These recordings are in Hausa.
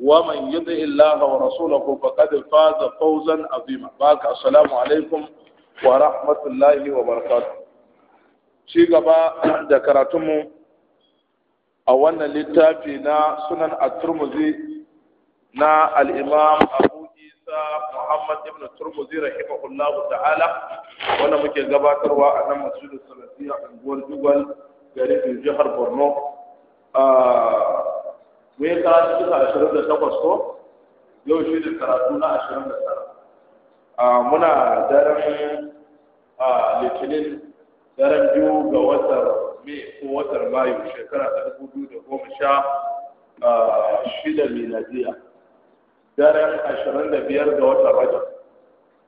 ومن يطع الله ورسوله فقد فاز فوزا عظيما باك السلام عليكم ورحمة الله وبركاته شي غبا da karatunmu a wannan littafi na sunan at-Tirmidhi na al-Imam Abu Isa Muhammad ibn Tirmidhi rahimahullahu ta'ala wanda muke gabatarwa a nan masjidul Salafiyya unguwar Jugal garin jihar Borno Mu yi ka duka ashirin da takwas ko yau shi ne karatu na ashirin da tara muna daren litinin daren biyu ga watar mai ko watar mayu shekara ta dubu biyu da goma sha shida miladiya daren ashirin da biyar ga watan rajab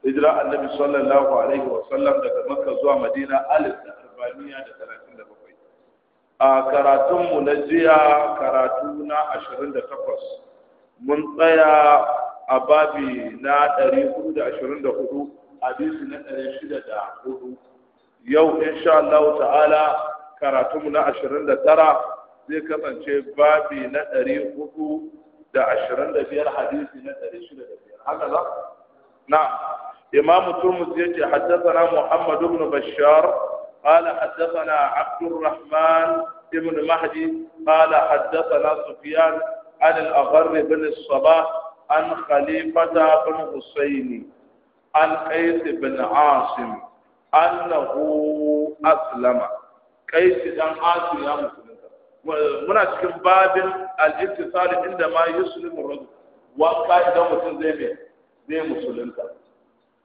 hijira annabi sallallahu alaihi wa sallam daga makka zuwa madina alif da arba'iniya da talatin da bakwai a karatunmu na jiya karatu na 28 mun tsaya a babi na 424 hadisi na 604 yau insha Allah ta'ala karatunmu na 29 zai kasance babi na 425 hadisi na 605 haka za? na imamu turmus ce haddasa na muhammadu ibn bashar قال حدثنا عبد الرحمن بن مهدي قال حدثنا سفيان عن الأغر بن الصباح عن خليفة بن حسين عن قيس بن عاصم أنه أسلم قيس بن عاصم يا مسلم muna cikin babin al-ittisal inda ma yuslimu rajul wa kaidan mutum zai ne musulunta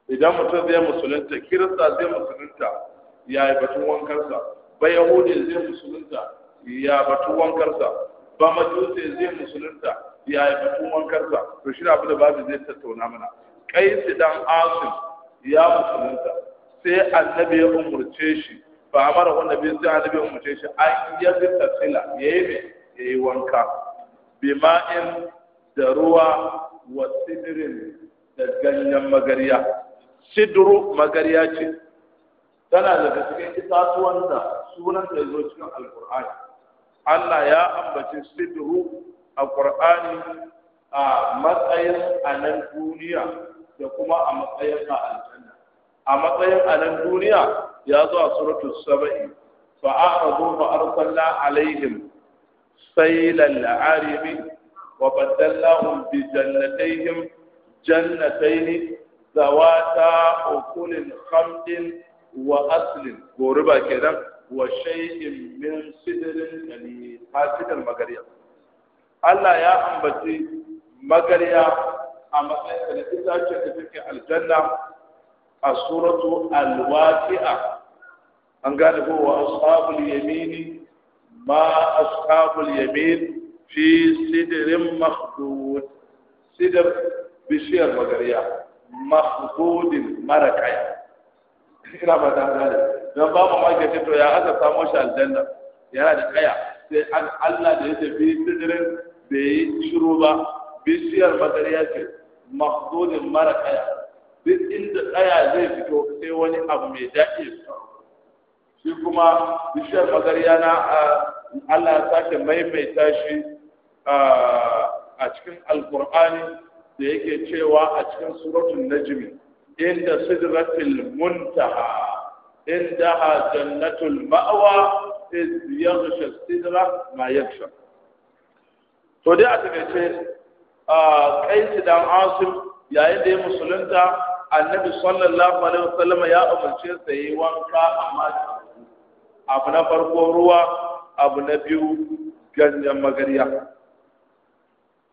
idan mutum zai musulunta kirista zai musulunta ya batun wankarsa ba yahudi zai musulunta ya batun wankarsa ba majusi zai musulunta ya batun wankarsa to shi abu da babu zai tattauna mana Kai dan asim ya musulunta sai annabi ya umurce shi Ba amara wanda bai sai annabi ya umurce shi an ya yi yayi Ya yi wanka bima'in da ruwa wa sidirin da ganyen magariya sidru magariya ce tana daga cikin itatuwan da sunan da zo cikin alqur'ani Allah ya ambace sidru a qur'ani a matsayin anan duniya da kuma a matsayin a aljanna a matsayin anan duniya ya zo a suratul saba'i fa a'radu fa arsalna alaihim wa badallahum bi jannatayhim jannatayn zawata, أكل khamdin wa aslin goruba kenan wa shay'in min sidrin qalil hasidal magariya Allah ya ambaci magarya a matsayin da itace da take aljanna a suratu al-waqi'a an gane ko wa ashabul yamini ma ashabul yamin fi sidrin makhdud sidr ina ba ta gane don ba mu maka ce to ya aka samo shi aljanna yana da kaya sai an Allah da ya tafi sidirin bai shiru ba bishiyar madariya ce mahdudin mara kaya duk inda kaya zai fito sai wani abu mai daɗi shi kuma bishiyar madariya na Allah ya sake maimaita shi a cikin alkur'ani da yake cewa a cikin suratul najmi inda sidratil muntaha indaha jannatul ma'wa iz yaghsha sidra ma yaghsha to dai a takaice a kai dan asim yayin da ya musulunta annabi sallallahu alaihi wasallam ya umarce sa yi wanka amma abu na farko ruwa abu na biyu ganyen magariya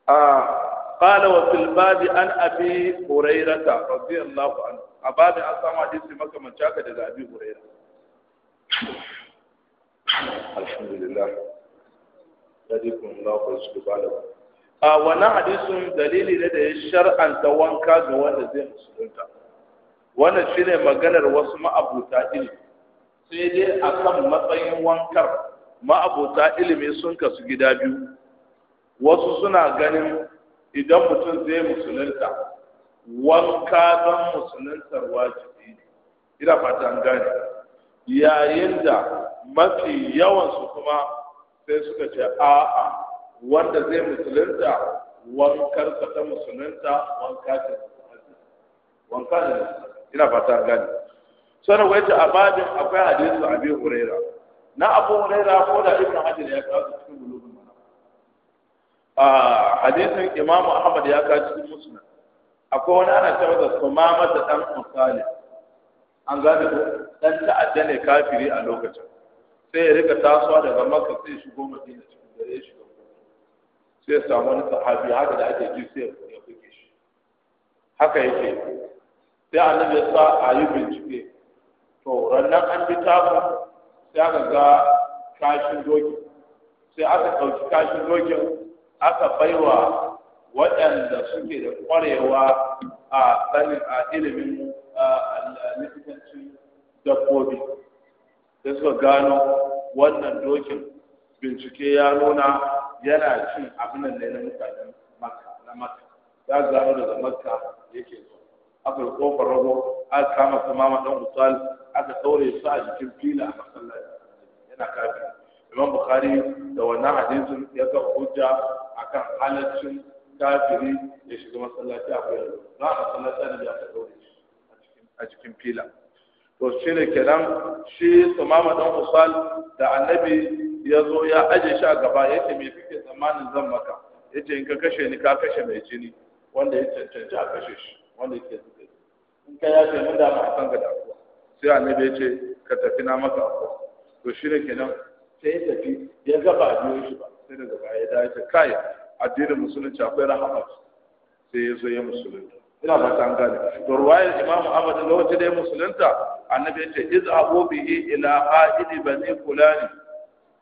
a قال وفي الباب عن ابي هريره رضي الله عنه اباب ان سامع حديث مكه daga ابي هريره a wannan hadisin dalili ne da ya shar'anta wanka wanda zai musulunta wannan shine maganar wasu ma'abuta ilimi sai dai akan matsayin wankar ma'abuta ilimi sun kasu gida biyu wasu suna ganin idan mutum zai musulunta wanka don musuluntar wajibi ne ina fatan gane yayin da mafi yawansu kuma sai suka ce a'a wanda zai musulunta wankar ka ta musulunta wanka ta wanka ne ina fatan gane sana wai ta abadin akwai hadisu abi huraira na abu huraira ko da ibn hajar ya kawo cikin bulu hadisin Imam Ahmad ya ka cikin musnad akwai wani ana cewa da sumama da dan musali an gane ko dan ta addane kafiri a lokacin sai ya rika tasowa daga Makka sai shigo Madina cikin dare shi sai ya samu wani sahabi haka da ake ji sai ya buge shi haka yake sai annabi ya sa a yi bincike to rannan an bi tabu sai aka ga kashin doki sai aka ɗauki kashin dokin aka baiwa waɗanda suke da ƙwarewa a sanin a ilimin likitancin dabbobi da suka gano wannan dokin bincike ya nuna yana cin abin da na mutane na maka ya gano daga maka. yake zo aka yi kofar rago aka kama kuma ma dan usal aka ɗaure su a jikin fila a masallaci yana kafin imam bukhari da wannan hadisin ya ga hujja akan halaccin kafiri ya shiga masallaci a kwayar za a masallaci da ya taɓa a cikin fila to shi ne kenan shi tsumama dan usal da annabi ya zo ya aje shi a gaba ya ce me kake tsammanin zan maka ya ce in ka kashe ni ka kashe mai jini wanda ya cancanci a kashe shi wanda ya ke zuke in ka ya ce mun da ma san ka da kuwa sai annabi ya ce ka tafi na maka kuwa. to shi ne kenan sai ya tafi ya gaba a biyo shi ba sai daga baya da ya kai addinin musulunci akwai rahama sai ya zo ya musulunta ina ba ta gane to ruwayar imam ahmad lokaci da ya musulunta annabi ya ce iz abu bihi ila haidi bani fulani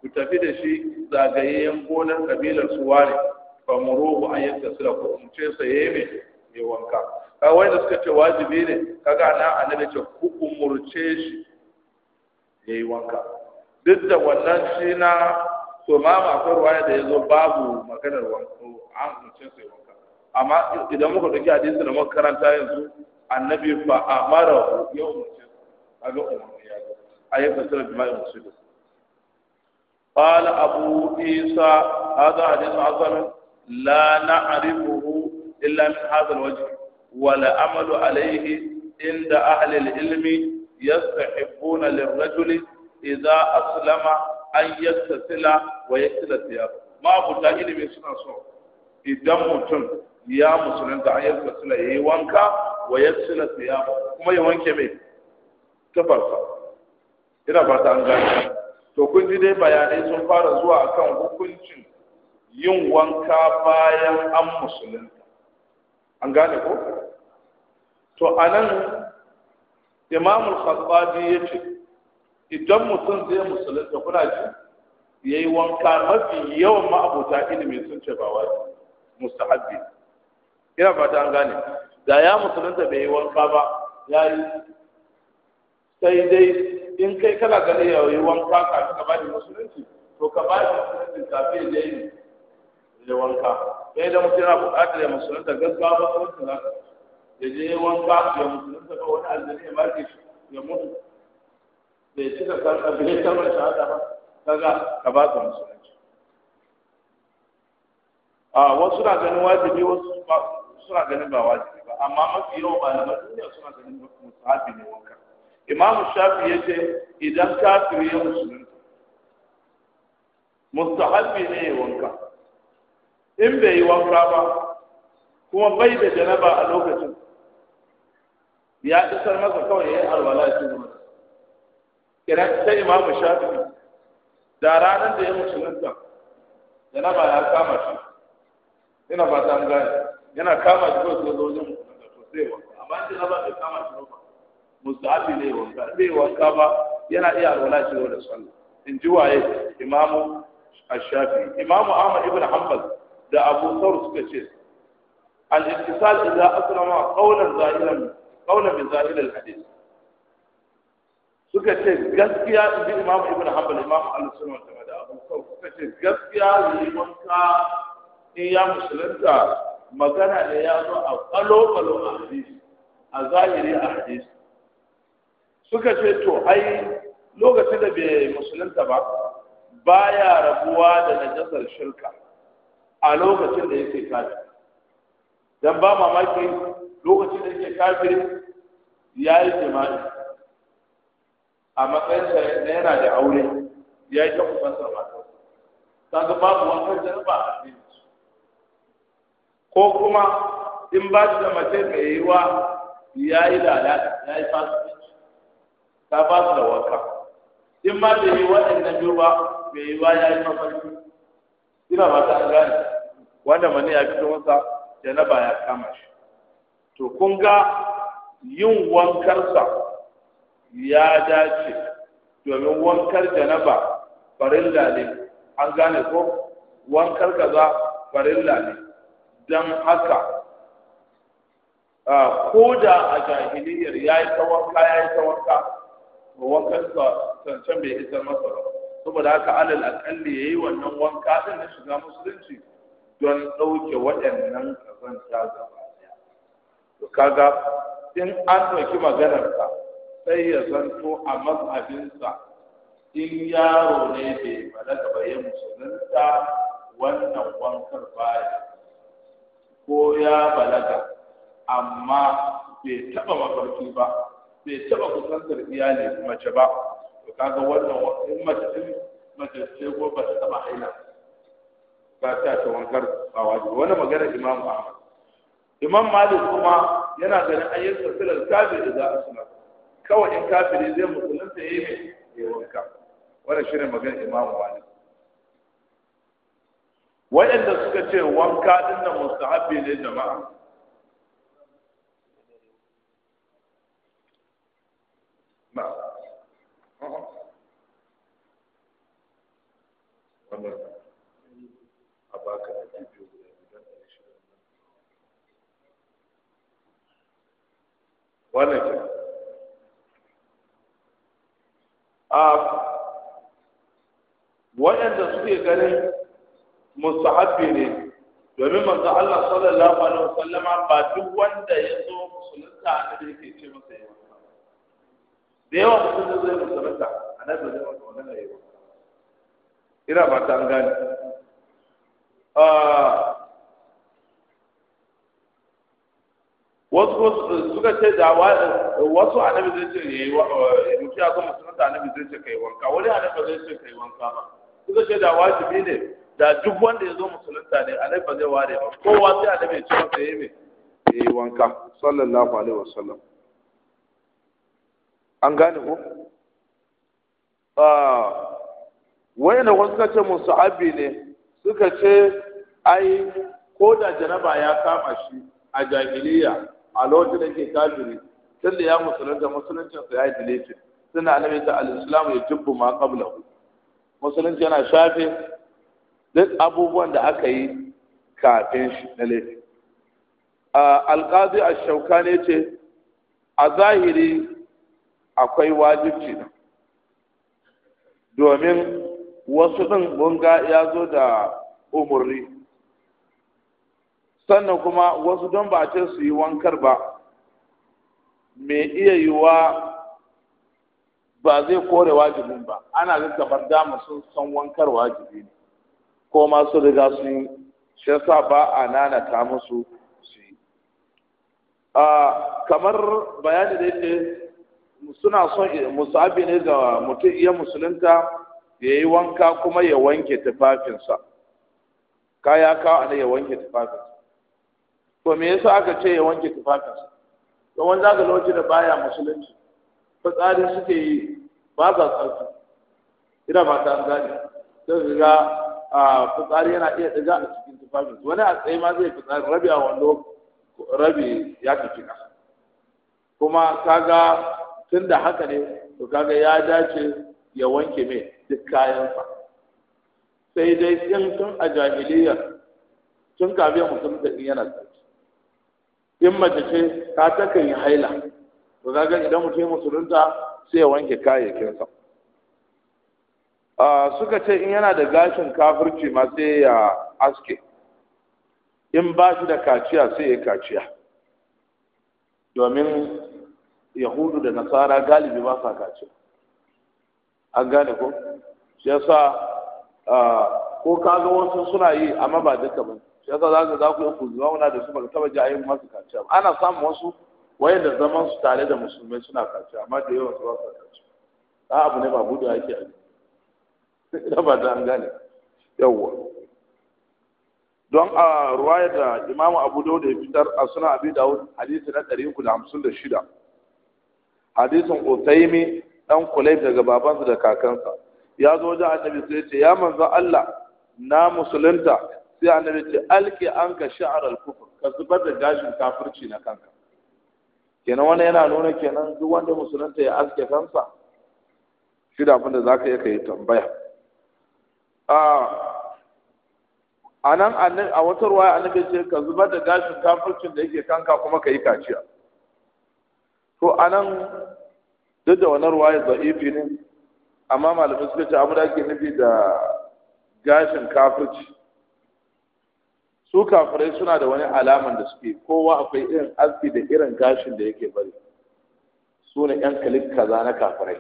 ku tafi da shi zagayayyen gonar kabilar suwari fa muruhu an yattasila ko mu ce yayi me ya wanka ka wai da suka ce wajibi ne kaga na annabi ce ku umurce shi yayi wanka duk da wannan shi na to ma ma akwai ruwaya da yazo babu maganar wanko an mutum sai wanka amma idan muka dauki hadisi da muka karanta yanzu annabi fa amara yau mutum kaga umar ya zo ayyuka sura bima'i musulmi قال أبو عيسى هذا حديث عظم لا نعرفه إلا من هذا الوجه ولا أمل عليه عند أهل العلم يستحبون للرجل إذا أسلم أن يتصل wa yaktila tiya ma ilimi suna so idan mutum ya musulunta an suna sula yi wanka wa suna tiya kuma ya wanke mai tafarsa ina fata an gane to kun ji dai bayanai sun fara zuwa akan hukuncin yin wanka bayan an musulunta an gane ko to anan imamul khattabi yace idan mutum zai musulunta kuna ji ya yi wanka mafi yawan ma'abuta ilimin sun ce ba wajibi mustahabbi ina fata an gane da ya musulunta bai yi wanka ba ya yi sai dai in kai kana gani ya yi wanka kafin ka bani musulunci to ka bani musulunci kafin ya yi ya wanka sai da mutum yana buƙatar ya musulunta gaskiya ba musulunta za ka ya je wanka ya musulunta ba wani aljani ya marke shi ya mutu bai cika karɓar bai karɓar shahada ba kaga ka ba su musulunci a wasu na ganin wajibi wasu suna ganin ba wajibi ba amma mafi yawan na duniya suna ganin musahabi ne wanka imamu shafi ya ce idan kafiri ya musulunta mustahabi ne ya wanka in bai yi wanka ba kuma bai da janaba a lokacin ya isar masa kawai ya yi alwala shi ne kira sai imamu shafi da ranar da ya musulunta janaba ya kama shi yana ba ta gane yana kama shi kawai sai zo wajen musulunta to sai wanka amma janaba bai kama shi ba mustahabi ne wanka bai wanka ba yana iya alwala shi da sallah in ji waye Imam ash-shafi imamu ahmad ibn hanbal da abu thawr suka ce al-ittisal idza aslama qawlan zahiran qawlan bi zahir al-hadith suka ce gaskiya in ji imam ibn hanbal imam al-sunna wa da abu suka ce gaskiya yi ka, in ya musulunta magana ne ya zo a kalo kalo a hadisi a zahiri a hadisi suka ce to ai lokacin da bai musulunta ba baya rabuwa da najasar shirka a lokacin da yake kafir dan ba mamaki lokacin da yake kafir ya yi jima'i a matsayinsa na yana da aure ya yi ta kusantar ta ga babu wata ba a su ko kuma in ba shi da mace mai wa ya yi lalata ya yi fasikanci ta ba su da wanka in ma bai yi na biyu ba mai wa ya yi mafarki ina ba ta gane wanda mani ya fito masa ba ya kama shi to kun ga yin wankarsa ya dace domin wankar janaba farilla ne an gane ko wankar kaza farilla ne don haka ko da a jahiliyar ya yi ta wanka ya yi ta wanka wankan cancan bai isar masa ba saboda haka alal akalli ya yi wannan wanka din na shiga musulunci don ɗauke waɗannan kazanta gaba ɗaya to kaga in an ɗauki maganar sai ya zanto a mazhabinsa in yaro ne bai balaga ba ya musulunta wannan wankar baya ko ya balaga amma bai taba mafarki ba bai taba kusantar iyali mace ba to kaga wannan wankan mace mace ce ko ba ta taba haila ba ta ta wankar ba wani wani magana imamu Ahmad imam Malik kuma yana ganin ayyukan silal kafir da za a sunan kawai in kafiri zai musulunta ya yi mai ya wanka wannan shirin magan imamu wani waɗanda suka ce wanka din nan mustahabbi ne jama'a wannan waɗanda suke ganin mustahabbi ne domin manzo Allah sallallahu alaihi wasallama ba duk wanda ya zo musulunta a annabi yake ce masa yawa da yawa mutum da zai musulunta annabi zai masa wannan yawa ina ba ta gani gane wasu eh, suka ce da eh, wasu annabi zai ce yayi mutum eh, ya zo musulunta annabi zai ce kai wanka wani annabi zai ce kai wanka ba suka ce da wajibi ne da duk wanda ya zo musulunta ne annabi ba zai ware ba kowa sai annabi ya ce masa yi me yayi wanka sallallahu alaihi wasallam an gane ko ah, na wasu suka ce musa'abi ne suka ce ai ko da janaba ya kama shi a jahiliya a lokacin da ke kafiri da ya musulunta musuluncin su ya yi dilifi suna alamai ta al'islamu ya jubbu ma qablahu musulunci yana shafe duk abubuwan da aka yi kafin shi na laifi alƙazi a shauka ne ce a zahiri akwai wajibci domin wasu ɗin mun ga ya zo da umurni sannan kuma wasu don ba ce su yi wankar ba mai iya yiwa ba zai kore wajibin ba ana zai kamar dama sun san wankar wajibi ne ko ma su riga sun yi shi yasa ba a nanata musu su yi kamar bayani da yake suna son musabi ne ga mutum iya musulunta ya yi wanka kuma ya wanke tufafinsa kaya kawo ne ya wanke tufafinsa to me yasa aka ce ya wanke tufafinsa to wani zaka lokaci da baya musulunci fitsari suke yi ba sa tsarki ina ba ta gane sai ga fitsari yana iya diga a cikin tufafin wani a tsaye ma zai fitsari rabi a wando rabi ya tafi ka kuma kaga tun da haka ne to kaga ya dace ya wanke mai duk kayansa sai dai tun a jahiliya tun kafin mutum da yana tsaye in mace ce ta ta kan yi haila to kaga idan mutum ya musulunta sai ya wanke kayayyakinsa ah, suka ce in yana da gashin kafirci ma sai ya aske in ba shi da kaciya sai ya kaciya domin yahudu da nasara galibi ba sa kaciya an gane ko shi yasa ah, ko kaga wasu suna yi amma ba duka ba shi za ka za ku yi ku zauna da su ba taba ji ayyukan masu kaciya ba ana samun wasu wayan da zaman su tare da musulmai suna kaciya amma da yawan su ba su kaciya da abu ne ba budu ake a da ba da an gane yawwa don a ruwaya da imamu abu wadda ya fitar a suna da wadda hadisi na ɗari uku da hamsin da shida hadisin otaimi dan kulai daga babansa da kakansa ya zo wajen annabi sai ce ya manzo Allah na musulunta sai annabi ce alki an ka sha'ar al-kufr ka zubar da gashin kafirci na kanka kenan wani yana nuna kenan duk wanda musulunta ya aske kansa shi da abin da za ka yi ka yi tambaya a nan a wata ruwa annabi ce ka zubar da gashin kafircin da yake kanka kuma ka yi kaciya to a nan duk da wani ruwa ya za'ifi ne amma malamai suka ce abu da ake nufi da gashin kafirci su kafirai suna da wani alaman da suke kowa akwai irin aski da irin gashin da yake bari su ne yan kalif kaza na kafirai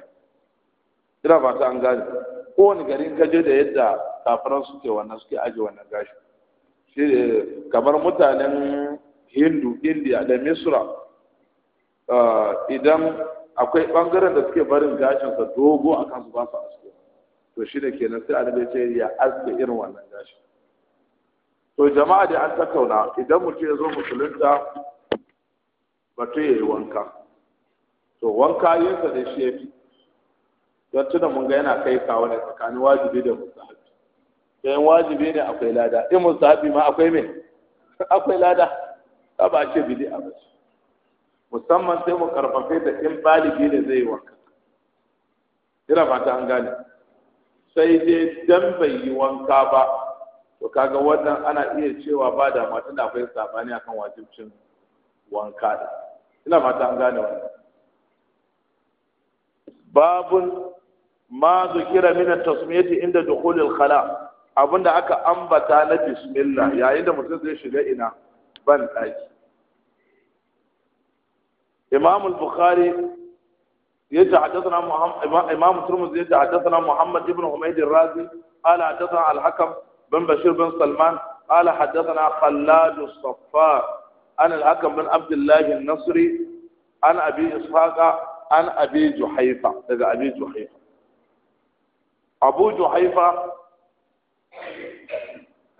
ina ta an gane kowane garin kaje da yadda kafiran suke wannan suke aje wannan gashin shi kamar mutanen hindu india da misra eh, idan akwai bangaren da suke barin gashin sa dogo a kansu ba su aske to shi da kenan sai annabi ce ya aske irin wannan gashin to jama'a da an tattauna idan mutum ya zo musulunta batu ya yi wanka to wanka yinsa da shi ya fi don tuna mun ga yana kai kawo ne tsakanin wajibi da mustahabi yin wajibi ne akwai lada in mustahabi ma akwai me akwai lada ta ba ce bidi a bace musamman sai mu karfafe da in baligi ne zai yi wanka ina fata an gane sai dai dan bai yi wanka ba to kaga wannan ana iya cewa ba da matan tana akwai sabani akan wajibcin wanka da ina fata an gane wannan babun ma zukira min at-tasmiyati inda dukhul al-khala abinda aka ambata na bismillah yayin da mutum zai shiga ina ban daki imam al-bukhari يتحدثنا محمد امام Muhammad يتحدثنا محمد بن حميد الرازي قال حدثنا الحكم بن بشير بن سلمان قال حدثنا خلاد الصفار عن الحكم بن عبد الله النصري عن أبي إسحاق عن أبي جحيفة إذا أبي جحيفة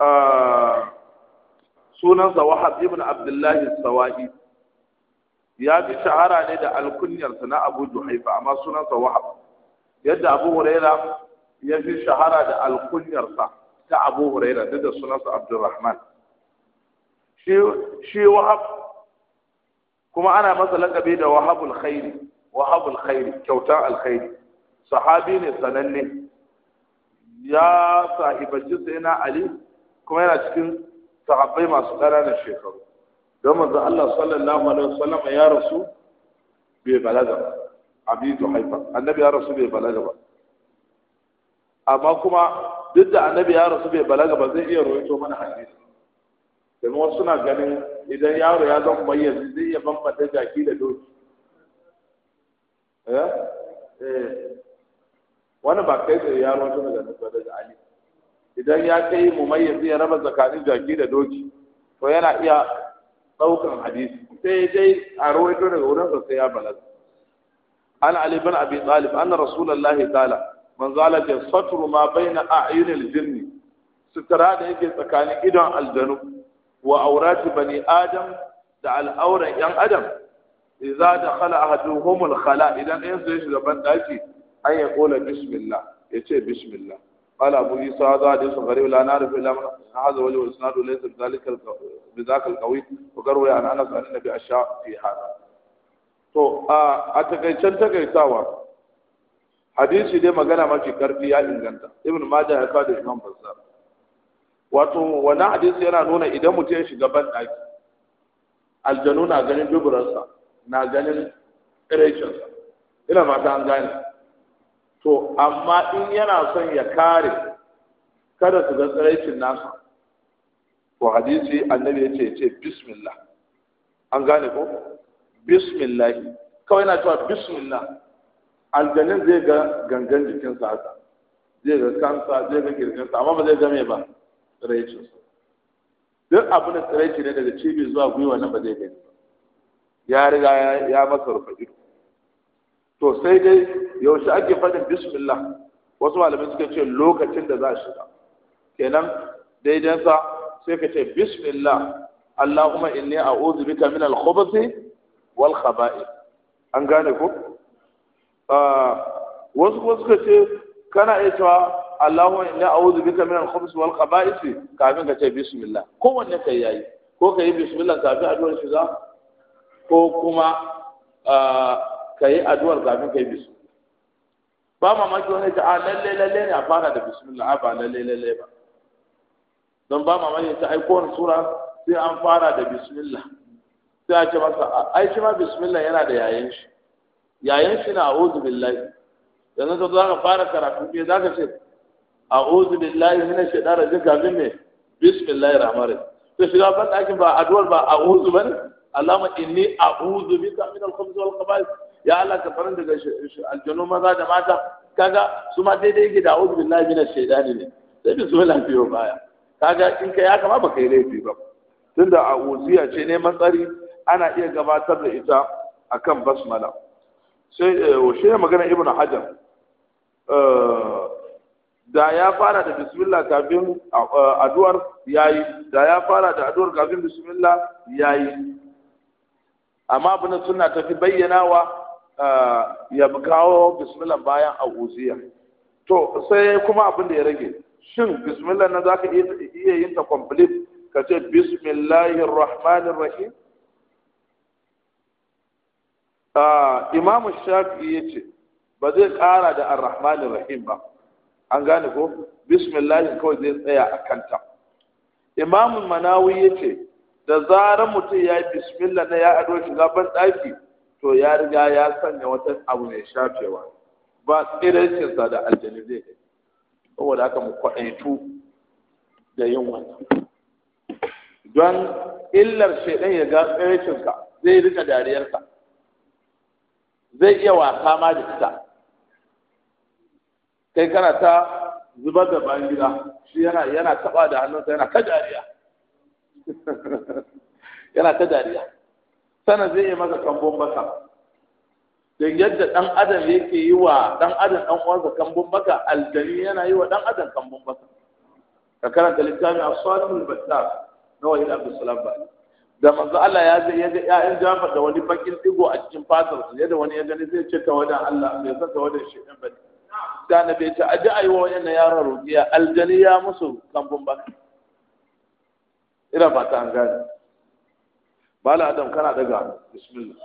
آه sunansa wahab ibn abdullahi sawa'i ya fi shahara ne da alkunyarsa na abu juhaifa amma sunansa wahab yadda abu huraira ya fi shahara da alkunyarsa ta abu huraira da da sunansa abdurrahman shi wahab kuma ana masa lakabe da wahabul khairi wahabul khairi kyauta alkhairi sahabi ne sananne ya sai na ali kuma yana cikin sahabbai masu ƙananan shekaru don manzo Allah sallallahu alaihi wasallam ya rasu bai balaga ba to haifa annabi ya rasu bai balaga ba amma kuma duk da annabi ya rasu bai balaga ba zai iya rawaito mana hadisi domin wasu suna ganin idan yaro ya zama bayyana zai iya bambanta jaki da doki eh? Eh. wani ba kai tsaye yaro ta daga nasa daga ali idan ya kai mumayyiz ya raba tsakanin jaki da doki to yana iya ɗaukan hadisi sai dai a rawaito daga wurin sa sai ya balaga an ali bin abi talib anna rasulullahi ta'ala manzo Allah ce satru ma baina a'yunil jinni sutura da yake tsakanin idon aljanu wa aurati bani adam da al'auran yan adam idza dakhala ahaduhum al-khala idan ɗayan su shiga ban daki an ya kola bismillah ya ce bismillah قال أبو عيسى هذا حديث غريب لا نعرف إلا من هذا وجه hadisi dai magana mafi karfi ya inganta ibn majah ya kawo da imam bazzar wato wannan hadisi yana nuna idan mutum ya shiga ban daki aljanu na ganin duburarsa na ganin tsiraicinsa ina mata an gane to amma in yana son ya kare kada su ga tsiraicin nasa to hadisi annabi ya ce ya ce bismillah an gane ko bismillah kawai na cewa bismillah aljanin zai ga gangan jikinsa haka zai ga kansa zai ga kirkinsa amma ba zai game ba tsiraicinsa duk abin da tsiraici ne daga cibi zuwa gwiwa nan ba zai gani ya riga ya masa rufe ido to sai dai yaushe ake faɗin bismillah wasu malamai suka ce lokacin da za a shiga kenan daidansa sai ka ce bismillah allahumma inni a'udhu bika min al-khubuthi wal khaba'ith an gane ko wasu kuma suka ce kana iya cewa Allahumma inna a'udhu bika min al-khubuth wal khaba'ith kafin ka ce bismillah ko wanne kai yayi ko kai bismillah kafin addu'ar shiga ko kuma kai addu'ar kafin kai bismillah ba mamaki wani ta a lalle lalle ne a fara da bismillah ba lalle lalle ba don ba mamaki ta ai kowane sura sai an fara da bismillah sai a ce masa ai shi ma bismillah yana da yayin shi yayin shi na a'udhu billahi yanzu ka za ka fara karatu me za ka ce a'udhu billahi shi shaitani rajim kafin ne bismillahir rahmanir to shiga ban ɗakin ba addu'ar ba a'udhu bane Allahumma a'udu bi bika min al-khubuthi wal khaba'ith ya Allah ka faran daga aljanu maza da mata kaga su ma daidai yake da a'udhu billahi minash shaitani ne sai bismillah biyo baya kaga in ka ya kama ka yi laifi ba tunda a'udu ya ce ne matsari, ana iya gabatar da ita akan basmala Sai eh, washe ya magana ibn hajar eh, da ya fara da bismillah kafin eh, aduwar yayi da ya fara da aduwar kafin bismillah yayi amma abin suna tafi bayyanawa ya kawo bismillah bayan a auziya to sai kuma abin da ya rage shin bismillah na za ka iya yin ta complete ka ce bismillahirrahmanirrahim Ah, imam shafi'i ce ba zai kara da ar-rahmanir rahim ba an gane ko bismillah kawai zai tsaya a kanta imam manawi ce da zarar mutum ya yi bismillah na ya ado shiga ban daki to ya riga ya sanya wata abu mai shafewa ba tsirancin sa da aljani zai kai saboda haka mu kwaɗaitu da yin wannan don illar shaidan ya ga tsirancin zai rika dariyarka zai iya wasa ma da ita kai kana ta zubar da bayan gida shi yana yana taba da hannunsa yana ta dariya yana ta dariya Sana zai iya maka kambon baka don yadda dan adam yake yi wa dan adam dan uwansa kambon baka aljani yana yi wa dan adam kambon baka ka karanta littafin as-salim al-battar na wahid salam bali da manzo Allah ya zai ya ga Jafar da wani bakin digo a cikin fatar su yadda wani ya gani zai ce ta wajen Allah bai san wajen shi din bane da na bai ta aji ayi wa wannan yaran ruqiya aljani ya musu kambun ba ina ta an gane bala adam kana daga bismillah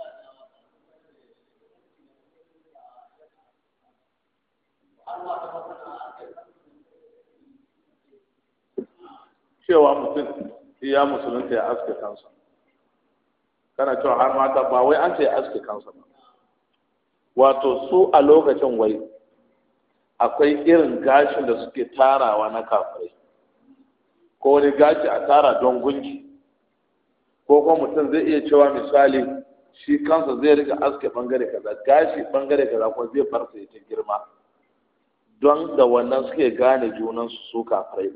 cewa mutum ya musulunta ya aske kansa kana cewa har mata ba wai an ce aske kansa ba wato su a lokacin wai akwai irin gashin da suke tarawa na kafirai ko wani gashi a tara don gunki ko kuma mutum zai iya cewa misali shi kansa zai rika aske bangare kaza gashi bangare kaza kuma zai bar sa ta girma don da wannan suke gane junan su su kafirai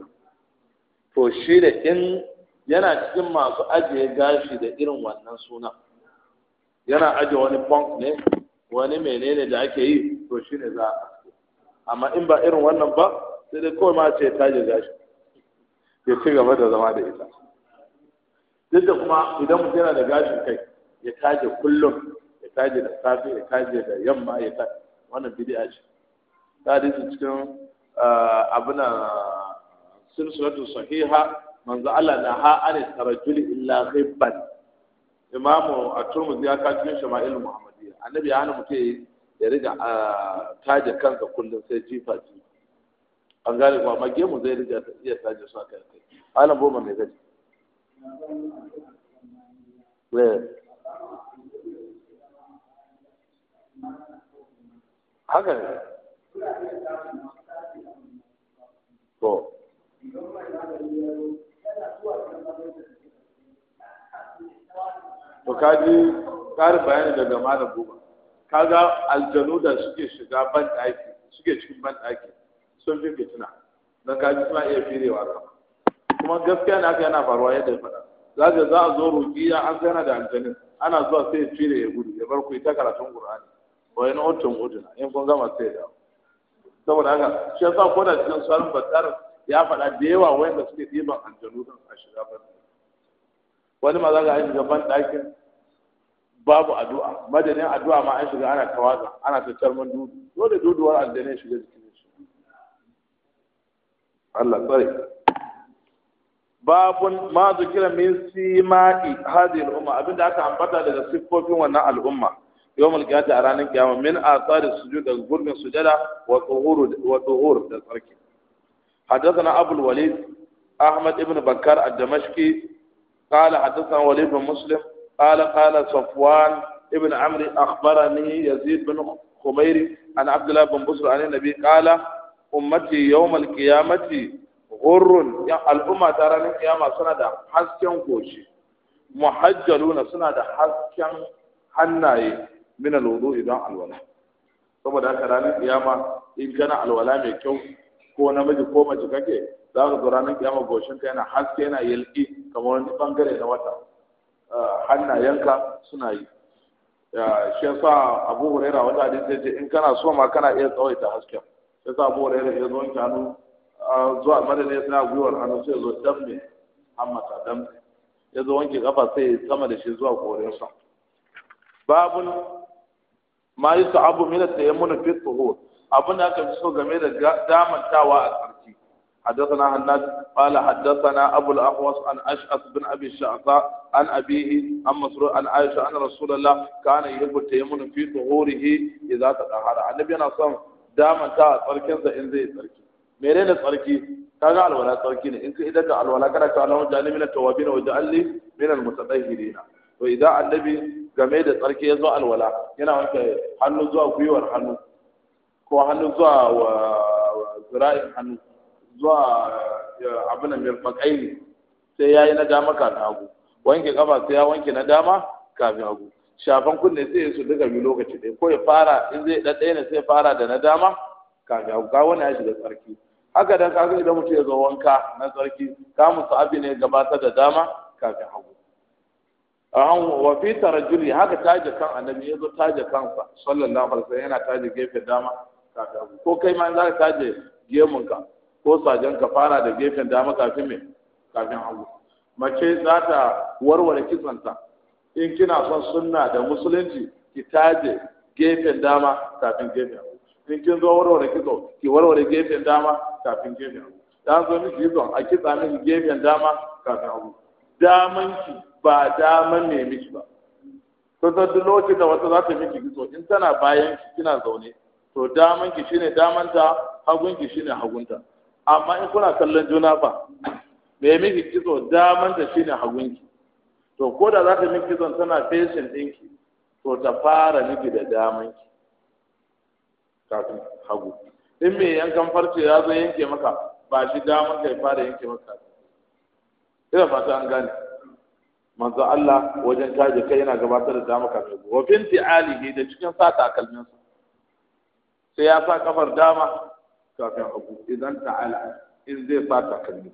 to shi da in yana cikin masu ajiye gashi da irin wannan suna yana ajiye wani punk ne wani menene da ake yi to ne za a amma in ba irin wannan ba sai dai kawai ma ce ta je gashi ya ci gaba da zama da ita duk da kuma idan mutum yana da gashi kai ya taje kullum ya taje da safe ya taje da yamma ya taje wannan bid'a ce ta cikin ah, abuna silsilatu sahiha manzo Allah na ha ani tarajul illa ghibban imamu at-Tirmidhi ya ka cikin shama'il Muhammadiyya annabi ya hana mutum ya riga taje kansa kullum sai jifa ji an gane kuma amma gemu zai riga iya taje su aka kai alam boma mai gaji haka ne to to kaji karin bayani daga malam buba kaga aljanu da suke shiga ban daki suke cikin ban daki sun fi fitina don kaji suna iya firewa kama kuma gaskiya ne haka yana faruwa yadda ya faɗa za ka za a zo rukiya an gana da aljanin ana zuwa sai ya fire ya gudu ya bar ku ta karatun qur'ani ko in uttum udna in kun gama sai da saboda haka shi yasa ko da cikin sunan battar ya faɗa da yawa wanda suke ɗiban aljanu don a shiga ban wani ma za ka aiki gaban ɗakin babu addu'a madadin addu'a ma an shiga ana tawaza ana tattar man dudu dole duduwar aljanna shiga cikin shi Allah tsare babun ma zikira min sima'i hadhihi al-umma abinda aka ambata daga siffofin wannan al'umma yawmul qiyamati a ranar kiyama min asari sujud daga gurbin sujada wa tuhuru wa tuhur da tsarki حدثنا أبو الوليد أحمد بن بكر الدمشقي قال حدثنا وليد بن مسلم قال قال صفوان ابن عمرو أخبرني يزيد بن خمير عن عبد الله بن بصر عن النبي قال أمتي يوم القيامة غر الأمة ترى القيامة سنة حسكن كوشي muhajjaluna suna da hasken hannaye min alwudu idan alwala saboda haka ranar kiyama in kana alwala mai kyau ko namiji ko mace kake za ka zo ranar kiyama goshin ka yana haske yana yalki kamar wani bangare na wata hannayenka suna yi shi sa abu hurera wata hadisi ya ce in kana so ma kana iya tsawaita hasken ya sa abu hurera ya zo wanke hannu zuwa madadin ya sa gwiwar hannu sai ya zo damme hammata damme ya zo wanke kafa sai sama da shi zuwa korensa babun ma yi sa'abu min at-tayammum fi tuhur abin da aka fi so game da damantawa a حدثنا هناد قال حدثنا أبو الأحوص عن أشعث بن أبي الشعطاء عن أبيه عن مسروق عن عائشة أن رسول الله كان يحب التيمم في ظهوره إذا تطهر النبي أنا صام دائما تا تركين إن زي تركي menene tsarki kaga alwala tsarki ne in ka idan da alwala kana ta Allahu ja'alni minat tawabin wa ja'alni to idan annabi game da tsarki ya zo alwala yana wanke hannu zuwa gwiwar hannu ko hannu zuwa zira'in hannu zuwa abin da makaini sai ya yi na dama kafin hagu wanke kafa sai ya wanke na dama kafin hagu shafan kunne sai ya su duka biyu lokaci ɗaya ko ya fara in zai ɗaɗɗaya ne sai fara da na dama kafin hagu ka wani ya shiga tsarki haka dan kaga idan mutum ya zo wanka na tsarki ka musu abin ne gabatar da dama kafin hagu an wa fi tarajuli haka taje kan annabi ya zo taje kansa sallallahu alaihi wasallam yana taje gefe dama kafin hagu ko kai ma za ka taje gemunka ko sajen kafara da gefen dama kafin mai kafin hagu mace za ta warware kitsanta in kina son sunna da musulunci ki taje gefen dama kafin gefen hagu in kin zo warware kitso ki warware gefen dama kafin gefen hagu dan zo miki kitso a kitsa miki gefen dama kafin hagu daman ki ba daman ne miki ba to da duk lokacin da wata za ta miki kitso in tana bayan kina zaune to daman ki shine damanta hagun ki shine hagunta amma in kuna kallon juna fa me miki kizo? daman da shine hagunki to ko da za ta miki kitson tana feshin ɗinki to ta fara miki da daman ki. kafin hagu in me kan farce ya zo yanke maka ba shi daman kai fara yanke maka ina fata an gane manzo Allah wajen kaje kai yana gabatar da dama ka hagu wa finti alihi da cikin sata kalmin sai ya sa kafar dama kafin abu idan ta'ala in zai sa takalmi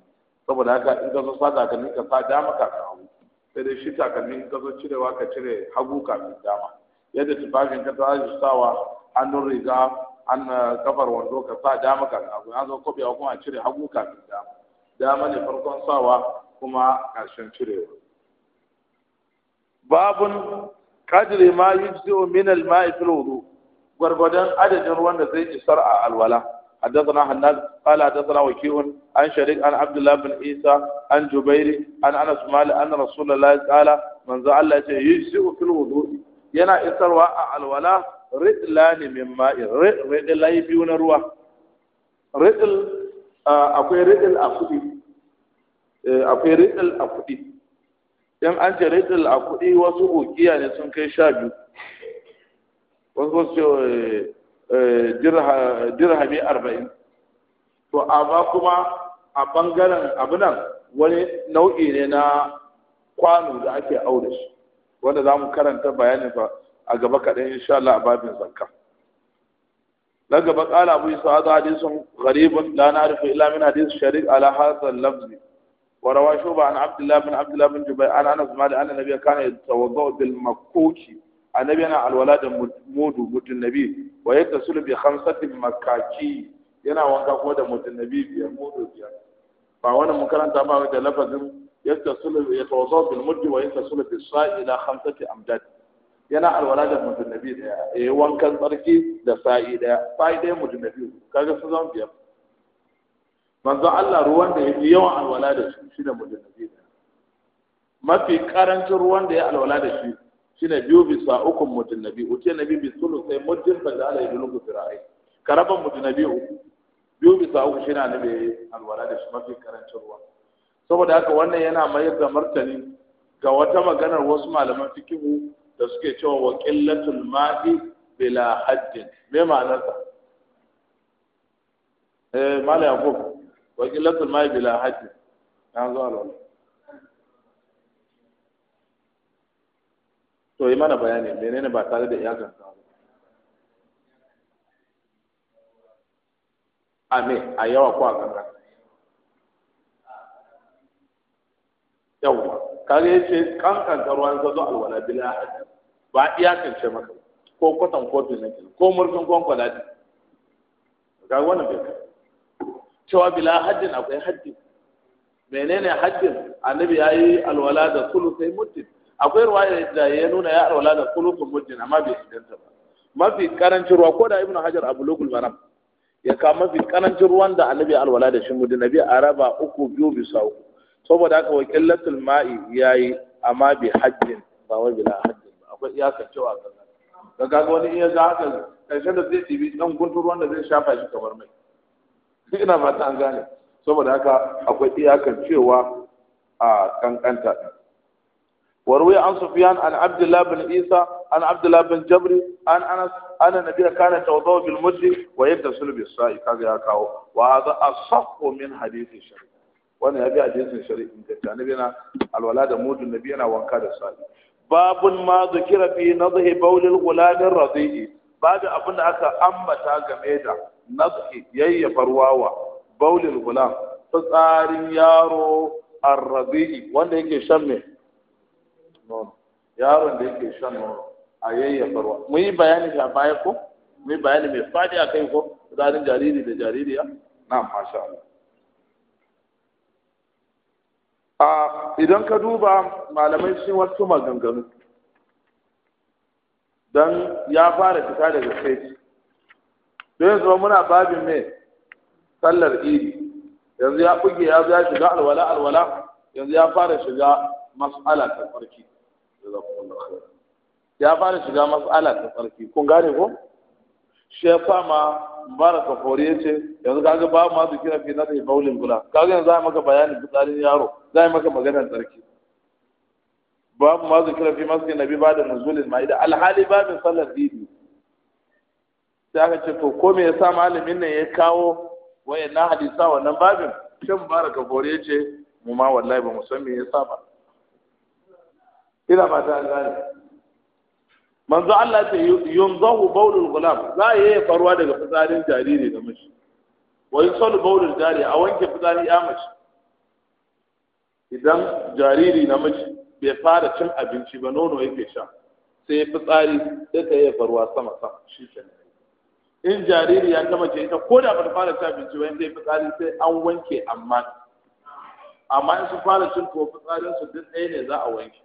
saboda haka in ka zo fa takalmi ka sa dama kafin hagu sai dai shi takalmi in ka zo cirewa ka cire hagu kafin dama yadda tufafin ka ta sawa hannun riga an kafar wando ka sa dama kafin hagu an zo kwabewa kuma a cire hagu kafin dama dama ne farkon sawa kuma ƙarshen cirewa babun kadiri ma zo min al-ma'i wudu gwargwadon adadin ruwan da zai isar a alwala حدثنا حناد قال حدثنا وكيع عن شريك عن عبد الله بن عيسى عن جبير عن انس مالك ان رسول الله قال من زعل يجزئ في الوضوء ينا اثروا الولاء biyu na ruwa akwai ridl a kudi akwai a kudi an ce ridl a kuɗi wasu ukiya ne sun kai sha biyu wasu wasu Eh, dirhami arba'in to amma kuma a bangaren abu nan wani nau'i ne na kwano da ake aure shi wanda za mu karanta bayanin ba a gaba kaɗan insha Allah a babin zakka na gaba ƙala abu isa hada hadisun gharibun la na rufe illa min hadis sharik ala hadal lafzi wa rawa shuba an Abdullamin bin abdullah bin jubair an anas mali anna nabiyya kana yatawadda bil makkuki annabi yana alwala da mudu mutun nabi wa yatasulu bi khamsatin makaki yana wanka ko da mutun nabi biyar mudu biyar ba wannan mun karanta ba da lafazin yatasulu yatawazza bil mudu wa yatasulu bis sa'i ila khamsati amdad yana alwala da mutun nabi da ya wankan tsarki da sa'i da sa'i da mutun nabi kaga su zan biyar manzo Allah ruwan da yake yawan alwala da shi shi da mutun nabi mafi karancin ruwan da ya alwala da shi shine biyu bisa uku mutum na biyu ce na biyu bi sulu sai mutum ba da alai dulu kufirai karaban mutum na biyu biyu bisa uku shine annabi alwala da shi mafi karancin ruwa saboda haka wannan yana mayar da martani ga wata maganar wasu malaman fikihu da suke cewa wa qillatul ma'i bila haddin me ma'anar sa eh mala yakub wa qillatul ma'i bila haddin na zo alwala to yi mana bayani menene ba tare da iyakar ba a me a yawa ko a kankan yawwa kage yace kankan ruwan zazo alwala bila hadi ba iyakar ce maka ko kwatan kotu ne ko murfin kwankwala ne ga wannan bai kai cewa bila haddin akwai haddi menene haddin annabi ya yi alwala da sulu sai mutin akwai ruwa da ya nuna ya alwala da kulubun mujin amma bai inganta ba mafi karancin ruwa ko da ibnu hajar abu lokul maram ya ka mafi karancin ruwan da annabi alwala da shi mujin nabi araba uku biyu bisa uku saboda haka latul ma'i yayi amma bi hajjin ba wai bila hajjin ba akwai iyakar cewa ga ga wani iya za ga haka karshen da zai tibi dan guntun ruwan da zai shafa shi kamar mai ina ta an gane saboda haka akwai iyakar cewa a kankanta وروي عن سفيان عن عبد الله بن عيسى عن عبد الله بن جبري عن انس ان النبي كان يتوضا بالمد ويغتسل بالصاع كذا يا كاو وهذا اصح من حديث الشريف وانا ابي حديث الشريف ان كان بينا الولاد مود النبي انا وانكا الصاع باب ما ذكر في نضح بول الغلام الرضيع باب ابن اكا امتا game da nadhi yayyafarwawa baulil gulam fitsarin yaro arrabi wanda yake shan mai nono yaron da yake shan nono a yayyafa ruwa mu yi bayani ga baya ko mu yi bayani mai fadi a kai ko tsakanin jariri da jaririya na masha Allah idan ka duba malamai sun wasu maganganu Dan ya fara fita daga kai don yanzu muna babin mai sallar idi yanzu ya buge ya shiga alwala alwala yanzu ya fara shiga mas'ala ta farki ya fara shiga mas'ala ta tsarki kun gane ko shi ya sa ma baraka fori yace yanzu kaga ba ma su kira fi na da baulin gula kaga yanzu za maka bayanin fitsarin yaro za maka magana tsarki babu ma su kira fi masjid nabi ba da nuzulin idan alhali babin sallar didi sai aka ce to ko me yasa malamin nan ya kawo wayannan hadisa wannan babin shin ka fori yace mu ma wallahi ba mu san me yasa ba ina ba ta gane manzo Allah ce yunzahu bawlul gulam za ya yi faruwa daga fitsarin jariri da mace wa yusallu bawlul jari a wanke fitsari ya mace idan jariri na mace bai fara cin abinci ba nono yake sha sai ya fitsari sai ta yi faruwa sama sama shi kenan in jariri ya kama ce ita ko da ba ta fara cin abinci ba sai yi fitsari sai an wanke amma amma in sun fara cin tuwo fitsarin su duk ɗaya ne za a wanke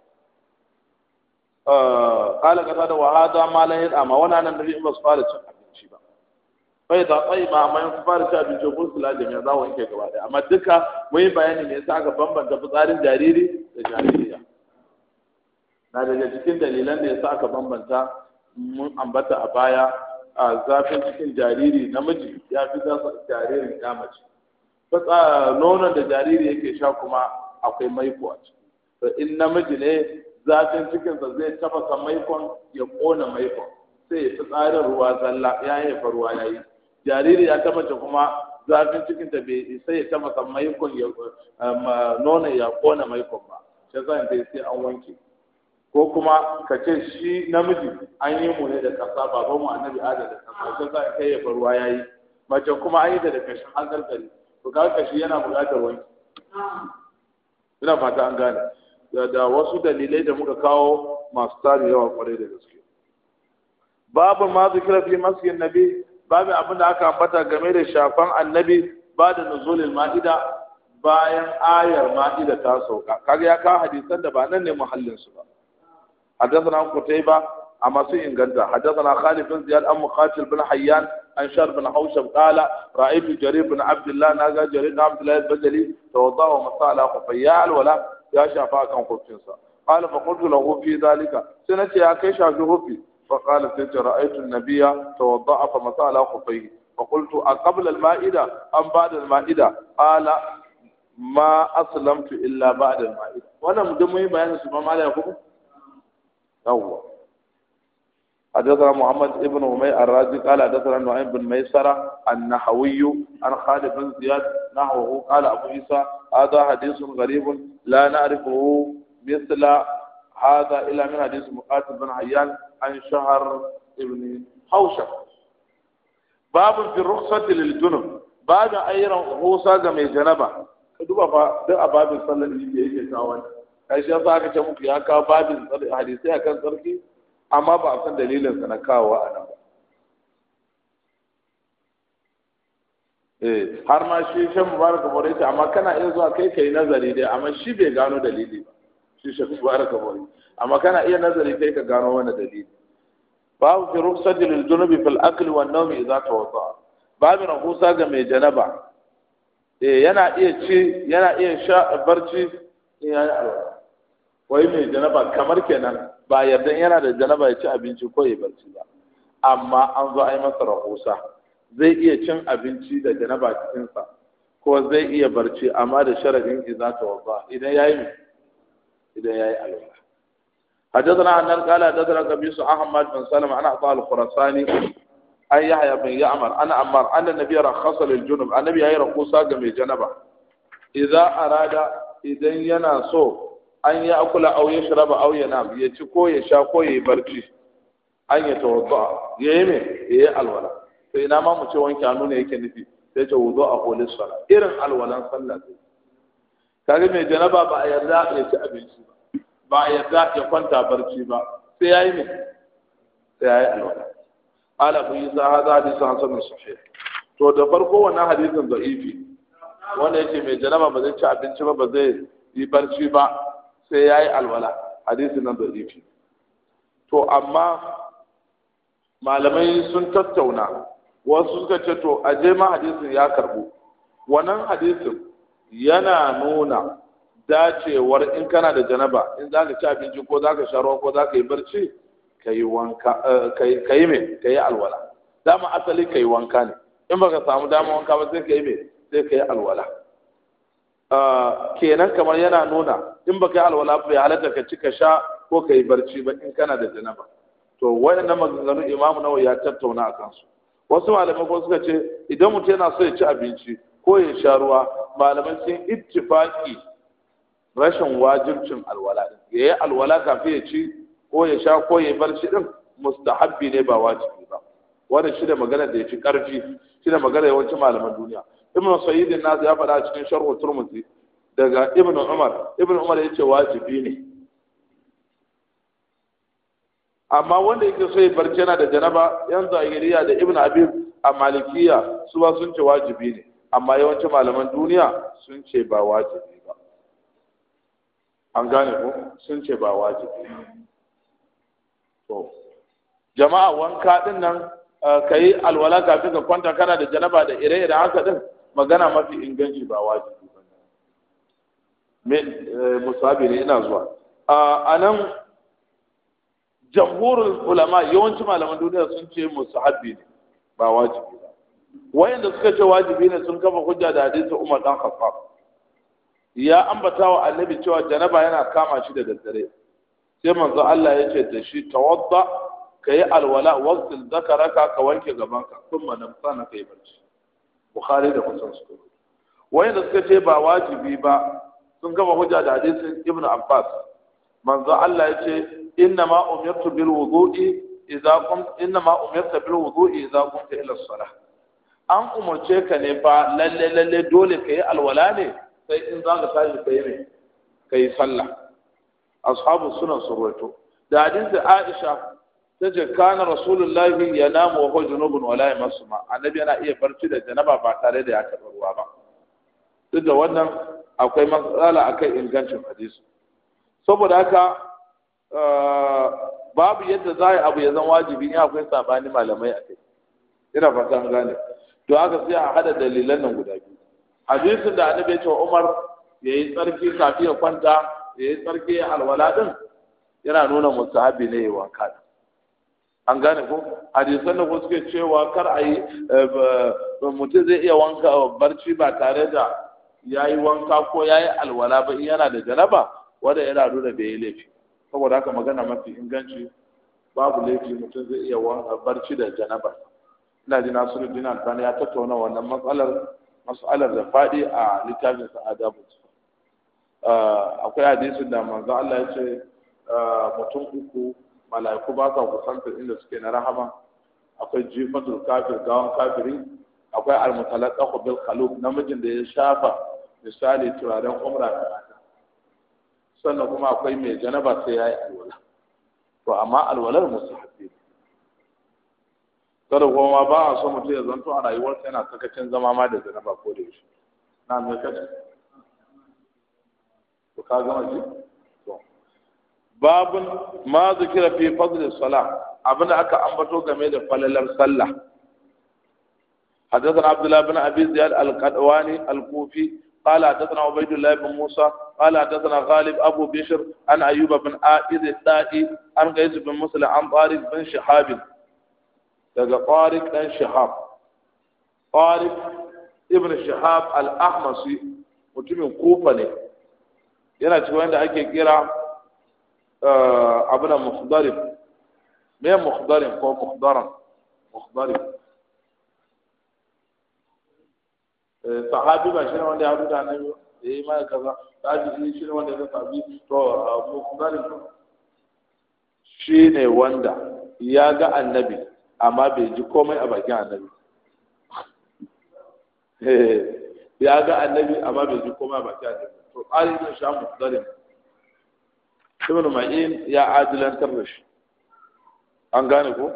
qala kaza da wa hada ma la nan wannan annabi ba su fara cin abinci ba bai da tsayi ma amma in fara cin abinci ko su laje mai za wanke gaba daya amma duka mai bayani me sa aka bambanta fitsarin jariri da jaririya na daga cikin dalilan da ya sa aka bambanta mun ambata a baya a zafin cikin jariri namiji ya fi zafin jaririn ya mace nonon da jariri yake sha kuma akwai maiko a ciki in namiji ne zafin cikinsa zai tafasa maikon ya kona maikon sai ya tsarin ruwa zalla ya yi ruwa ya yi jariri ya ta mace kuma zafin cikinta bai sai ya tafasa maikon ya um, nonon ya kona maikon ba shi zan ta sai an wanke ko kuma ka ce shi namiji an yi mu ne da kasa baban mu annabi adam da kasa shi zai kai ya ruwa ya yi mace kuma an yi ta da kashin hanzar gari to kashi yana buƙatar wanki ina fata an gane da wasu dalilai da muka kawo masu tari yawa kwarai da gaske babu ma zikira fi masjid nabi babu abin aka ambata game da shafan annabi ba da nuzulil ma'ida bayan ayar ma'ida ta sauka kaga ya ka hadisan da ba nan ne muhallin ba haddathana qutayba ba a masu inganta haddathana khalid bin ziyad an muqatil bin hayyan an shar bin hausham qala ra'aytu jarir bin abdullah naga masala qufayal Alwala. ya shafa akan kofinsa qala fa qultu lahu fi zalika sai nace ya kai shafi hufi fa qala sai ta ra'aytu an-nabiyya tawadda'a fa masala khufayhi fa qultu a qabla al-ma'ida am ba'da al-ma'ida qala ma aslamtu illa ba'da al-ma'ida wannan mu yi bayanin su ba malaya ko yawwa حدثنا محمد ابن عمي الرازي قال حدثنا نعيم بن ميسرة النحوي عن خالد بن زياد نحوه قال أبو عيسى هذا حديث غريب لا نعرفه مثل هذا إلا من حديث مقاتل بن عيان عن شهر ابن حوشب باب في الرخصة للجنب بعد أي رخصة جمع جنبه كدوبا فا أبابي صلى الله عليه وسلم أشياء صاحبة ممكن يا كابابي حديثي أكن تركي amma ba a san dalilin sa na kawo a nan eh har ma shi shan mubarak bore ta amma kana iya zuwa kai kai nazari dai amma shi bai gano dalili ba shi shan mubarak bore amma kana iya nazari kai ka gano wani dalili babu fi ruksati lil junubi fil akli wan nawmi idza tawadda babu rahusa ga mai janaba eh yana iya ci yana iya sha barci in yi alwala wai mai janaba kamar kenan ba yarda yana da janaba ya ci abinci ko ya barci ba amma an zo ai masa rahusa zai iya cin abinci da janaba cikinsa ko zai iya barci amma da sharadin iza ta wafa idan yayi idan yayi alwala حدثنا عن قال حدثنا قبيس احمد بن سلمة عن عطاء الخراساني أن يحيى بن يعمر أنا أمر أن النبي رخص للجنب النبي هي رخصة جميع جنبه إذا أراد yana so. an ya akula aw ya shiraba aw ya nam ya ci ko ya sha ko ya yi barci an ya tawadda ya yi mai ya yi alwala to ina ma mu ce wanke hannu ne yake nufi sai ce wudu a kolin sala irin alwalan sallah ce kaga mai janaba ba a yarda ya ci abinci ba ba a yarda ya kwanta barci ba sai ya yi mai sai ya yi alwala ala kun yi za hada hadisin hasan sahih to da farko wannan hadisin da'ifi wanda yake mai janaba ba zai ci abinci ba ba zai yi barci ba sai ya yi alwala hadisin nan da'ifi to amma malamai sun tattauna wasu suka ce to je ma hadisin ya karbu wannan hadisin yana nuna dacewar in kana da janaba in za ka ci abinci ko za ka sha ruwa ko za ka yi barci ka yi wanka eh, ka yi mai ka yi alwala dama asali ka yi wanka ne in baka samu dama wanka ba sai ka yi mai sai ka yi alwala kenan kamar yana nuna in baka yi alwala ba bai halatta ka cika sha ko ka yi barci ba in kana da janaba to waɗannan maganganu imamu nawa ya tattauna a kansu wasu malamai ko suka ce idan mutum yana so ya ci abinci ko ya sha ruwa malamai sun ittifaki rashin wajibcin alwala ya yi alwala kafin ya ci ko ya sha ko ya barci din mustahabbi ne ba wajibi ba wannan shi da magana da ya ci karfi shi da magana yawancin malaman duniya ibn sayyid an-nas ya faɗa cikin sharh turmuzi daga ibn umar ibn umar yace wajibi ne amma wanda yake so ya barci yana da janaba yan zahiriya da ibn abib a malikiya su ba sun ce wajibi ne amma yawanci malaman duniya sun ce ba wajibi ba an gane ko sun ce ba wajibi to jama'a wanka din nan eh, ka yi alwala kafin ka kwanta kana da janaba da ire-ire haka din magana mafi inganci ba wajibi ba ne eh, musabi ne ina zuwa a nan jamhurul ulama yawanci malaman duniya sun ce musahabi ne ba wajibi ba wayanda suka ce wajibi ne sun kafa hujja da hadisi Umar dan Khattab ya ambata wa annabi cewa janaba yana kama shi da daddare sai manzo Allah ya ce da shi tawadda kayi alwala wasil zakaraka ka wanke ka, kuma nan sana kai barci bukhari da muslim su wani da suka ce ba wajibi ba sun gama hujja da hadisin ibnu abbas manzo Allah ya ce inna ma umirtu bil wudu'i idza qum inna ma umirtu bil wudu'i idza ila salah an umarce ka ne ba lalle lalle dole ka yi alwala ne sai in zaka ka tashi ka yi ne ka sallah ashabu suna surwato da hadisin Aisha Sai ce kana rasulullahi ya namu wa junubun wala ya masu ma annabi yana iya barci da janaba ba tare da ya taɓa ruwa ba duk da wannan akwai matsala akan ingancin hadisi saboda haka eh, babu yadda za a yi abu ya zama wajibi in akwai sabani malamai a kai ina fata an gane to haka sai a hada dalilan nan guda biyu hadisin da annabi ya ce Umar ya yi tsarki kafin ya kwanta ya yi tsarki alwala din yana nuna musahabi ne ya wanka an gane ko hadisan da suke cewa kar a yi eh, mutum zai iya wanka eh, barci ba tare da ya yi wanka ko ya yi alwala ba in yana da janaba wanda rado da bai yi laifi saboda haka magana mafi inganci babu laifi mutum zai iya wanka barci da janaba ina ji nasiruddin albani ya tattauna wannan matsalar matsalar da faɗi a littafin sa adabu eh, akwai hadisin da manzo Allah ya ce mutum uku mala'iku ba sa kusantar inda suke na rahama akwai jifatul kafir gawan kafiri akwai almutalaqaqu bil qalub namijin da ya shafa misali turaren umra da mata sannan kuma akwai mai janaba sai yayi alwala to amma alwalar musahabi kada kuma ba a so mutum ya zanto a rayuwarsa yana sakacin zama ma da janaba ko da na mai ka gama babun ma zikira fi fadl salah abin aka ambato game da falalar sallah حدثنا عبد الله بن ابي زياد القدواني الكوفي قال حدثنا عبيد الله بن موسى قال حدثنا غالب ابو بشر عن ايوب بن عائد الدائي عن قيس بن مسلم عن طارق بن شهاب daga طارق بن شهاب طارق ابن شهاب الاحمصي mutumin kufa ne yana cikin wanda ake kira abuna mukhdarif me mukhdarif ko mukhdaran mukhdarif sahabi ba shi ne wanda ya rubuta annabi ya yi mana kaza tabi'i shi ne wanda ya zama bi. to mukhdarif shi ne wanda ya ga annabi amma bai ji komai a bakin annabi ya ga annabi amma bai ji komai a bakin annabi to ƙarin shan mukhdarif ibn ma'in ya adilantar da shi an gane ko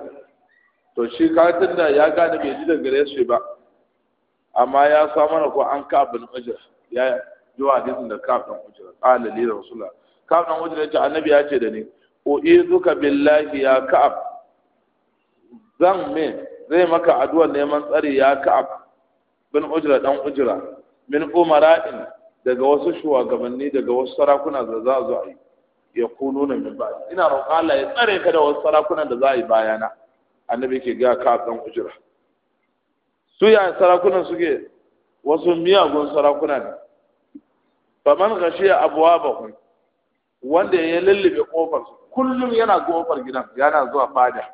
to shi katin da ya gane bai ji da gare shi ba amma ya sa mana ko an ka abin ujra ya ji hadisin da ka abin ujra qala li rasulullah ka abin ujra ce annabi ya ce da ni u'izuka billahi ya ka'ab zan me zai maka aduwar neman tsari ya ka'ab bin ujra dan ujra min umara'in daga wasu shugabanni daga wasu sarakuna da za zo a yi Ya na min ba, ina roƙa Allah ya tsare ka da wasu sarakunan da za a yi bayana annabi ke ga ka dan ujira su ya sarakunan suke wasu miyagun sarakuna ne abuwa ba abwabahum wanda ya lullube kofar su kullum yana kofar gidan yana zuwa fada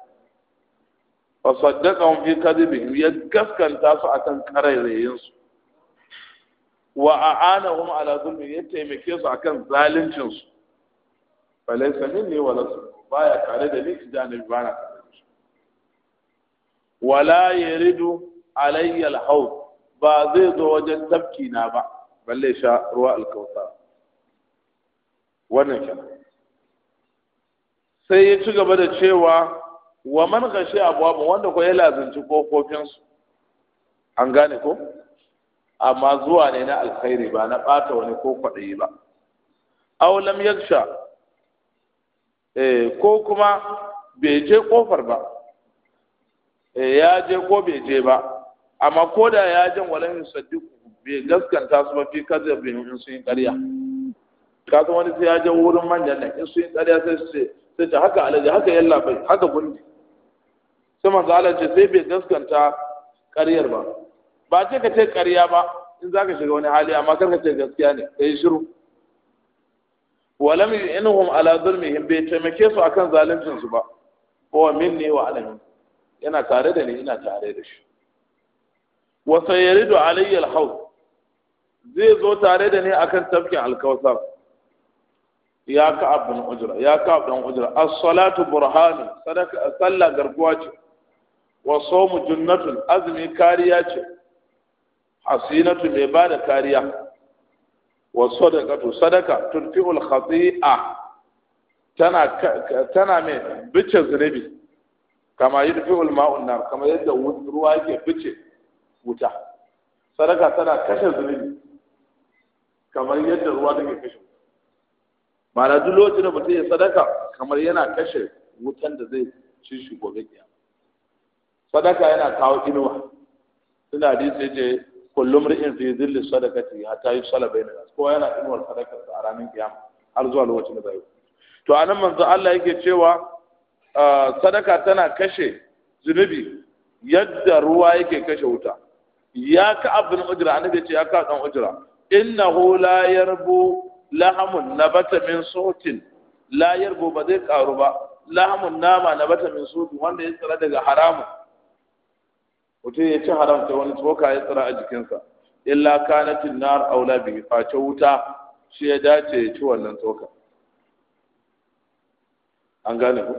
fa saddaqahum fi kadibi ya gaskanta su akan karairayin su wa a'anahum ala zulmi ya taimake su akan zalincin su ne minni wala ba ya tare da ni inji annabi ba na tare da shi wala yaridu alayya alhawd ba zai zo wajen tafki na ba balle sha ruwa alkautar wannan kenan sai ya ci gaba da cewa wa man gashi abuwa wanda ko ya lazanci su. an gane ko amma zuwa ne na alkhairi ba na ɓata wani ko kwaɗayi ba aw lam yaksha Eh, ko kuma bai je kofar ba eh, ya je ko bai je ba amma ko da ya jin walan yusaddiqu bai gaskanta su ba fi kaza bai in sun yi ƙarya ka ga wani sai ya je wurin manyan nan in sun yi ƙarya sai ce sai ta haka alaji haka yalla bai haka gundi sai manzo Allah ce sai bai gaskanta ƙaryar ba ba ce ka ce ƙarya ba in zaka shiga wani hali amma kar ka ce gaskiya ne kai shiru walam yanhum ala zulmihim bai taimake su akan zaluncin su ba min ne wa alamin yana tare da ni ina tare da shi wa sayaridu alayya alhawd zai zo tare da ni akan tafkin alkawsar ya ka'ab bin ujra ya ka'ab bin ujra as-salatu burhanu sadaka sallah garkuwa ce wa sawmu junnatun azmi kariya ce hasinatu mai bada kariya wa sadaqatu sadaqa tunfi'ul khati'a tana tana mai bice zunubi kama yudfi'ul ma'un nar kama yadda ruwa yake bice wuta sadaka tana kashe zunubi kamar yadda ruwa take kashe ma'ana duk lokacin da mutum ya sadaka kamar yana kashe wutan da zai ci gobe kiyama sadaka yana kawo inuwa suna hadisi ce kullum ri'in fi zilli sadaqati hatta yusalla bayna nas kowa yana inuwar sadakar sa a ranar kiyama har zuwa lokacin da zai to anan manzo Allah yake cewa ah, sadaka tana kashe zunubi yadda ruwa yake kashe wuta ya ka abin ujra annabi ce ya ka dan ujra innahu la yarbu lahamun nabata min sautin la yarbu ba zai karu ba lahamun nama nabata min sautin wanda ya tsara daga haramun mutum ya ci haramta wani tsoka ya tsira a jikinsa illa kanatin nar aula bi face wuta shi ya dace ya ci wannan tsoka an gane ku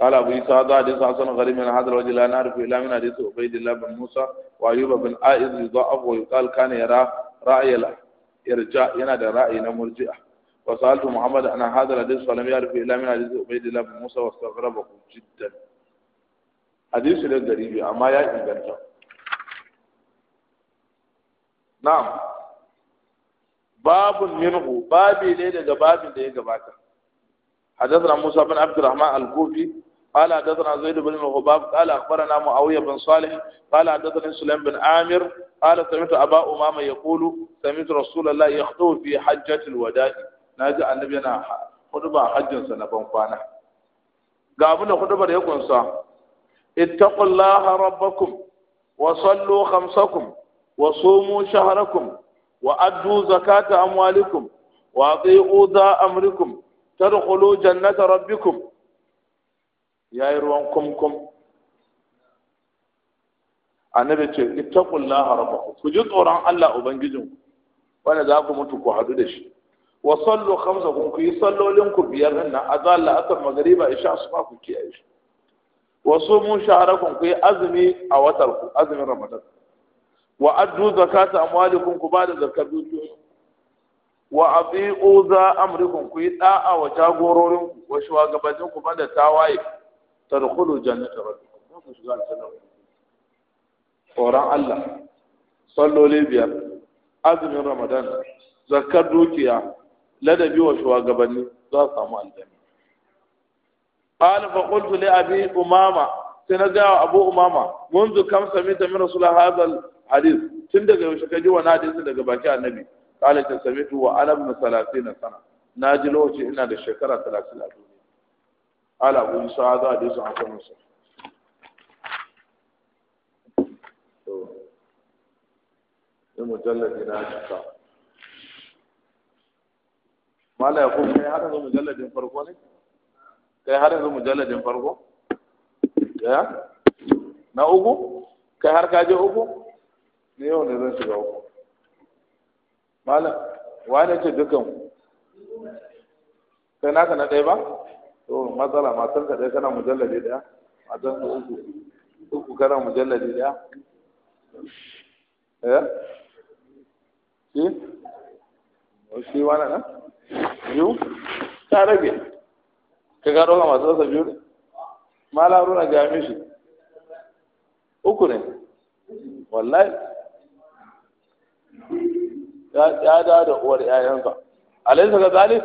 قال أبو عيسى هذا حديث حسن غريب من هذا الوجه لا نعرف إلا من حديث عبيد الله بن موسى وأيوب بن آئذ يضعف ويقال كان يرى رأي يرجع ينادى رأي مرجئة وسألت محمد أن هذا الحديث فلم يعرف إلا من حديث عبيد الله بن موسى واستغربه جدا Hadisu dai dari biyu amma yaƙi ɗan ta. Babu Minhu babi ne daga babin da ya gabata. Hadassara Musa bin Abdulrahman al-Kufi. Wani Hadassara Zaidu bin Luwaidu. Ali da aka fara namu Awiya Bansalini. Wani Hadassar bin Amir. Ali da Saminu da Aba Umar mai ya kulu. Saminu da Rasulallah Yahudau biye hajjacin wa daɗi. Na ji annabi yana haɗu a hajjansa na Ga abinda ku ɗaukar ekonsa. اتقوا الله ربكم وصلوا خمسكم وصوموا شهركم وأدوا زكاة أموالكم وأطيعوا ذا أمركم تدخلوا جنة ربكم يا إروانكم annabi ce ittaqullaha rabbakum ku ji tsoron Allah ubangijin wanda za ku mutu ku hadu da shi wa sallu khamsakum ku yi sallolin ku biyar nan azalla asar magriba isha su ku kiyaye shi wasu mun sha'arakun ku yi azumi a watar ku azumin ramadan wa addu zakata amwalikum ku ba da zakar dukiyoyi wa atiu za amrikum ku yi da'a wa jagororin ku wa shugabannin ku banda tawaye tadkhulu jannata rabbikum ku shiga aljanna tsoron Allah salloli biyar azumin ramadan zakar dukiya ladabi wa shugabanni za su samu aljanna قال فقلت لأبي أمامة سنجا أبو أمامة منذ كم سمعت من رسول هذا الحديث تندق وشكجي ونادي سندق باكي النبي قال تسمعت وأنا ابن ثلاثين سنة ناجي لوجي إنا للشكرة ثلاثين أدوني قال أبو يسوع هذا حديث عن كم المجلد ناشطة ما لا يقول هذا المجلد فرقوني kai har yanzu mujalladin farko ya na uku kai har kaje uku ne yau ne zan shiga uku malam wane ce dukan kai naka na ɗaya ba to matsala matan ka ɗaya kana mujalladi ɗaya matan ka uku uku kana mujalladi ɗaya eh shi shi wani nan biyu ta rage ka gano ka masu rasa Ma ne mala na ga shi. uku ne wallahi ya da da uwar ƴaƴansa alaysa ka zalik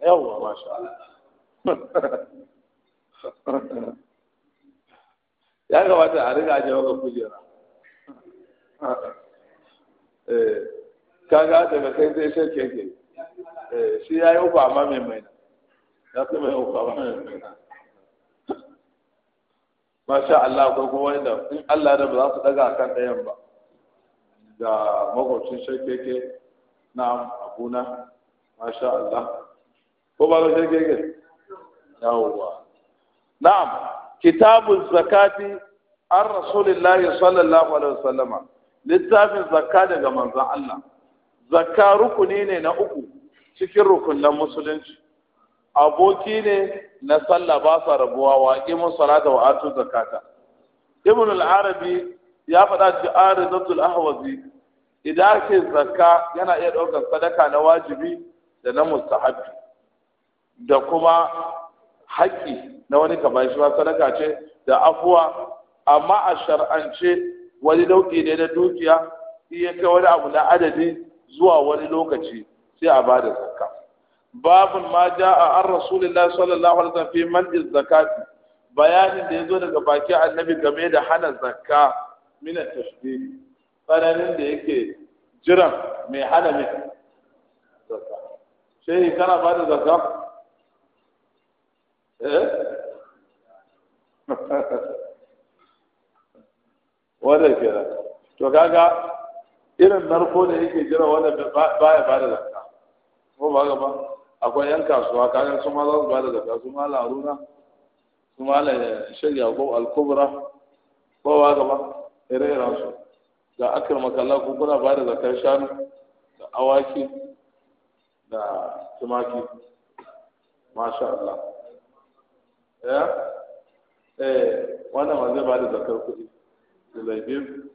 yawwa masha Allah ya kamata a riga aje maka kujera eh, kaga daga kai sai sai keke eh, shi ya yi uku amma mai mai masha Allah ko ko wani da in Allah da ba za su daga kan ɗayan ba da makwabcin shakeke na abuna masha Allah ko ba ga shakeke yawwa na'am Kitabun zakati an rasulillahi sallallahu alaihi wasallama littafin zakka daga manzon Allah zakka rukuni ne na uku cikin rukunan musulunci aboki ne na sallah ba sa rabuwa wa imu salata wa atu zakata ibn al-arabi ya faɗa ji aridatul ahwazi idan ake zakka yana iya ɗaukar sadaka na wajibi da na mustahabi da kuma haƙƙi na wani kamar shi sadaka ce da afuwa amma a shar'ance wani dauki ne na dukiya iya kai wani abu na adadi zuwa wani lokaci sai a bada da zakka babun ma ja'a an rasulillah sallallahu alaihi wasallam fi man'iz zakati bayanin da yazo daga baki annabi game da hana zakka min at-tashdid tsananin da yake jiran mai hana mai zakka shehi kana ba da zakka eh wanda kenan to kaga irin narko da yake jira wanda baya ba da zakka ko ba ga ba akwai yan kasuwa kayan su ma za su bada da zakka su ma laruna su ma la shirya ko alkubra kubra ko wa gaba ire-iren su da akar makalla ko kuna bada da karshen shanu da awaki da tumaki masha Allah ya eh wannan ma zai bada da zakar kuɗi da laifin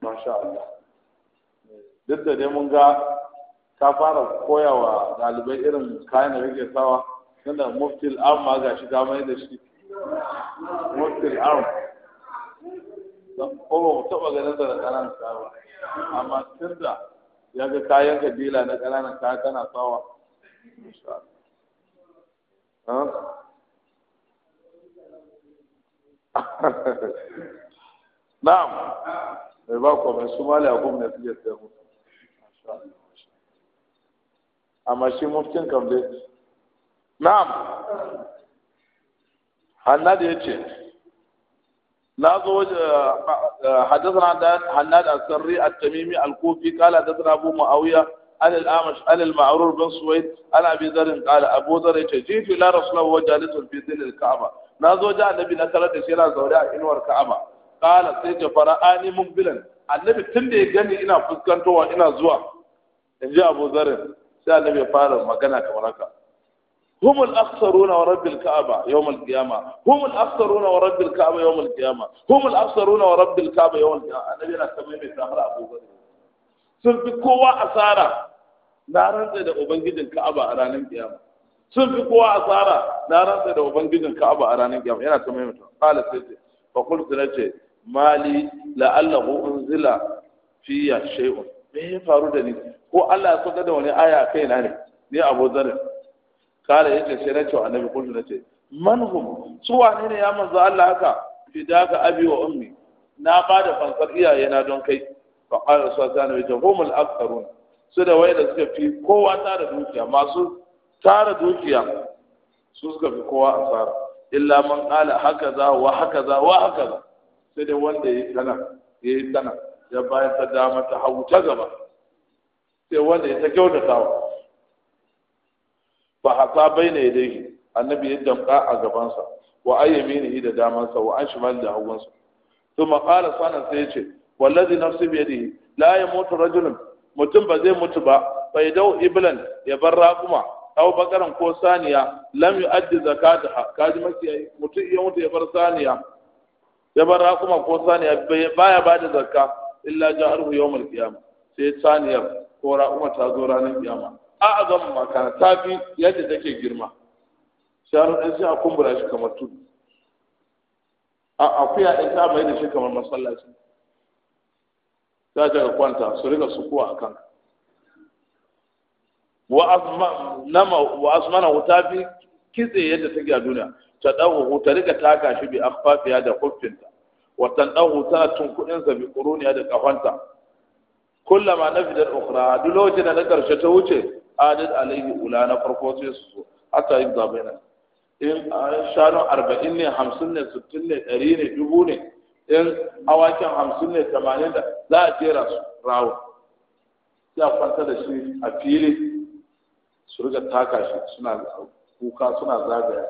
masha Allah duk da dai mun ga ta fara koyawa ɗalibai irin kayan da kake sawa tunda muftil am ma ga shi dama da shi muftil am ko kuma mu taɓa ganin da ƙananan kaya amma tunda ya ga kayan kabila na ƙananan kaya tana sawa na'am bai ba komai su mali akwai ne suke sayar musu amma shi muftin kam dai na'am hannad ya ce na zo حدثنا حناد السري التميمي الكوفي قال حدثنا ابو معاويه عن الأعمش عن المعرور بن سويد عن أبي ذر قال أبو ذر جئت إلى رسول الله وجالس في ظل الكعبة نازو جاء النبي نكرت شيرا زورا إنور الكعبة قال سيج فرآني مقبلا النبي تندي gani إنا فسكنتوا ina زوا إن جاء أبو ذر sai annabi ya fara magana kamar haka هم الأخسرون ورب الكعبة يوم القيامة هم الأخسرون ورب الكعبة يوم القيامة هم الأخسرون ورب الكعبة يوم القيامة أنا سمي من سامر أبو بكر sun fi kowa asara a ranar kiyama sun fi kowa asara na rantsa da ubangijin Ka'aba a ranar kiyama yana ta maimaita qala sayyidi fa qultu nace mali la'allahu unzila fiya me ya faru da ni ko Allah ya saukar da wani aya kai na ne ni Abu Dharr kala yace sai na ce annabi kullu na ce man hum su wane ne ya manzo Allah haka fidaka abi wa ummi na bada fansar iyaye na don kai fa qala sallallahu alaihi wasallam humul aktharun su da da suka fi kowa tara dukiya masu tara dukiya su suka fi kowa asara illa man qala za, wa haka za, wa za, sai da wanda ya yi sana ya yi sana da bayan ta dama ta hau ta gaba sai wanda ya ta kyautata wa? Ba hasa baina yadayhi annabi ya damka a gabansa wa ayyami ayyaminihi da damansa wa an shimal da hagunsa thumma qala sana sai ce, wallazi nafsi bi yadihi la yamutu rajulun mutum ba zai mutu ba bai dau iblan ya bar raquma aw bakaran ko saniya lam yu'addi zakataha kaji maki mutum ya mutu ya bar saniya ya bar raquma ko saniya baya ba da zakka illa jaharu yawmal qiyamah sai saniyar ko ra'uma ta zo ranar kiyama a azam makana ta fi yadda take girma sharon ɗan sai a kumbura shi kamar tudu a akuya in ta mai da shi kamar masallaci ta daga kwanta su riga sukuwa kuwa akan wa asmana wuta fi kitse yadda take a duniya ta dawo ta riga taka shi bi akfafiya da kuffinta watan tun tana tunkuɗinsa bi ƙuruniya da ƙahonta kullama na fidar ukra duk lokacin da na ƙarshe ta wuce adad alaihi ula na farko sai su zo hatta yin zaɓe in shanun arba'in ne hamsin ne sittin ne ɗari ne dubu ne in awakin hamsin ne tamanin da za a jera su rawa sai a kwanta da shi a fili su riga taka shi suna kuka suna zagaya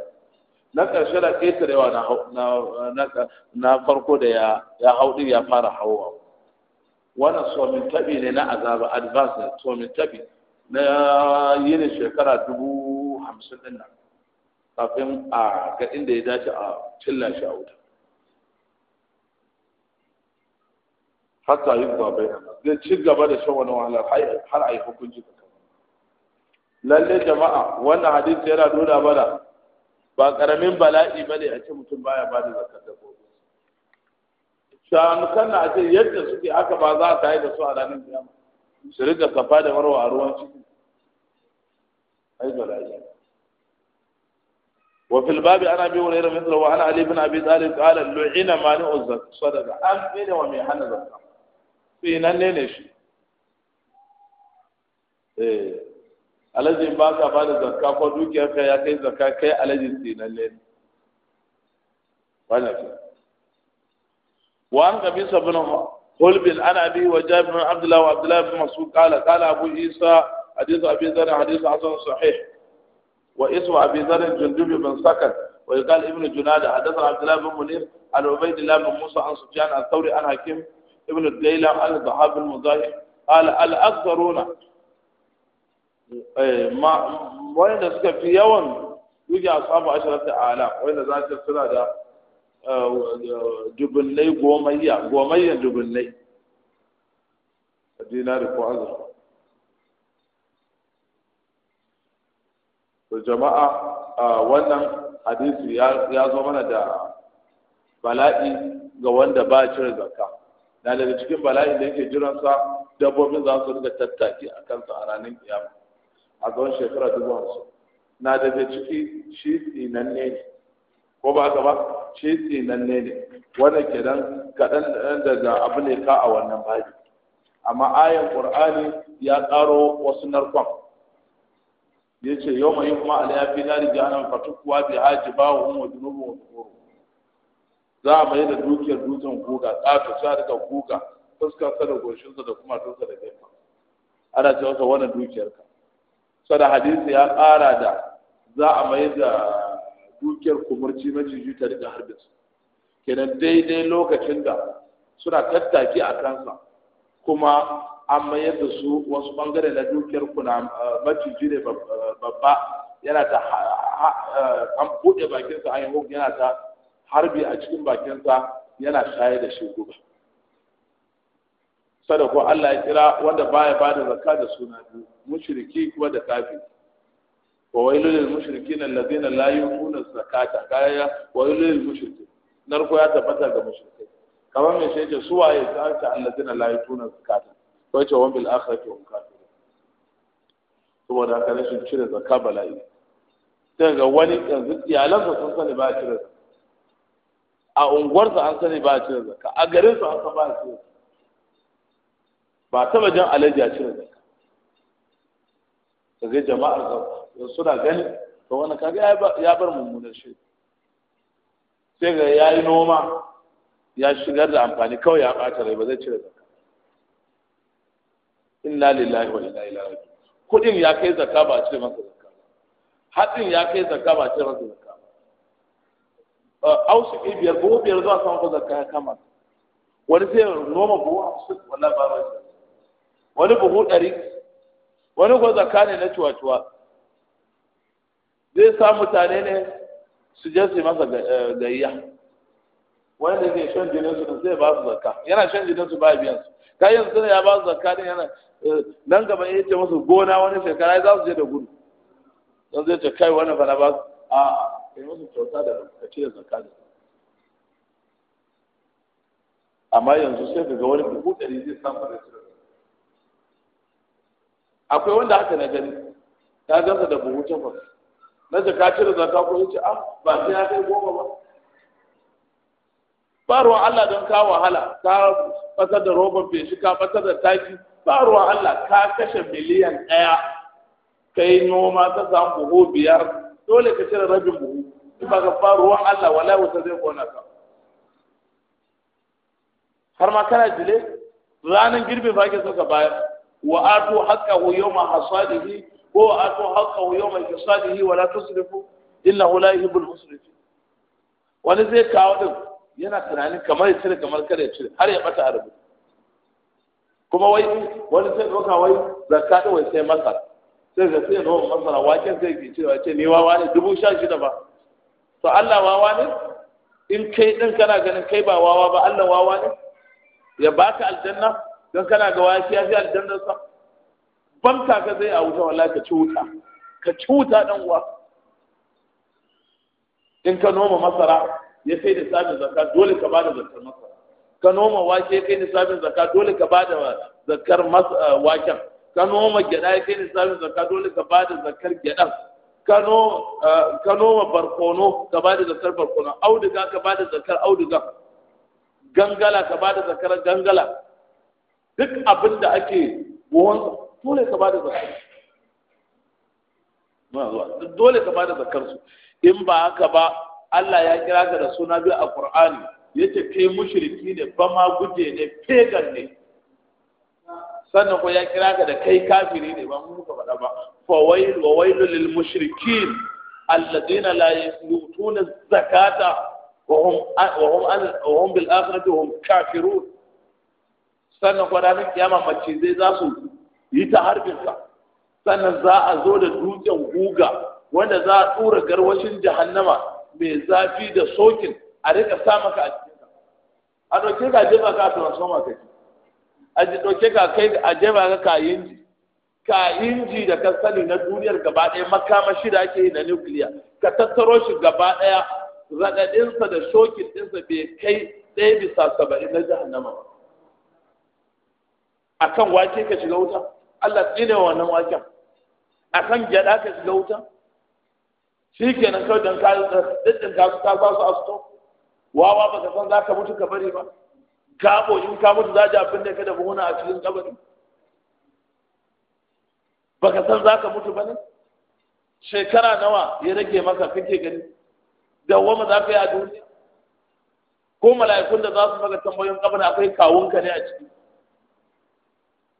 na ƙarshe da ƙetarewa na farko da ya ɗin ya fara hawa wannan tsomin tabi ne na azaba advance ne tsomin tabi na yini shekara dubu hamsin din nan kafin a gaɗin da ya dace a cilla shi a wuta hatta yi bai zai ci gaba da shan wani wahalar har a yi hukunci da lalle jama'a wannan hadisi yana nuna mana ba karamin bala'i ba ne a ce mutum baya ba da zakar dabbobi kan na ce yadda suke haka ba za ta yi da su a ranar kiyama su rika kafa da marwa a ruwan ciki ai bala'i وفي الباب عن ابي هريره مثله وعن علي بن ابي طالب قال لعن mani الزكاه صدقه an mene wa mai hana zakka sai nan ne ne shi eh alhaji ba ka ba da zakka ko dukiyar ka ya kai zakka kai alhaji sinalle wannan fi وعن قبيس بن قلب عن ابي وجابر بن عبد الله وعبد الله بن مسعود قال قال ابو عيسى حديث ابي ذر حديث حسن صحيح واسم ابي ذر جندب بن سكت ويقال ابن جناد حدثنا عبد الله بن منير عن عبيد الله بن موسى عن سفيان الثوري عن حكيم ابن الديلة عن الضحاب المضايق قال الاكثرون Eh, wanda suka fi yawan duki ashirar da ala wanda za su suna da eh, dubunai gomayya gomayya a dinari ko azur to jama'a wannan hadisi ya zo mana da bala'i ga wanda ba cire zakka na daga cikin bala'i da yake jiransa dabbobin za su riga tattaki a kansa a ranar kiyama a tsawon shekara dubu hamsin na daga ciki shi tsinanne ne ko ba gaba ba shi tsinanne ne wannan dan kaɗan daga abu ne ka a wannan baji amma ayan qur'ani ya ƙaro wasu narkon ya ce yau mai kuma alayafi na da jihannan fatukuwa bi haji ba wa umar junubu wa tsoro za a mai da dukiyar dutsen guga tsafi sa daga guga sa da goshinsa da kuma tunsa da gefa ana ce masa wannan dukiyarka sada hadisi ya ƙara da za a mai da dukiyar kumurci maciji ta riga harbin su kenan daidai lokacin da suna tattaki a kansa kuma an mayar da su wasu bangare na dukiyar kuna eh, maciji ne eh, babba yana ta eh, an buɗe bakinsa an yi yana ta harbi a cikin bakinsa yana shaye da shi gobe sadako Allah ya kira wanda baya bada da zakka da suna biyu mushriki kuma da kafiri wa wailu lil mushrikin alladhina la yu'tuna zakata kaya wailu lil mushrikin narko ya tabbata ga mushrikai kamar me sai ce ya zakata alladhina la yu'tuna zakata ko ce wa bil akhirati hum kafirun saboda haka rashin cire zakka bala'i sai ga wani yanzu iyalansa sun sani ba cire zakka a unguwarsa an sani ba cire zakka a sa an sani ba cire zakka ba taba jan alaji a cire Ka ga jama'ar suna gani Ka wani kaga ya bar mummunar shi sai ga ya yi noma ya shigar da amfani kawai ya ɓata rai ba zai cire zakka inna lillahi wa inna ilaihi raji'un kudin ya kai zakka ba a cire masa zakka hatsin ya kai zakka ba a cire masa zakka ausu biyar buhu biyar zuwa samun zakka ya kama wani sai noma buhu a wallahi ba ba wani buhu ɗari wani ko zaka ne na cuwa-cuwa zai sa mutane ne su je su masa eh, gayya wanda ke shan jinin su zai ba su zakka yana shan jinin su ba biyan su ka yin suna ya ba su zakka din yana eh, nan gaba ya ce masu gona wani shekara za su je da gudu don zai ce kai wani fana ba a a kai musu kyauta da ka ce zakka da amma yanzu sai ka ga wani buhu ɗari zai samu da su akwai wanda haka na gani ta gansa da buhu takwas na ce ka cire zakka ko yace ah ba sai ya kai goma ba ba ruwan Allah don ka wahala ka fasar da roban feshi ka fasar da taki ba ruwan Allah ka kashe miliyan ɗaya kai noma ta samu buhu biyar dole ka cire rabin buhu in ba ka ba ruwan Allah wala wata zai kona ka har ma kana jile ranar girbe ba ke so ka bayar wa atu haqqahu yawma hasadihi wa atu haqqahu yawma hasadihi wa la tusrifu innahu la yuhibbul musrifin wani zai kawo din yana tunanin kamar ya cire kamar kada ya cire har ya bata arabu kuma wai wani zai doka wai zakka da sai masara sai ga sai noma masara waken sai ke ce ni wawa ne dubu sha shida ba to Allah wawa ne in kai din ganin kai ba wawa ba Allah wawa ne ya baka aljanna don kana ga wasu ya fi da sa banka ka zai a wuta wallahi ka ci wuta ka ci wuta dan uwa in ka noma masara ya kai da sabin zakka dole ka bada zakkar masara ka noma wake ya kai da sabin zakka dole ka bada zakkar eh, waken ka noma gyada ya kai da sabin zakka dole ka bada zakkar gyadan eh, ka noma barkono ka bada zakkar barkono auduga ka bada zakkar auduga gangala ka bada zakkar gangala duk abin da ake buhon dole ka bada zakar muna dole ka bada zakar su in ba haka ba Allah ya kira ka da suna biyu a Qur'ani yace kai mushriki ne ba ma guje ne pagan ne sannan ko ya kira ka da kai kafiri ne ba mu muka faɗa ba fa wailu wa wailu lil mushrikin alladheena la yutuna zakata wa hum wa hum bil akhirati hum kafirun sannan kwa ranar kiyama mace zai za su yi ta harbinsa sannan za a zo da dutsen guga wanda za a tura garwashin jahannama mai zafi da sokin a rika sa maka a cikin a ɗauke ka jefa ka a transformer kai a ɗauke ka kai a jefa ka ka inji ka inji da ka sani na duniyar gaba ɗaya makamashi da ake yi na nukiliya ka tattaro shi gaba ɗaya raɗaɗinsa da shokin ɗinsa bai kai ɗaya bisa saba'in na jahannama ba akan wake ka shiga wuta Allah tsine wannan waken akan gyada ka shiga wuta shi kawai don ka daddin ka su ta su a wawa ba ka san za ka mutu ka bari ba ka in ka mutu za ji abin da ka da buhuna a cikin kabari ba ka san za ka mutu ba ne shekara nawa ya rage maka kake gani Da wama za ka yi a duniya ko mala'ikun da za su maka tambayoyin kabari akwai kawunka ne a ciki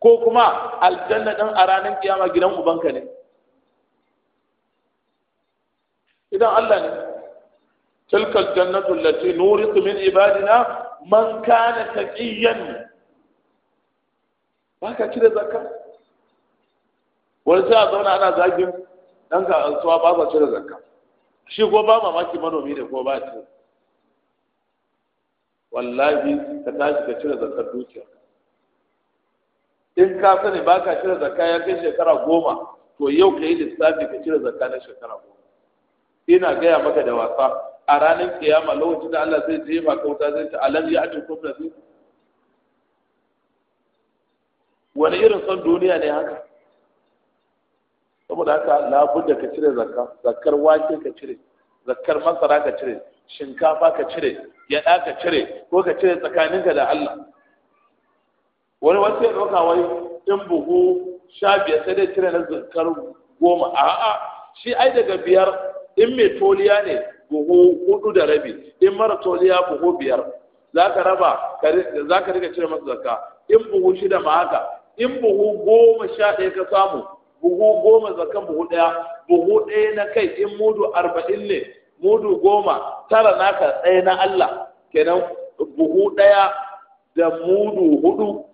ko kuma aljanna ɗin a ranar kiyama gidan ubanka ne idan Allah ne tilka aljannatu allati nuriqu min ibadina man kana taqiyyan baka cire zakka wani sai a zauna ana zagin dan ka alsuwa ba sa cire zakka shi ko ba mamaki manomi ne ko ba ce wallahi ka tashi ka cire zakkar dukiya. in ka sani ba ka cire zakka ya kai shekara goma to yau ka yi lissafi ka cire zakka na shekara goma ina gaya maka da wasa a ranar kiyama lokacin da Allah zai jefa kauta zai ta alam ya ati kuma zai wani irin son duniya ne haka saboda haka labudda ka cire zakka zakkar wake ka cire zakkar masara ka cire shinkafa ka cire yaɗa ka cire ko ka cire tsakaninka da Allah wani wasu ya ɗauka wai in buhu sha biyar sai dai cire na zinkar goma a'a shi ai daga biyar in mai toliya ne buhu hudu da rabi in mara toliya buhu biyar za ka raba za ka riga cire masa zakka in buhu shida ma haka in buhu goma sha ɗaya ka samu buhu goma zakkan buhu ɗaya buhu ɗaya na kai in mudu arba'in ne mudu goma tara naka ɗaya na Allah kenan buhu ɗaya da mudu hudu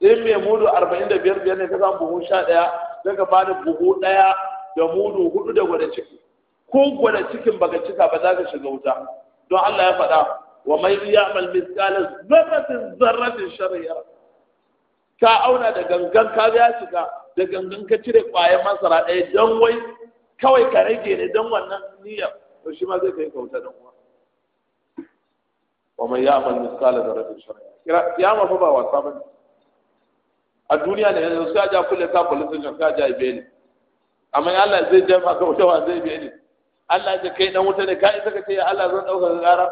sai mai mudu arba'in da biyar biyar ne ta samu buhu sha ɗaya sai ka bada buhu ɗaya da mudu hudu da gwada ciki ko gwada cikin baka cika ba za ka shiga wuta don Allah ya faɗa wa mai amal miskalin zarratin zarratin sharriyar ka auna da gangan ka ga ya shiga da gangan ka cire ƙwayar masara ɗaya don wai kawai ka rage ne don wannan niyyar to shi ma zai kai kauta don uwa wa mai ya'mal mithqala zarratin sharriyar kiyama fa ba wasa bane a duniya ne yanzu sai ja kulle ka police station ka ja ibe ne amma Allah zai dafa ka wuta wa zai ibe ne Allah ya kai dan wuta ne ka isa ka ce ya Allah zan dauka gara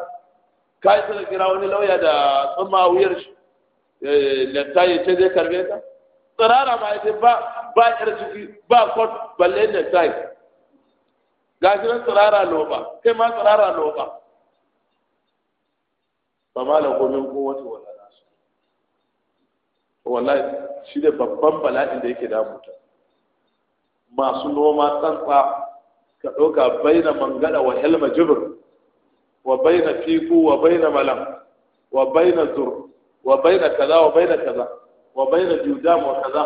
ka isa ka kira wani lauya da tsumma wuyar shi eh, lafta ya ce zai karbe ka tsirara ma ya ba ba yar ciki ba court balle da sai gashi nan tsirara loba kai ma tsirara loba فما له من قوة ولا wallahi shi ne babban bala'in da yake damu ta masu noma tsantsa ka ɗauka baina mangada wa helma jibir wa baina fiku wa baina malam wa baina zur wa baina kaza wa baina kaza wa baina judam wa kaza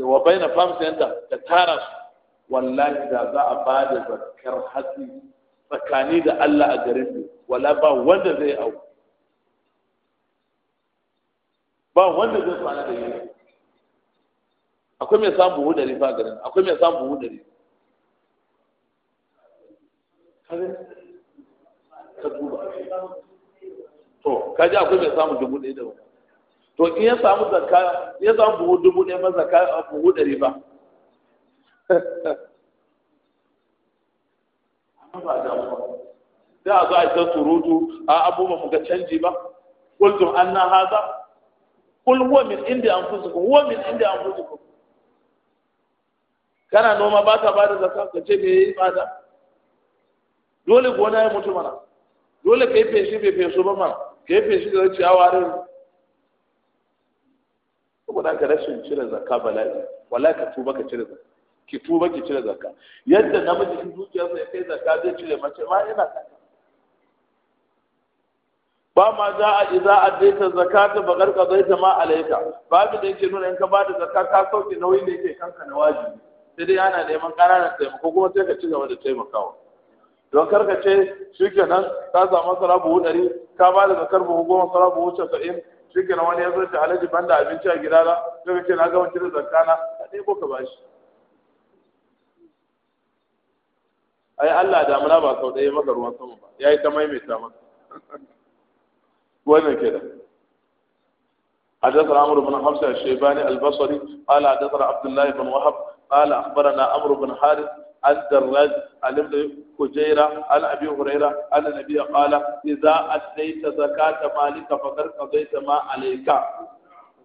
wa baina farm center ka tara su wallahi da za a ba da zakar hatsi tsakani da Allah a garin wala ba wanda zai auku ba wanda zai kwana da yunwa akwai mai samun buhu dari ba garin akwai mai samun buhu dari ka duba to kaji akwai mai samun dubu ɗaya da wani to in ya samu zakka ya samu buhu dubu ɗaya ma zakka buhu ɗari ba da a zo a ta surutu a abubuwan ga canji ba kultum an na haza kul huwa min indi anfusikum huwa min indi anfusikum kana noma ba ka ba da zakka ka ce me yi bada? dole gona ya mutu mana dole kai feshi bai feso ba mana kai feshi da ciyawa da saboda ka rashin cire zakka bala'i wallahi ka tuba ka cire zakka ki tuba ki cire zakka yadda namiji in dukiyarsa ya kai zakka zai cire mace ma yana kanta ba ma za a idza addaita zakata ba karka zai ta ma alaika babu da yake nuna in ka bada zakka ka sauke nauyi da yake kanka na wajibi sai dai ana neman ƙananan taimako kuma sai ka ci gaba da taimakawa don karka ce shi nan ta samu masara buhu ɗari ka ba da zakar buhu goma sara buhu casa'in shi nan wani ya zo ta alaji ban da abinci a gida na sai ka ce na gama cire zakka na a ɗaya ko ka ba shi ai Allah damuna ba sau ɗaya maka ruwan sama ba ya yi ta maimaita maka wannan kenan حدثنا عمرو بن حفص الشيباني البصري قال حدثنا عبد الله بن وهب قال اخبرنا عمرو بن حارث عن دراج عن ابن كجيرة عن ابي هريره ان النبي قال اذا اديت زكاه مالك فقد قضيت ما عليك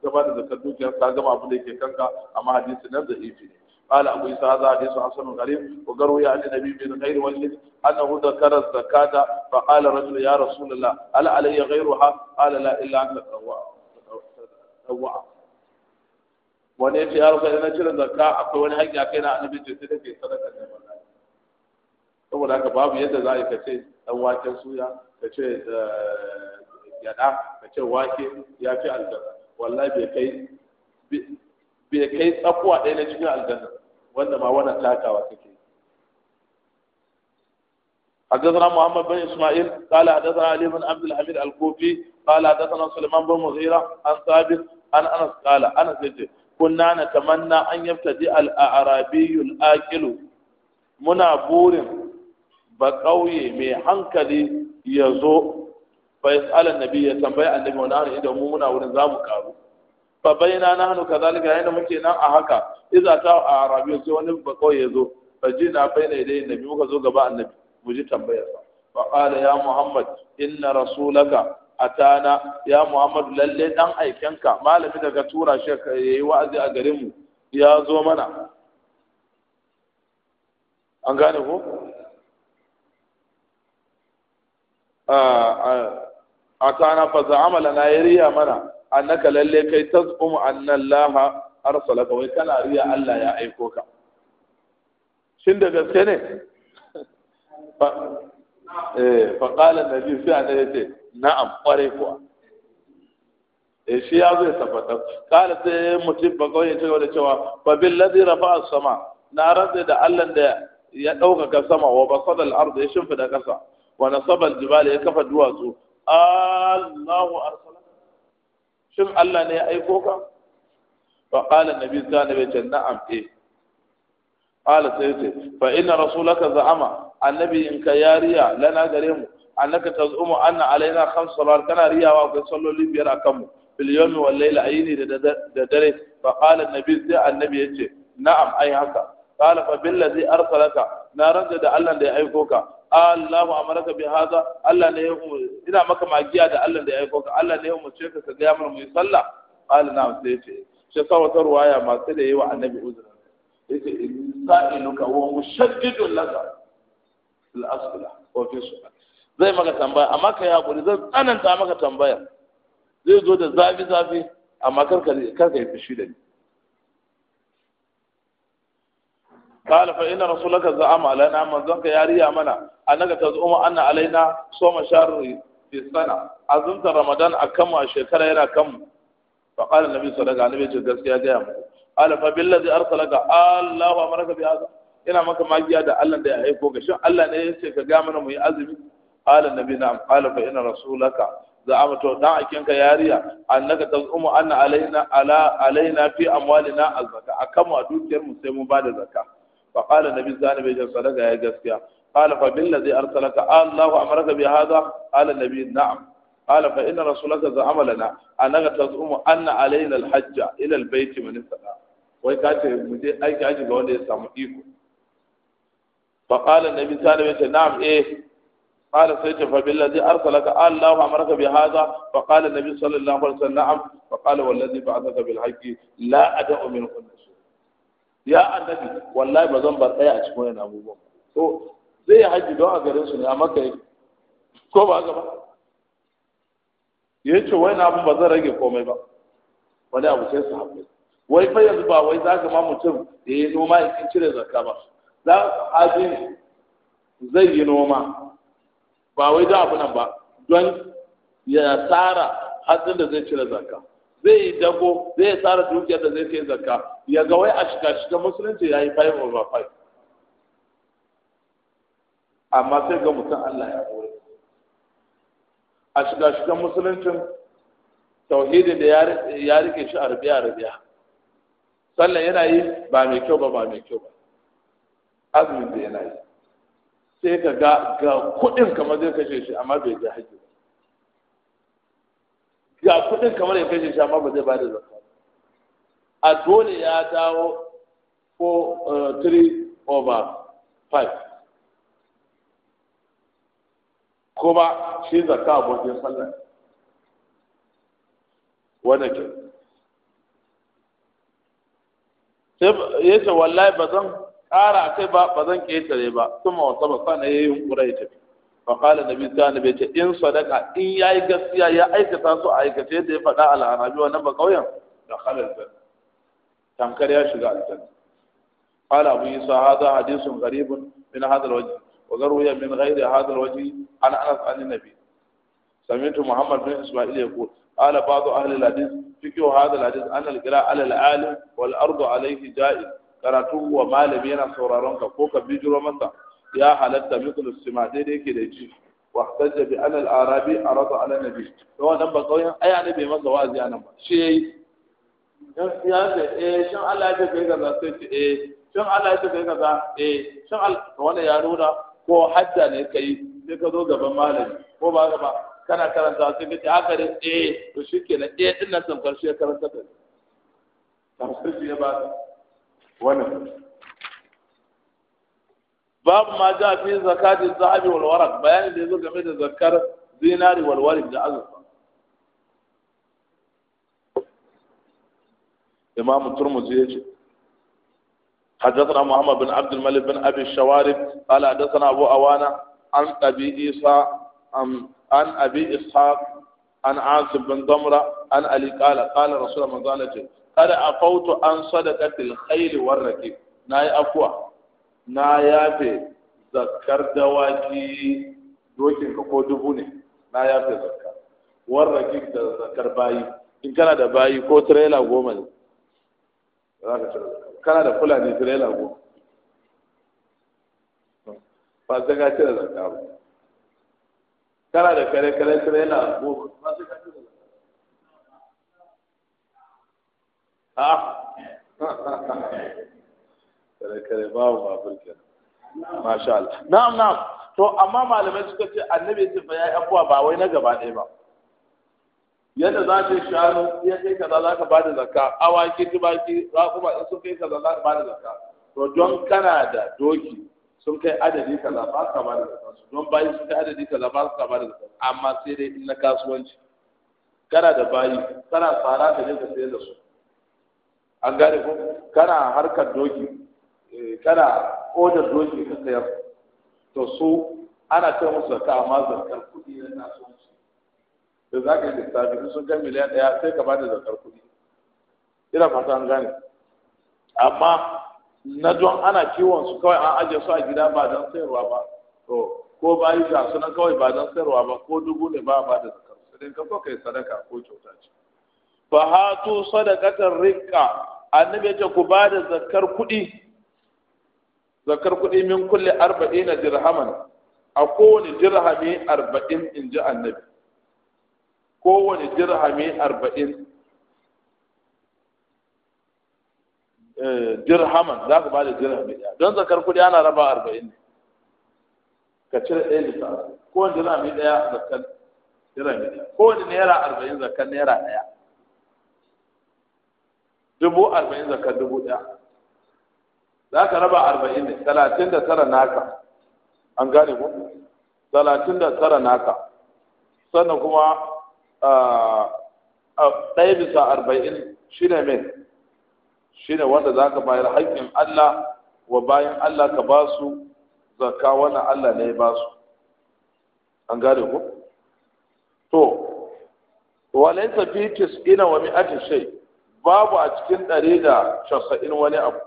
gaba da zakar dukiyar ka gama abin da yake kanka amma hadisi nan da ifi ne قال أبو إسحاق هذا حديث حسن غريب وقروا عن النبي بن غير وجه أنه ذكر الزكاة فقال رجل يا رسول الله هل علي غيرها؟ قال لا إلا أن تتوع wani ya ce ya rufe na cire zakka akwai wani haƙƙi a kai na annabi ce sai take sadaka ne saboda haka babu yadda za a yi ka ce dan waken suya ka ce gyada ka ce ya fi aljanna bai kai ɗaya na cikin aljanna wanda ma wannan takawa kake حدثنا محمد بن اسماعيل قال حدثنا علي بن عبد الحميد الكوفي قال حدثنا سليمان بن مغيرة عن ثابت عن انس قال انس يجي كنا نتمنى ان يبتدئ الاعرابي الاكل منا بورن بقوي مي حنكلي يزو فيسال النبي يتنبي النبي ونحن اذا مو منا ورن زامو كارو فبينا نحن كذلك عندما كنا اهكا Iza ta a arabiya sai wani bako ya zo fajina baina idai nabi muka zo gaba annabi mu ji tambayar sa fa qala ya muhammad inna rasulaka atana ya muhammad lalle dan aikenka malamin daga tura shi yayi wa'azi a garin mu ya zo mana an gane ko tana fa Amala na yariya mana annaka lalle kai tazum anna allaha ka wai kana riya Allah ya aiko ka shin da gaske ne eh fa qala nabi sai an yace na'am kware kuwa e shi ya zai tabbata qala sai mutum ba kawai ya da cewa fa bil ladhi rafa'a sama na rantsa da Allah da ya ɗaukaka sama wa basada al-ard ya shimfida kasa wa nasaba al-jibal ya kafa duwatsu Allahu arsala shin Allah ne ya aiko ka fa qala annabi sallallahu alaihi wasallam na'am eh qala sai ce fa inna rasulaka za'ama annabi in ka yariya lana gare mu annaka tazumu anna alaina khams salat kana riyawa akwai salloli biyar akan mu fil yawmi wal layli da dare fa qala annabi sai annabi na'am ai haka qala fa billazi arsalaka na ranta da Allah da ya aiko ka Allahu amaraka bi hada ina maka magiya da Allah da ya aiko ka Allah ne ya umurce ka ka ga mu yi sallah qala na'am sai shi sa wata ruwaya masu da yawa annabi uzra yace sa'iluka wa mushaddidun laka fil asla wa fi sufa zai maka tambaya amma kai hakuri zan tsananta maka tambaya zai zo da zafi zafi amma kar ka yi fushi da ni قال فإن رسولك زعم علينا من ذنك يا ريا منا أنك تزعم أن علينا صوم شهر في السنة أظن رمضان أكم shekara yana كم فقال النبي صلى الله عليه وسلم gaskiya ga mu ala fa billazi arsalaka Allah wa amaraka bi hada ina maka magiya da Allah da ya aiko ga shin Allah ne ya ce ka ga mana mu yi azumi ala nabi na'am ala fa inna rasulaka za a mutu dan akin ka yariya annaka tazumu anna alaina ala alaina fi amwalina azaka akan a dukiyar mu sai mu bada zakka fa qala nabi zani bai jan sadaka ya gaskiya qala fa billazi arsalaka Allah wa amaraka bi hada ala nabi na'am qala fa inna a za'ama lana annaka tazumu anna alaina alhajja ila albayt man istata wai ka mu je aiki aji ga wanda ya samu iko fa qala na'am eh قال سيدي فبالذي أرسلك الله أمرك بهذا فقال النبي صلى الله عليه وسلم نعم فقال والذي بعثك بالحق لا أدع منه النسوء يا النبي والله ما زنبر أي أشكوين أبو بكر zai yi hajji don a garin ne a ko ba ya ce wai na abin ba zan rage komai ba wani abu sai su haɓe wai fa yanzu ba wai za ka ma mutum da ya yi noma in kin cire zakka ba za haɗe zai yi noma ba wai da abu nan ba don ya tsara hatsin da zai cire zakka zai yi dago zai tsara dukiyar da zai kai zakka ya ga wai a shiga shiga musulunci ya yi five over five amma sai ga mutum Allah ya kore a shiga shigan musuluncin tauhidi da ya rike shi a rabiya rabiya sallan yana yi ba mai kyau ba ba mai kyau ba azumin da yana yi sai ka ga ga kuɗin kamar zai kashe shi amma bai ji haji ba ga kuɗin kamar ya kashe shi amma ba zai ba da zakka a dole ya dawo ko 3 eh, over 5 kuma shi zakka abokin sallah wannan ke sai ya ce wallahi ba zan ƙara a kai ba ba zan ƙetare ba kuma wasa ba sana ya yi yunƙura ya tafi fa na nabi ta bai ce in sadaka in ya yi gaskiya ya aikata su a aikace da ya faɗa a arabi wannan ba kauyen da khalal ba tankar ya shiga aljanna qala abu isa hadha hadithun gharibun min ina al-wajh وقد روي من غير هذا الوجه عن انس عن النبي سمعت محمد بن اسماعيل يقول قال بعض اهل الحديث فكر هذا الحديث ان القراءه على العالم والارض عليه جائز karatu wa malami yana sauraron ka ko ka bijiro ya halatta mithlu sima daidai yake da ji wa ihtajja bi anna al-arabi arada ala nabi to wannan ba kauyen ai annabi masa wa'azi anan ba shi yayi ya ce eh shin Allah ya ce kai kaza sai ce Allah ya ce kai kaza eh shin Allah wannan ya nuna ko hajja ne ka yi, sai ka zo gaban malami ko ba ka ba kana karanta sai ka ce haka ne eh to nan eh din nan tamkar shi ya karanta ka tamkar shi ya ba wannan babu ma ja fi zakatin zahabi wal waraq bayanin da yazo game da zakar zinari wal waraq da azurfa imam turmuzi ya ce حدثنا محمد بن عبد الملك بن أبي الشوارب قال حدثنا أبو أوانا عن أبي إيسى عن أبي إسحاق عن عاصم بن ضمرة عن علي قال قال رسول الله صلى الله عليه وسلم قد عفوت عن صدقة الخيل والركب ناي أفوى ناي yafe ذكر دواكي dokin ka دبوني ناي ne ذكر والركب ذكر باي da كان هذا باي kana da bayi ذكر trailer kana da fulani tirela goma ba sai ka cire zakka ba kana da kare kare tirela goma ba sai ka cire zakka kare kare ba babur kenan masha Allah na'am na'am to amma malamai suka ce annabi ya ce fa yayi abuwa ba wai na gaba ɗaya ba yadda za ka shanu ya kai kaza za ka ba da zakka awaki tubaki ku ba sun kai kaza za ka ba da zakka to don kana da doki sun kai adadi kaza ba ka ba da zakka don bayi sun kai adadi kaza ba ka ba da zakka amma sai dai in na kasuwanci kana da bayi kana tsara da ne ka sayar da su an gane ko kana harkar doki eh, kana odar doki ka sayar to su ana kai musu zakka amma zakkar kuɗi na kasuwanci da za ka yi lissafi sun kai miliyan ɗaya sai ka ba da zakar kuɗi ina fata an gane amma na don ana kiwon su kawai an ajiye su a gida ba don sayarwa ba to ko bayi ga su nan kawai ba don sayarwa ba ko dubu ne ba ba da zakar kuɗi. ka so kai sadaka ko kyauta ce fa hatu sadaqatan rikka annabi ya ce ku ba da zakar kuɗi zakar kuɗi min kulle arba'ina dirhaman a kowane dirhami arba'in in ji annabi kowane dirhami arba'in eh, dirhaman za ka ba da dirhami ɗaya don zakar kuɗi ana raba arba'in ne ka cire ɗaya bisa kowane dirhami ɗaya zakar dirhami ɗaya kowane naira arba'in zakar naira ɗaya dubu arba'in zakar dubu ɗaya za ka raba arba'in ne talatin da tara naka an gane ku talatin da tara naka sannan kuma ɗaya bisa arba'in shi ne mai shi ne wanda za ka bayar haƙƙin Allah wa bayan Allah ka ba su zakka wannan Allah ne ba su an gane ku to walaysa fi tis'ina wa mi'ati shay babu a cikin ɗari da casa'in wani abu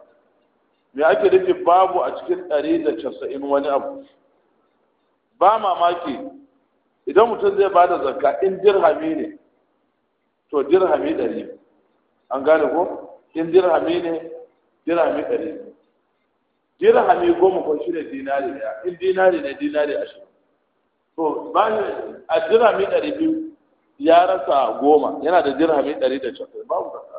me ake nufi babu a cikin ɗari da casa'in wani abu ba mamaki idan mutum zai bada zakka in dirhami ne to dirhami ɗari an gane ko in dirhami ne dirhami ɗari dirhami goma ko shi ne dinari ɗaya in dinari ne dinari ashirin to bayan a dirhami ɗari biyu ya rasa goma yana da dirhami ɗari da casa'in babu zakka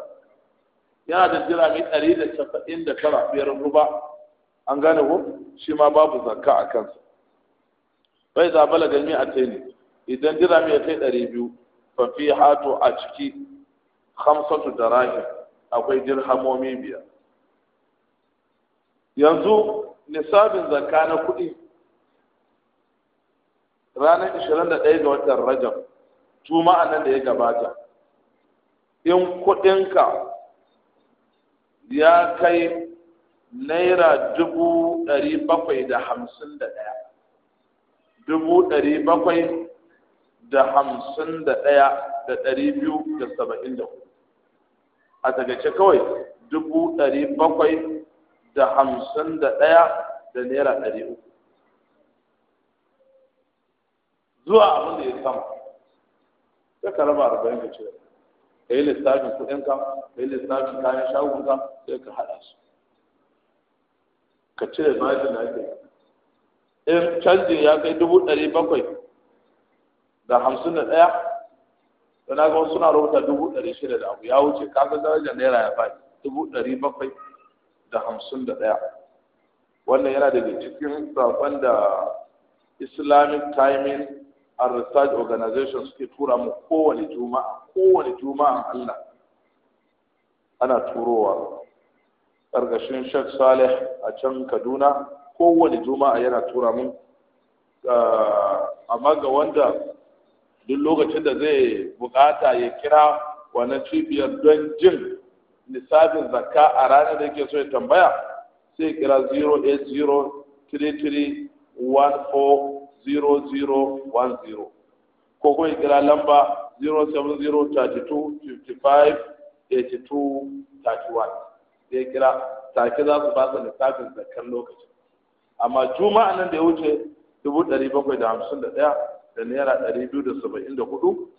yana da dirhami ɗari da casa'in da tara biyar ruba an gane ko shi ma babu zakka a kansa bai za bala gami a taini idan dirham ya kai ɗari biyu fa fi hato a ciki hamsatu darahim akwai dirhamomi biyar yanzu nisabin zakka na kuɗi ranar 21 ga watan rajab juma'a nan da ya gabata in kuɗinka ya kai naira dubu ɗari bakwai da hamsin da ɗaya dubu ɗari bakwai da hamsin da ɗaya da ɗari biyu da saba'in da hudu a tagace kawai dubu ɗari bakwai da hamsin da ɗaya da naira ɗari uku zuwa abin da ya sama sai ka raba arba'in ka cire ka yi lissafin kuɗinka ka yi lissafin kayan shagunka sai ka haɗa su ka cire bashin da ake in canjin ya kai dubu ɗari bakwai da hamsin da ɗaya da na ga suna rubuta dubu ɗari shida da abu ya wuce kaga darajar naira ya faɗi dubu ɗari bakwai da hamsin da ɗaya wannan yana daga cikin saƙon da islamic timing and research organization suke tura mu kowane juma'a kowane juma'a allah ana turowa ƙarƙashin sheikh saleh a can kaduna kowane juma'a yana tura mun ah, amma ga wanda duk lokacin da zai bukata ya kira wannan cibiyar don jin nisabin zakka a ranar da yake so ya tambaya sai kira 08033140010 ko kuma kira lamba 07032558231 sai kira take za su ba su nisabin zakkan lokacin amma juma'a nan da ya wuce dubu ɗari bakwai da hamsin da ɗaya da naira ɗari biyu da saba'in da hudu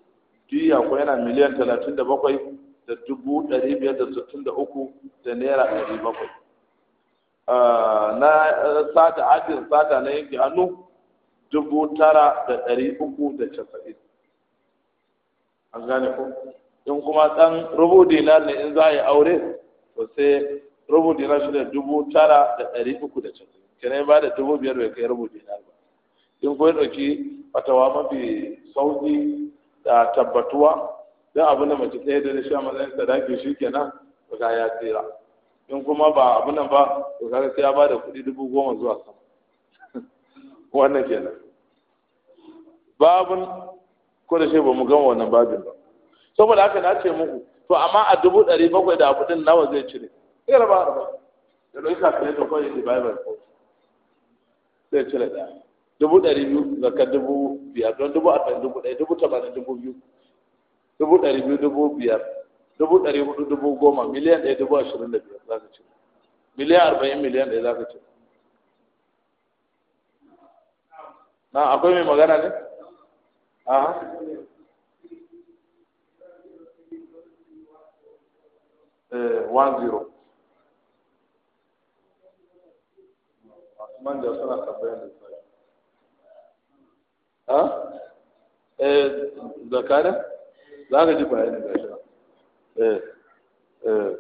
ko yana miliyan talatin da bakwai da dubu ɗari biyar da sittin da uku da naira ɗari bakwai ah, na sata ajin sata na yanke hannu dubu tara da ɗari uku da casa'in an gane ko in kuma ɗan rubu dinar ne in za a yi aure to sai rubu dinar shi ne dubu tara da ɗari uku da casa'in Kene ba da dubu biyar bai kai rubu dinar ba in ko ɗauki fatawa mafi sauki da tabbatuwa don abin da mace ɗaya da shi a matsayin sadaki shi kenan ga ya tsira in kuma ba abin nan ba to kaga sai ya ba da kuɗi dubu goma zuwa sama wannan kenan babun ko da shi ba mu gama wannan babin ba saboda haka na ce muku to amma a dubu ɗari bakwai da abu ɗin nawa zai cire sai raba raba da ɗauki kafin ya tafi da bible sai cire ɗaya dubu ɗari biyu zakar dubu biyar don dubu arba'in dubu ɗaya dubu tamanin dubu biyu dubu ɗari biyu dubu biyar dubu ɗari hudu dubu goma miliyan ɗaya dubu ashirin da biyar za ka cire miliyan arba'in miliyan ɗaya za ka cire na akwai mai magana ne a eh one zero من جو سنا خبرين دكتور ها ا ايه، ذكر لا تجي بعين ايه،, ايه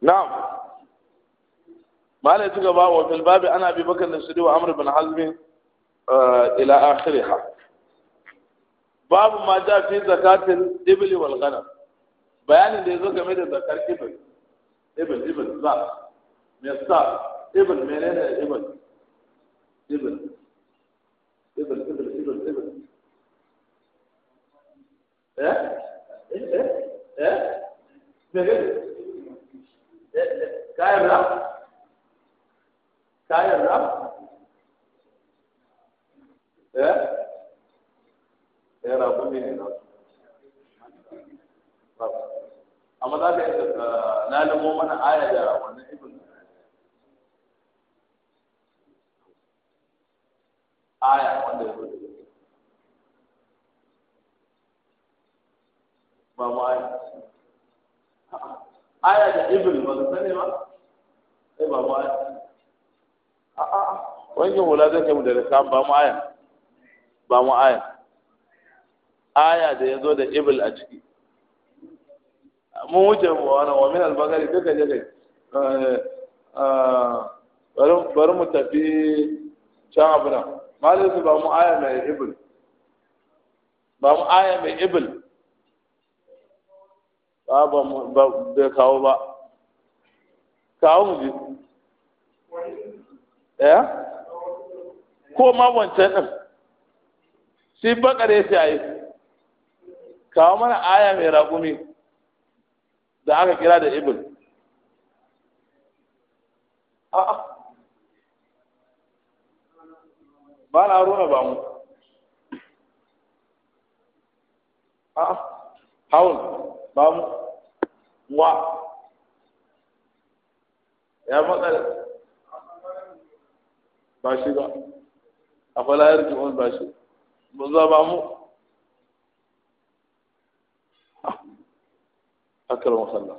نعم مالك جبا وفي الباب انا ابي بكر السدي وعمر بن حزم آه، الى اخرها باب ما جاء في زكاه الابل والغنم بيان اللي يزوج من الذكر ابل ابل ذا من الصار إبل منين إبل إبل إبل إبل إبل إبل إيه إيه إيه منين كاير لا كاير لا إيه إيه رب منين لا amma za ka yi na nemo mana aya da aya wanda ya zo ba mu aya aya da ibil ba zai sani ba sai ba mu aya a'a wani hula zai kai mu da rikam ba mu aya ba mu aya aya da ya zo da ibil a ciki mun wuce mu wani wa min albagari duka je kai eh, eh, bari mu tafi can abu nan malin su ba mu aya mai ibil ba mu aya mai ibil ba ba da kawo ba kawo mu ji eh ko ma wancan din shi bakare shi ayi kawo mana aya mai ragumi da aka kira da ibil a'a ba ruwa ba mu a haun ba mu wa ya matsala ba shi ba a falayar jimon ba shi ba ba mu akar masalla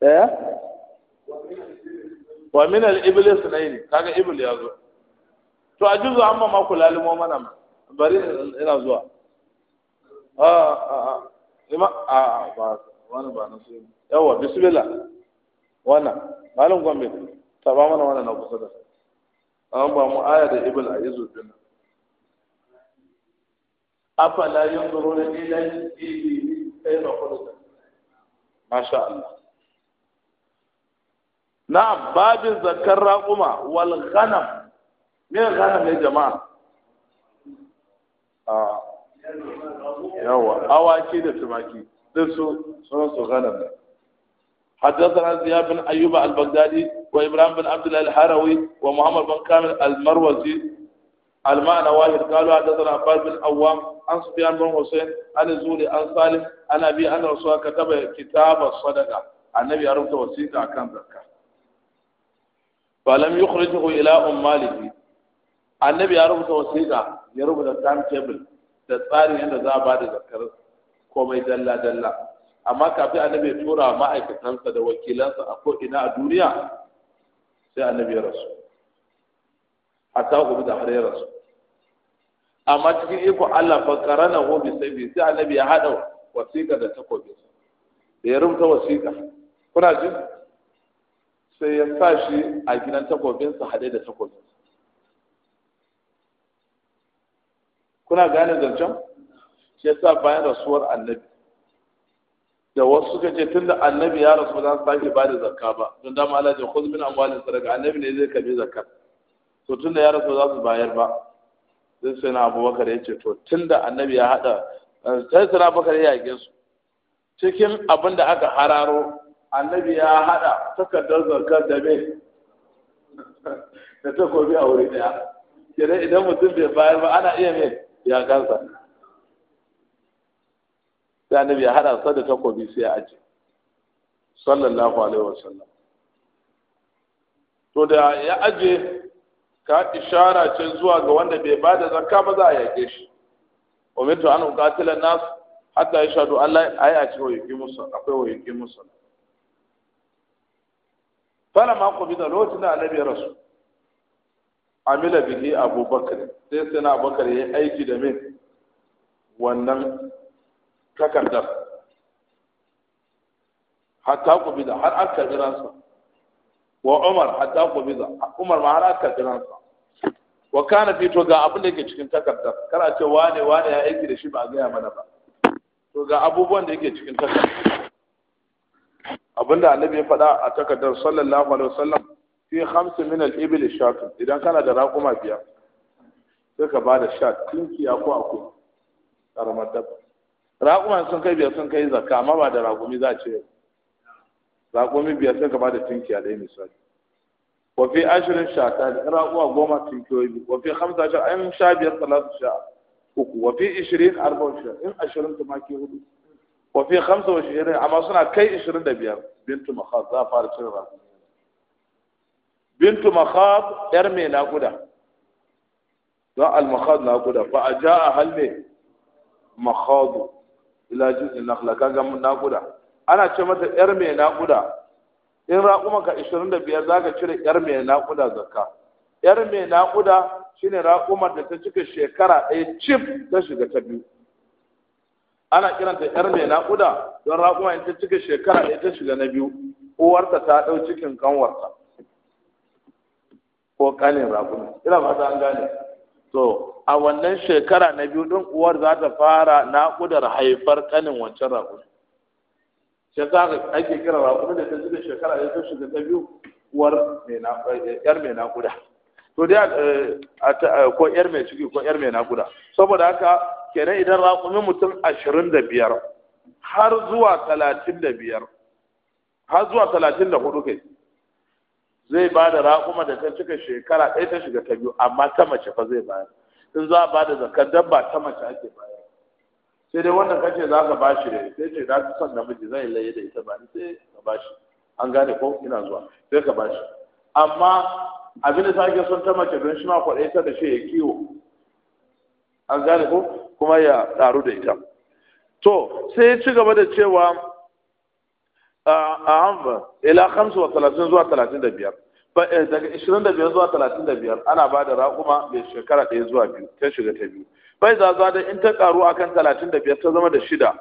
ɗaya eh? wa min al iblis nayni kaga ibil ya zo to a juzu amma ma kula limo mana ma bari ina zuwa a a ima a ba wani ba na su yawa bismillah wannan malam gombe ta ba mana wannan na kusa da an ba mu aya da ibil a izu dinna نا باب zakar raƙuma والغنم مين الغنم يا جماعة آه a yawa awaki da tumaki duk حدثنا زياد بن ايوب البغدادي وابراهيم بن عبد الله الحروي ومحمد بن كامل المروزي المعنى واحد قالوا حدثنا عباس بن أوام عن سفيان بن حسين عن الزهري عن صالح عن ابي ان رسول كتب كتاب الصدقه النبي أردت وسيقه كان ذكر falam yukhrijuhu ila ummalihi annabi ya rubuta wasiƙa ya rubuta timetable da tsarin yadda za a ba da zakar komai dalla dalla amma kafin annabi ya tura ma'aikatansa da wakilansa a ko ina a duniya sai annabi ya rasu A ta gobe da har ya rasu amma cikin iko Allah fa karana hu bi sai sai annabi ya hada wasiƙa da takobi da ya rubuta wasiƙa kuna jin. sai ya sa shi a gidan takobinsa haɗe da takobinsa. kuna gane zancen shi ya sa bayan rasuwar annabi da wasu suka ce tun da annabi ya rasu za su sake ba da zakka ba don dama Allah ce khudh min amwalin sadaka annabi ne zai kabe zakka to da ya rasu za su bayar ba sai sai na Abubakar ya ce to tun da annabi ya hada eh, sai sai Abubakar ya yage su cikin abin da aka hararo annabi ya hada takardar zakar da me da takobi a wuri ɗaya. kire idan mutum bai bayar ba ana iya me ya gansa sai annabi ya hada sa da takobi sai ya aje sallallahu alaihi wasallam to da ya aje ka ishara ce zuwa ga wanda bai bada zakka ba za a yake shi umirtu an uqatila nas hatta yashhadu an la ayati wa huwa yuqimus akwai wa yuqimus salat da قبض da annabi رسول amila bihi abubakar sai sai na abubakar ya aiki da min wannan takardar hatta ku bida har an karbi ransa wa umar hatta ku bida. umar ma har an karbi ransa wa kana fi to ga abin da yake cikin takardar kar a ce wane wane ya aiki da shi ba a gaya mana ba to ga abubuwan da yake cikin takardar abinda annabi ya faɗa a takardar sallallahu alaihi wasallam fi khamsu min al-ibil shatu idan kana da raƙuma biya sai ka bada shat tinkiya ko aku karamar dabba raƙuma sun kai biya sun kai zakka amma ba da raƙumi za a ce raƙumi biya sai ka bada tinkiya dai misali wa fi ashirin shata da raƙuma goma tinkiyoyi biyu wa fi hamsa sha an sha biyar talatu sha uku wa fi ishirin arba'in sha in ashirin tumaki hudu wa fi 25 amma suna kai 25 bintu makhad za fara cin rafi bintu makhad yar na guda, don al-makhad nakuda fa aja'a halme makhadu ila jinsin nakhla na guda. ana ce mata yar na guda? in raƙuma ka 25 zaka cire yar mai nakuda zakka yar mai nakuda shine raƙumar da ta cika shekara ɗaya cif ta shiga ta biyu ana kiranta yar mai naƙuda don raƙuma in ta cika shekara ɗaya ta shiga na biyu uwarta ta ɗau cikin kanwarta ko kanin raƙuma ina fata an gane to a wannan shekara na biyu ɗin uwar za ta fara naƙudar haifar kanin wancan raƙuma shi ta ake kira raƙuma da ta cika shekara ɗaya ta shiga na biyu uwar eh, yar mai naƙuda to dai eh, eh, ko yar mai ciki ko yar mai naƙuda saboda haka kenan idan raƙumin mutum ashirin da biyar har zuwa talatin da biyar har zuwa talatin da hudu kai zai ba da raƙuma da ta cika shekara ɗaya ta shiga ta biyu amma ta mace fa zai bayar in za a ba da zakar dabba ta mace ake bayar sai dai wannan kace za ka ba shi dai sai ce za ka son namiji zai laye da ita ba ni sai ka ba shi an gane ko ina zuwa sai ka ba shi amma abin da ta son ta mace don shi ma kwaɗe ta da shi ya kiwo an gane ko kuma ya ɗaru da ita to sai ci gaba da cewa a hanfa ila hamsu wa talatin zuwa talatin da biyar eh, daga ishirin da biyar zuwa talatin da biyar ana ba da raƙuma mai shekara ɗaya zuwa biyu ta shiga ta biyu bai zaza da in ta ƙaru a kan talatin da biyar ta zama da shida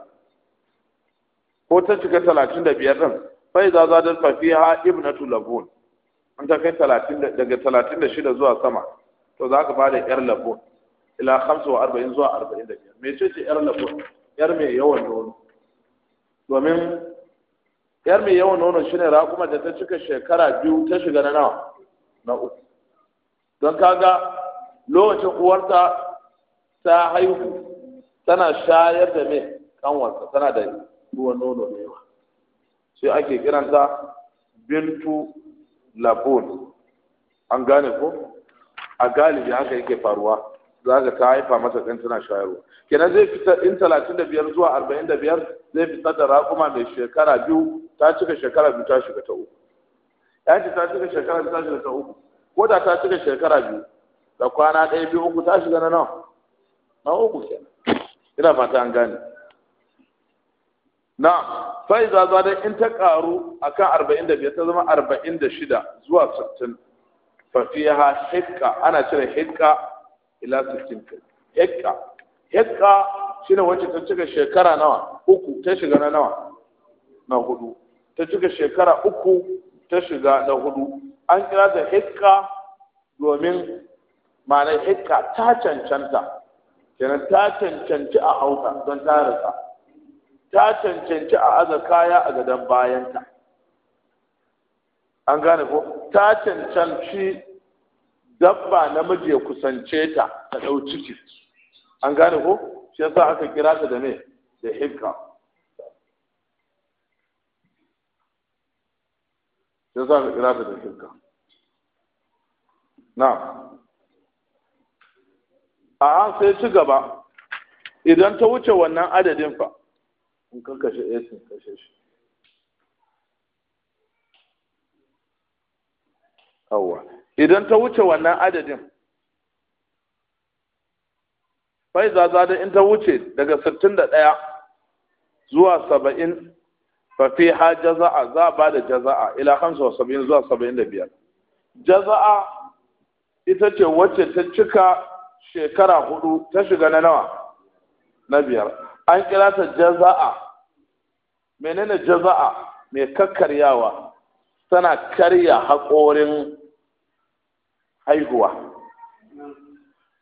ko ta shiga talatin da biyar ɗin bai zaza da fafiha ibnatu tulabun in ta kai daga talatin da shida zuwa sama to za ka ba da ƴar labun ila 45 zuwa 45 me ce ce yar labo yar mai yawan nono domin yar mai yawan nono shine kuma da ta cika shekara biyu ta shiga na nawa na uku don kaga lokacin uwarta ta haihu tana shayar da mai kanwarsa tana da ruwan nono da yawa sai ake kiranta bintu labon an gane ko a galibi haka yake faruwa za ka ta haifa masa ɗan tana shayarwa kenan zai fita in talatin da biyar zuwa arba'in da biyar zai fitar da raƙuma mai shekara biyu ta cika shekara biyu ta shiga ta uku ya ta cika shekara biyu ta shiga ta uku ko da ta cika shekara biyu da kwana ɗaya biyu uku ta shiga na nawa na uku kenan ina fata an gane na fa'iza za dai in ta ƙaru akan arba'in da biyar ta zama arba'in da shida zuwa sittin fafiya hitka, ana cire hitka. ila 16 hekka hekka shine wacce ta cika shekara nawa uku ta shiga na nawa na hudu ta cika shekara uku ta shiga na hudu an kira ta hekka domin ma'ana hekka ta cancanta kenan ta cancanci a hauka don ta rasa ta cancanci a aza kaya a gadon bayanta an gane ko ta cancanci dabba namiji ya kusance ta ta ɗau ciki an gane ko shi yasa aka kira ta da me da hibka shi yasa aka kira ta da hibka na a sai ci gaba idan ta wuce wannan adadin fa in kan kashe esin kashe shi awwa idan ta wuce wannan adadin fai zaza in ta wuce daga 61 zuwa 70 fa fi ha jaza'a za ba da jaza'a ila 75 zuwa 75 jaza'a ita ce wacce ta cika shekara hudu ta shiga na nawa na biyar an kira ta jaza'a menene jaza'a mai kakkaryawa tana karya haƙorin haihuwa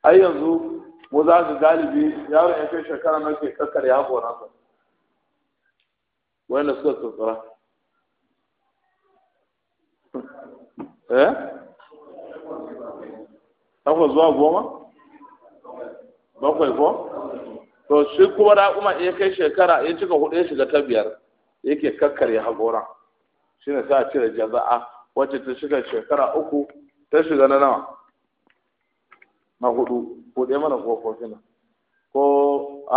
ai yanzu ga galibi yawon ya kai shekara na ke kakar ya gona wanda suka eh zuwa shi kuma da kuma ya kai shekara ya cika hudu shiga ta biyar yake kakkarya hagora shi ne sa cire jaza'a wacce ta shiga shekara uku ta shiga na nawa na hudu buɗe mana kofofin nan ko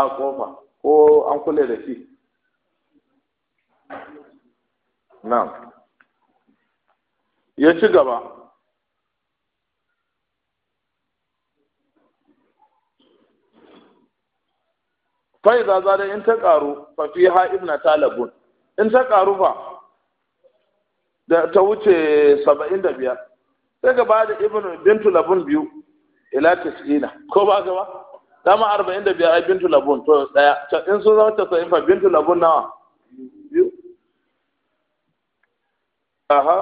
a kofa ko an kule da shi na ya ci gaba fai za da in ta ƙaru fa fi ha ibna talabun in ta ƙaru fa da ta wuce saba'in da biyar sai ka bada ibn bintu labun biyu ila tasina ko ba ga ba dama 45 da bintu labun to daya in sun zama tasai fa bintu labun nawa biyu aha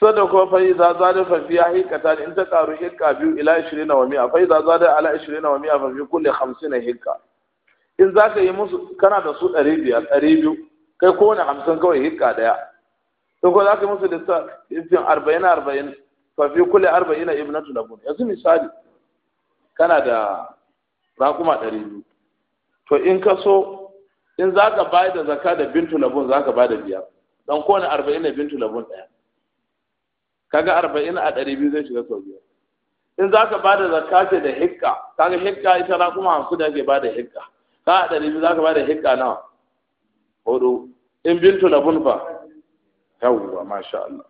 sadaka fa idza zada fa fi hikatan in ta karu hikka biyu ila 20 wa 100 fa idza zada ala 20 wa 100 fa fi kulli 50 hikka in zaka yi musu kana da su 500 200 kai kowane 50 kawai hikka daya to ko zaka yi musu da 40 40 fa fi kulli arba'ina ibnatu labun yanzu misali kana da raƙuma ɗari biyu to in ka so in za ka bayar da zaka da bintu labun za ka bayar da biyar don kowane arba'in da bintu labun ɗaya kaga arba'in a ɗari biyu zai shiga sau biyar in za ka bada zaka ce da hikka kaga hikka ita rakuma hamsu da ake bada hikka ka a ɗari biyu za ka bada hikka nawa hudu in bintu labun fa yawwa masha Allah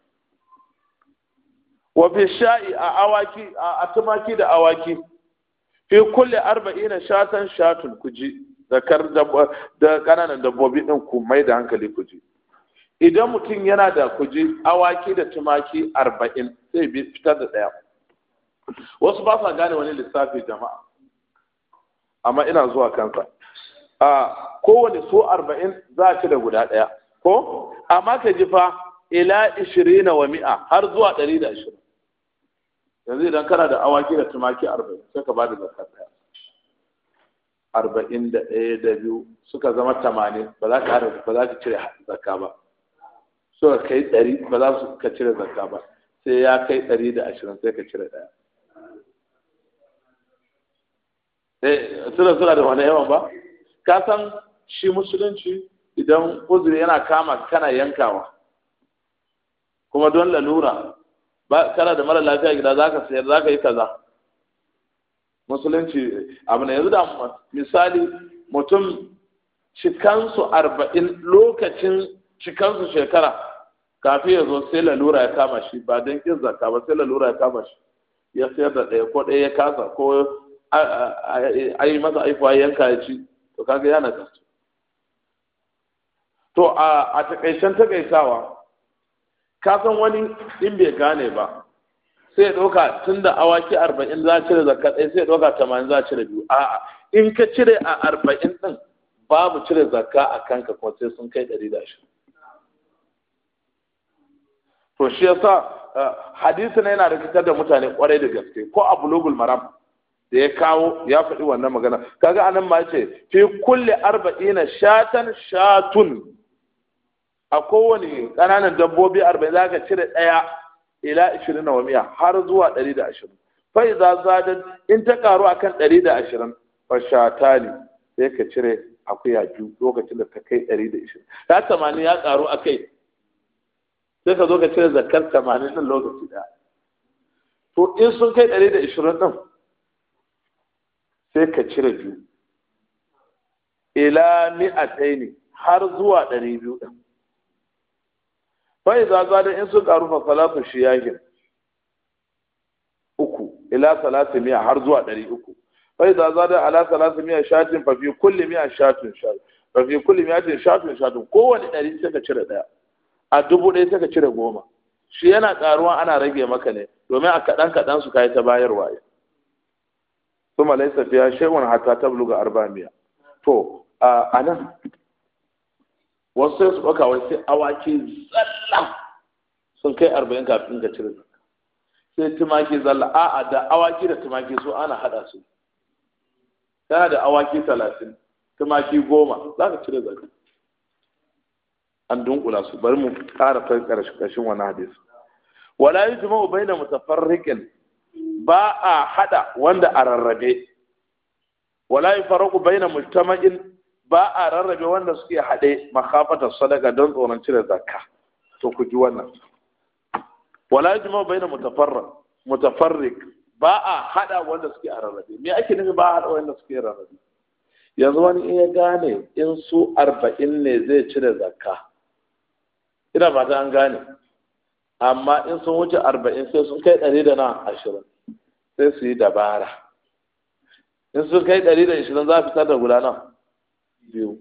wa fi sha'i a awaki a tumaki da awaki fi kulli arba'ina shatan shatun kuji zakar da kananan dabbobi din ku mai da hankali kuji idan mutum yana da kuji awaki da tumaki arba'in zai bi fitar da ɗaya wasu ba sa gane wani lissafi jama'a amma ina zuwa kansa a kowane so arba'in za a ci da guda ɗaya ko amma ka ji fa ila ishirina wa mi'a har zuwa ɗari da ashirin yanzu idan kana da awaki da tumaki arba'in sai ka ba da zakar ɗaya arba'in da ɗaya da biyu suka zama tamanin ba za ka ba za ka cire zakka ba so ka yi ɗari ba za su ka cire zakka ba sai ya kai ɗari da ashirin sai ka cire ɗaya eh, suna suna da wani yawan ba ka san shi musulunci idan uzuri yana kama kana yankawa kuma don lalura kana da mara lafiya gida za ka sayar za ka yi kaza musulunci abu na yanzu da misali mutum cikansu arba'in lokacin cikansu shekara kafin ya zo sai lalura ya kama shi ba don kin zakka ba sai lalura ya kama shi ya sayar da ɗaya ko ɗaya ya kasa ko a yi masa aifuwa yanka ya ci to kaga yana gasu to a takaicen takaitawa ka wani in bai gane ba sai ɗauka tun da awaki arba'in za cire zakka ɗaya sai ɗauka tamanin za cire biyu a'a in ka cire a arba'in ɗin babu cire zakka a kanka kuma sai sun kai ɗari da ashirin to shi ya sa hadisi na yana rikitar da mutane kwarai da gaske ko a bulogul maram da ya kawo ya faɗi wannan magana kaga anan ma ce fi kulli arba'ina shatan shatun a kowane ƙananan dabbobi arba'in za ka cire ɗaya ila ishirin na wamiya har zuwa ɗari da ashirin fai za zadan in ta karu akan ɗari da ashirin ne sai ka cire akuya biyu lokacin da ta kai ɗari da ishirin ta tamanin ya karu a kai sai ka zo ka cire zakar tamanin ɗin lokaci ɗaya to in sun kai ɗari da ishirin ɗin sai ka cire biyu ila ɗaya ne har zuwa ɗari biyu ɗin fa idza zada in sun karu fa salatu shiyahin uku ila salatu miya har zuwa ɗari uku fa idza zada ala salatu miya shatin fa fi kulli miya shatin shatin fa fi kulli miya shatin shatin kowanne ɗari sai ka cire ɗaya a dubu ɗaya sai ka cire goma shi yana karuwa ana rage maka ne domin a kaɗan kaɗan su kai ta bayarwa ya kuma laisa fiya shay'un hatta tabluga arba miya to a nan wasu sai su ɗauka wai sai awaki zalla sun kai arba'in kafin ka cire zakka sai tumaki zalla a'a da awaki da tumaki su ana haɗa su kana da awaki talatin tumaki goma za ka cire zakka an dunkula su bari mu ƙara kan ƙarshen wani hadis wala yujma'u baina mutafarriqin ba a hada wanda a rarrabe wala yufarraqu baina mujtama'in ba a rarrabe wanda suke haɗe makafatar sadaka don tsoron cire zakka to ku ji wannan wala jima bai na mutafarrik ba a haɗa wanda suke a rarrabe me ake nufi ba a haɗa wanda suke rarrabe yanzu wani in ya gane in su arba'in ne zai cire zakka ina ba an gane amma in sun wuce arba'in sai sun kai ɗari da na ashirin sai su yi dabara in sun kai ɗari da ashirin za a fitar da guda nan biyu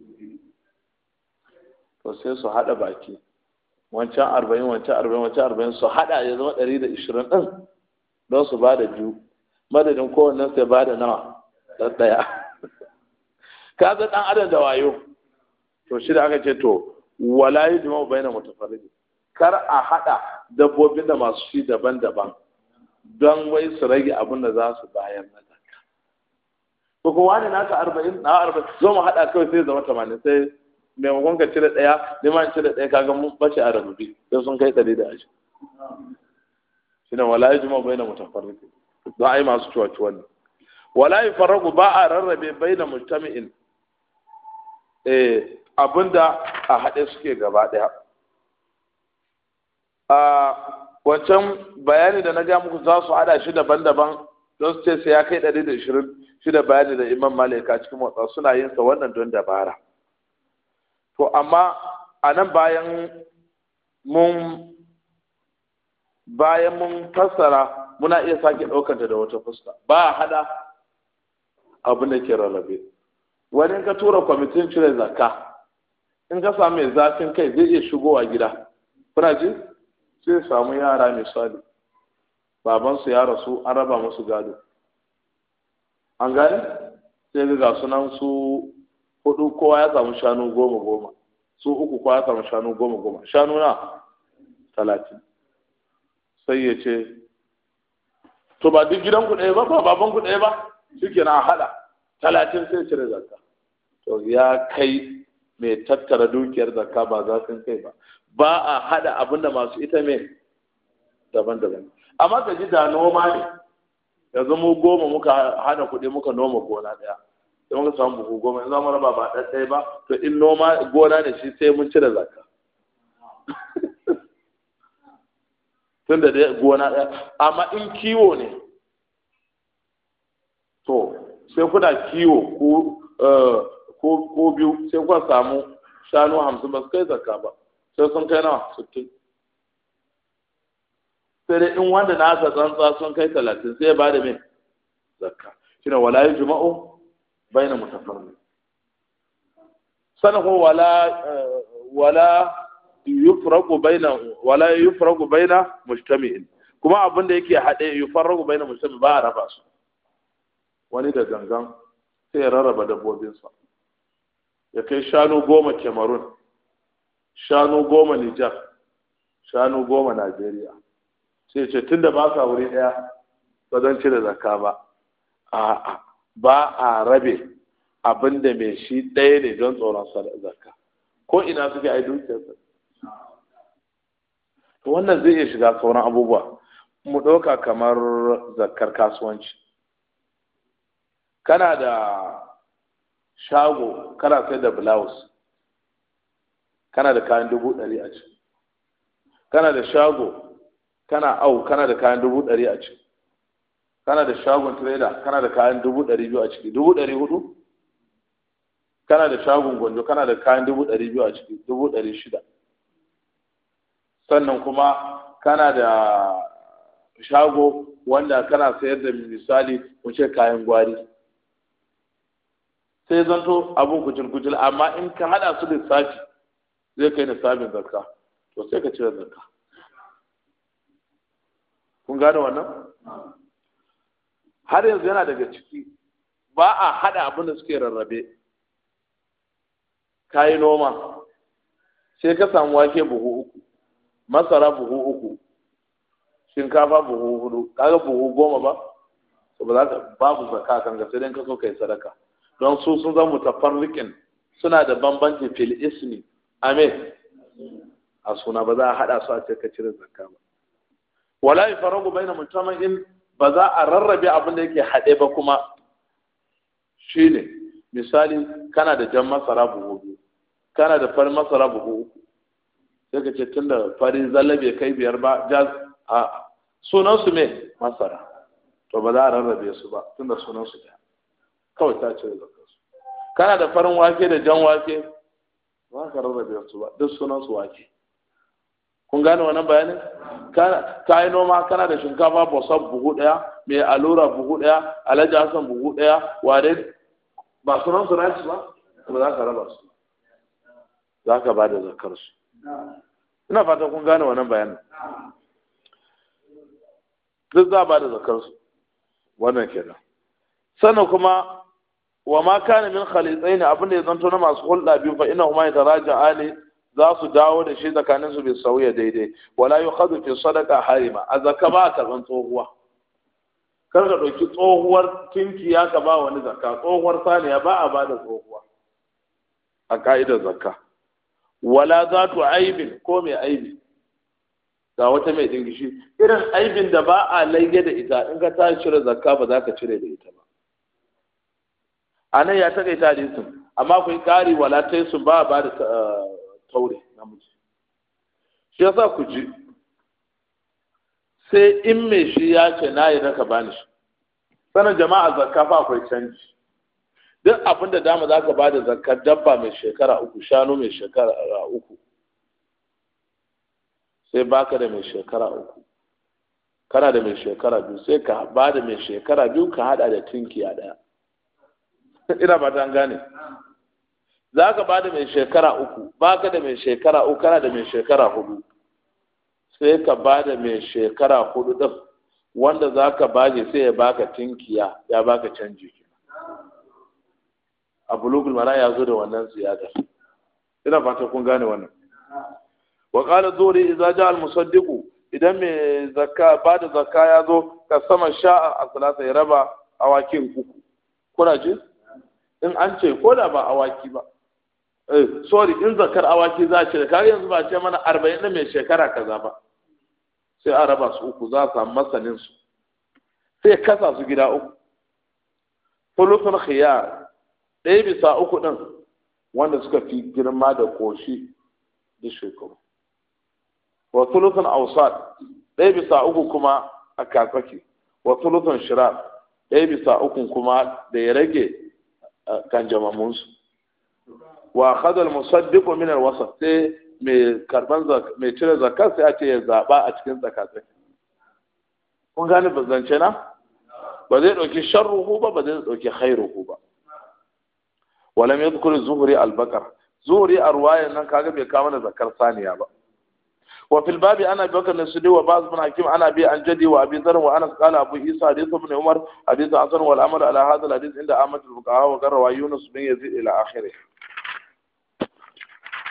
to sai su haɗa baki wancan arba'in wancan arba'in wancan arba'in su haɗa ya zama ɗari da ishirin ɗin don su ba da biyu madadin kowannen sai ba da nawa ɗan ɗaya ka ga ɗan adam da wayo to shi da aka ce to wala yi jima bai na mutafarridi kar a haɗa dabbobin da masu shi daban-daban don wai su rage abin da za su bayar na ko ko wani naka arba'in na arba'in zo mu haɗa kai sai zama tamanin sai magon ka cire ɗaya ne ma cire ɗaya kaga mun bace a rububi sai sun kai ɗari da ashirin shine juma bai na mutafarriki don ai masu cuwa-cuwa ne wala Faragu ba a rarrabe bai mujtami'in eh abinda a haɗe suke gaba ɗaya a wancan bayani da na ga muku za su haɗa shi daban-daban don su ce sai ya kai ɗari da ashirin shi da bayani da imam malika cikin motsa suna yin sa wannan don dabara to amma a nan bayan mun bayan mun fassara muna iya sake ɗaukanta da wata fuska ba a haɗa abin da ke rarrabe wani ka tura kwamitin cire zakka in ka samu mai zafin kai zai iya shigowa gida kuna ji sai samu yara misali babansu ya rasu an raba musu gado an gane sai ga gasu nan su hudu kowa ya samu shanu goma goma su uku kowa ya samu shanu goma goma shanu na talatin sai ya ce to ba duk gidanku ɗaya ba ba babanku ɗaya ba shi na haɗa talatin sai cire zakka to ya kai mai tattara dukiyar zakka ba za su kai ba ba a haɗa abin da masu ita mai daban-daban amma ka ji da noma ne yanzu mu goma muka hana kuɗi muka noma gona ɗaya sai muka samu buhu goma yanzu mu raba ba ɗan ɗaya ba to in noma gona ne shi sai mun cire zakka tun da dai gona ɗaya amma in kiwo ne to sai kuna kiwo ko eh, biyu sai kuka samu shanu hamsin ba su kai zakka ba sai sun kai nawa sittin sai dai in wanda na aka tsantsa sun kai talatin sai ba da mai zakka ne wala Juma'u? baina mutafarrid sanan ko wala eh, wala yufraqu baina wala yufraqu baina mujtami'in kuma abin da yake haɗe yufraqu baina mujtami ba a raba su wani da gangan sai ya rarraba dabbobinsa ya kai shanu goma Cameroon shanu goma Nijar shanu goma Najeriya sai ce da ba sa wuri ɗaya ba zan cire zakka ba a ba a rabe abin da mai shi ɗaya ne don tsoron zakka ko ina suke yi dukiyarsa wannan zai iya shiga sauran abubuwa mu ɗauka kamar zakkar kasuwanci kana da shago kana sai da blouse kana da kayan dubu ɗari a ciki kana da shago kana au kana da kayan dubu ɗari a ciki kana da shagon trader kana da kayan dubu ɗari biyu a ciki dubu ɗari hudu kana da shagon gwanjo kana da kayan dubu ɗari biyu a ciki dubu ɗari shida sannan kuma kana da shago wanda kana sayar da misali wuce kayan gwari sai zanto abin kucil-kucil amma in ka hada su lissafi zai kai lissafin zarka to sai ka cire zarka kun gane wannan har yanzu yana daga ciki ba a haɗa abin da suke rarrabe ka yi noma sai ka samu wake buhu uku masara buhu uku shinkafa buhu hudu kaga buhu goma ba ba za ka babu zaka kan ga sai kaso kai sadaka don su sun zama mutafarriqin suna da bambanci fil ismi amin a suna ba za a hada su a cikin ka zakka ba wala yafaragu baina mutamin ba za a rarrabe abin da yake haɗe ba kuma Shi ne, misali kana da jan masara buhu biyu kana da farin masara buhu sai ka ce tun da farin zallabe kai biyar ba jaz a Sunansu su me masara to ba za a rarrabe su ba tun da sunan su kawai ta ce da su kana da farin wake da jan wake ba ka rarrabe su ba duk sunansu wake kun gane wannan bayanin ka yi noma kana da shinkafa bosa buhu daya mai alura buhu daya alhaji hassan buhu daya ware ba su nan su ransu ba kuma za ka raba su za ka ba da zakar su ina fata kun gane wannan bayanin duk za ba da zakar su wannan kenan sannan kuma wa ma kana min khalitsaini abin da ya zanto na masu hulɗa biyu fa ina huma ya taraja ali za su dawo da shi tsakanin su bai sauya daidai wala yukhadhu fi sadaqa harima a zakka ba ka ban tsohuwa kar ka dauki tsohuwar ya ka ba wani zakka tsohuwar saniya ba a ba da tsohuwa a ka'idar zakka wala za tu aibin ko mai aibi ga wata mai dingishi irin aibin da ba a laige da ita in ka ta cire zakka ba za ka cire da ita ba a nan ya taƙaita hadisin amma akwai ƙari wala taisun ba a ba da eh, taure namiji shi yasa ku ji sai in mai shi ya ce na yi naka bani shi sanar jama'a zakka fa akwai canji duk abin da dama za ka ba da zakka dabba mai shekara uku shanu mai shekara uku sai baka da mai shekara uku kana da mai shekara biyu sai ka ba da mai shekara biyu ka hada da a daya ina ba ta gane za ka ba da mai shekara uku ba ka da mai shekara uku kana da mai shekara hudu sai ka ba da mai shekara hudu ɗin wanda za ka ba sai ya ba ka tinkiya ya ba ka canji a bulugul mara ya zo da wannan ziyadar ina fata kun gane wannan wa qala zuri idza ja al musaddiqu idan mai zakka ba da zakka ya zo ka sama sha'a a salata ya raba awakin uku kuna ji in an ce ko da ba awaki ba Eh, sorry in zakar awaki za a da kare yanzu ba ce mana arba'in na mai shekara kaza ba sai a raba su uku za a samu masanin su sai kasa su gida uku fulufin khiyar ɗaya bisa uku ɗin wanda suka fi girma da koshi da shekaru wa fulufin ausat ɗaya bisa uku kuma a kasake wa fulufin shirar ɗaya bisa uku kuma da ya rage kan eh, kanjamamunsu wa khadal musaddiqu min al-wasat sai mai karban mai cire zakat sai a ce zaba a cikin zakatai kun gane bazance na ba zai dauki sharruhu ba ba zai dauki khairuhu ba walam yadhkur zuhri al-baqar zuhri arwayan nan kaga bai kawo da zakar saniya ba wa fil babi ana bi bakar nasudi wa ba'd bin hakim ana bi an jadi wa abi zar wa anas qala abu isa hadith ibn umar hadith hasan wal amal ala hadha al hadith inda ahmad al-fuqaha wa qarra yunus bin yazid ila akhirih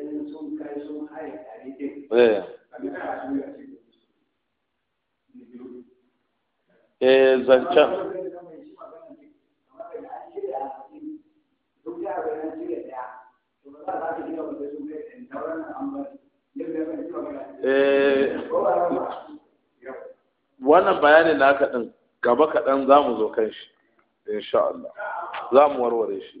matsayin sun kai eh. eh zancen wannan bayanin na kaɗin gaba kaɗan za mu zo kan shi insha Allah za mu warware shi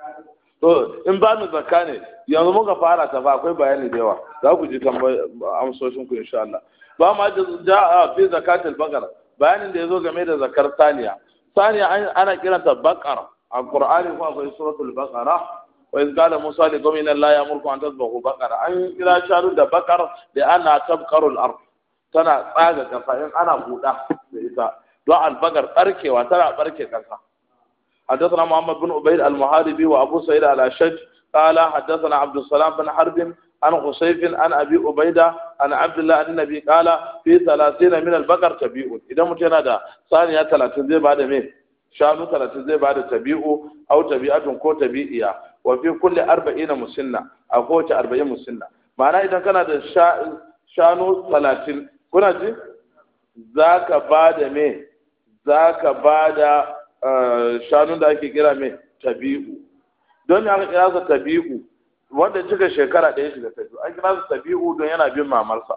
to in ba mu zakka ne yanzu muka fara ta ba akwai bayani da yawa za ku ji amsoshin ku insha Allah ba ma ja'a fi zakatul baqara bayanin da yazo game da zakar saniya saniya ana kiranta baqara a ko ko akwai suratul baqara wa iz qala musa li qaumin la ya'murku an tadhbahu baqara an kira sharu da baqara da ana tabqaru al-ard tana tsaga kafa in ana buda da ita don albagar barkewa tana barke kasa حدثنا محمد بن عبيد المحاربي وابو سعيد الاشج قال حدثنا عبد السلام بن حرب عن خصيف عن ابي عبيده عن عبد الله عن النبي قال في 30 من البقر تبيع اذا متنا ده ثانيه 30 زي بعد مين shanu talatin zai bada tabi'u au tabi'atun ko tabi'iya wa fi kulli arba'ina musinna a kowace arba'in musinna ma'ana idan kana da shanu talatin kuna ji za ka bada me za ka bada shanun da ake kira mai tabi'u don aka kira su tabi'u wanda cika shekara ɗaya shiga tabi'u an kira su tabi'u don yana bin mamarsa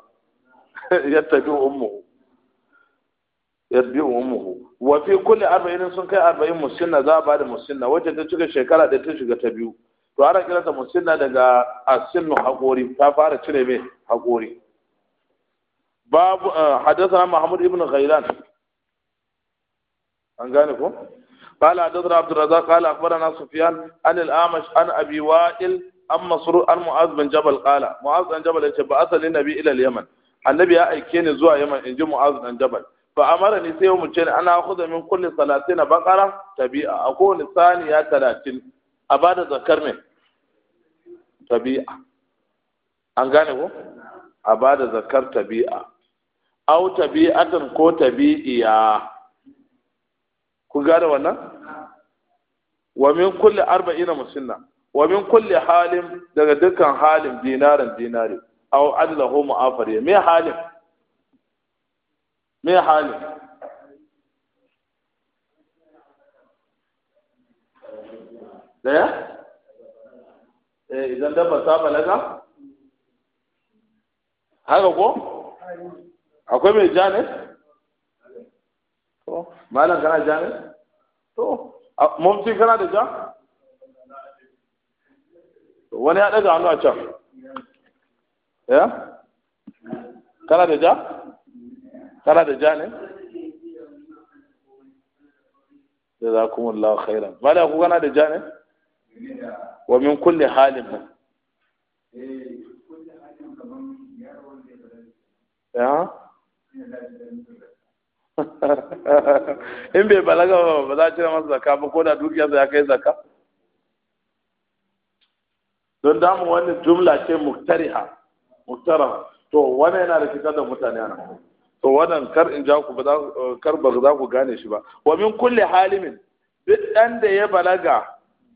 ya tabi'u ummuhu ya tabi'u ummuhu wa fi kulli arba'in sun kai arba'in musinna za a ba da musinna wacce ta cika shekara ɗaya ta shiga tabi'u to ana kira ta musinna daga asinnu haƙori ta fara cire mai haƙori babu eh, hadasa Muhammad ibn Ghailan an gane ko قال حدثنا عبد الرزاق قال اخبرنا سفيان عن الاعمش عن ابي وائل عن مسروق عن معاذ بن جبل قال معاذ بن جبل يتبع بعث النبي الى اليمن النبي يا ايكيني زوا يمن ان جي معاذ بن جبل فامرني سيوم يوم تشين انا اخذ من كل 30 بقره تبيعه اكون ثانيه 30 ابدا ذكرني tabi'a an gane ko a ذكر da او تبيعه كو tabi'atan ku gane wannan wa min kulli arba'ina musinna wa min kulli halin daga dukkan halin dinaran dinari aw adlahu mu'afari me halin me halin daya eh idan ba saba balaga haka ko akwai mai Janis? to malam kana ja to mumti kana da ja wani ya daga hannu a can ya kana da ja kana da ja ne jazakumullahu khairan malam ku kana da ja ne wa min kulli halin ya in bai balaga ba ba za a cire masa zaka ba ko da dukiyarsa ya kai zaka don damu wani jumla ce muktariha muktara to wani yana da fitar da mutane ana to wannan kar in ja ku ba kar ba za ku gane shi ba wa min kulli halimin duk dan da ya balaga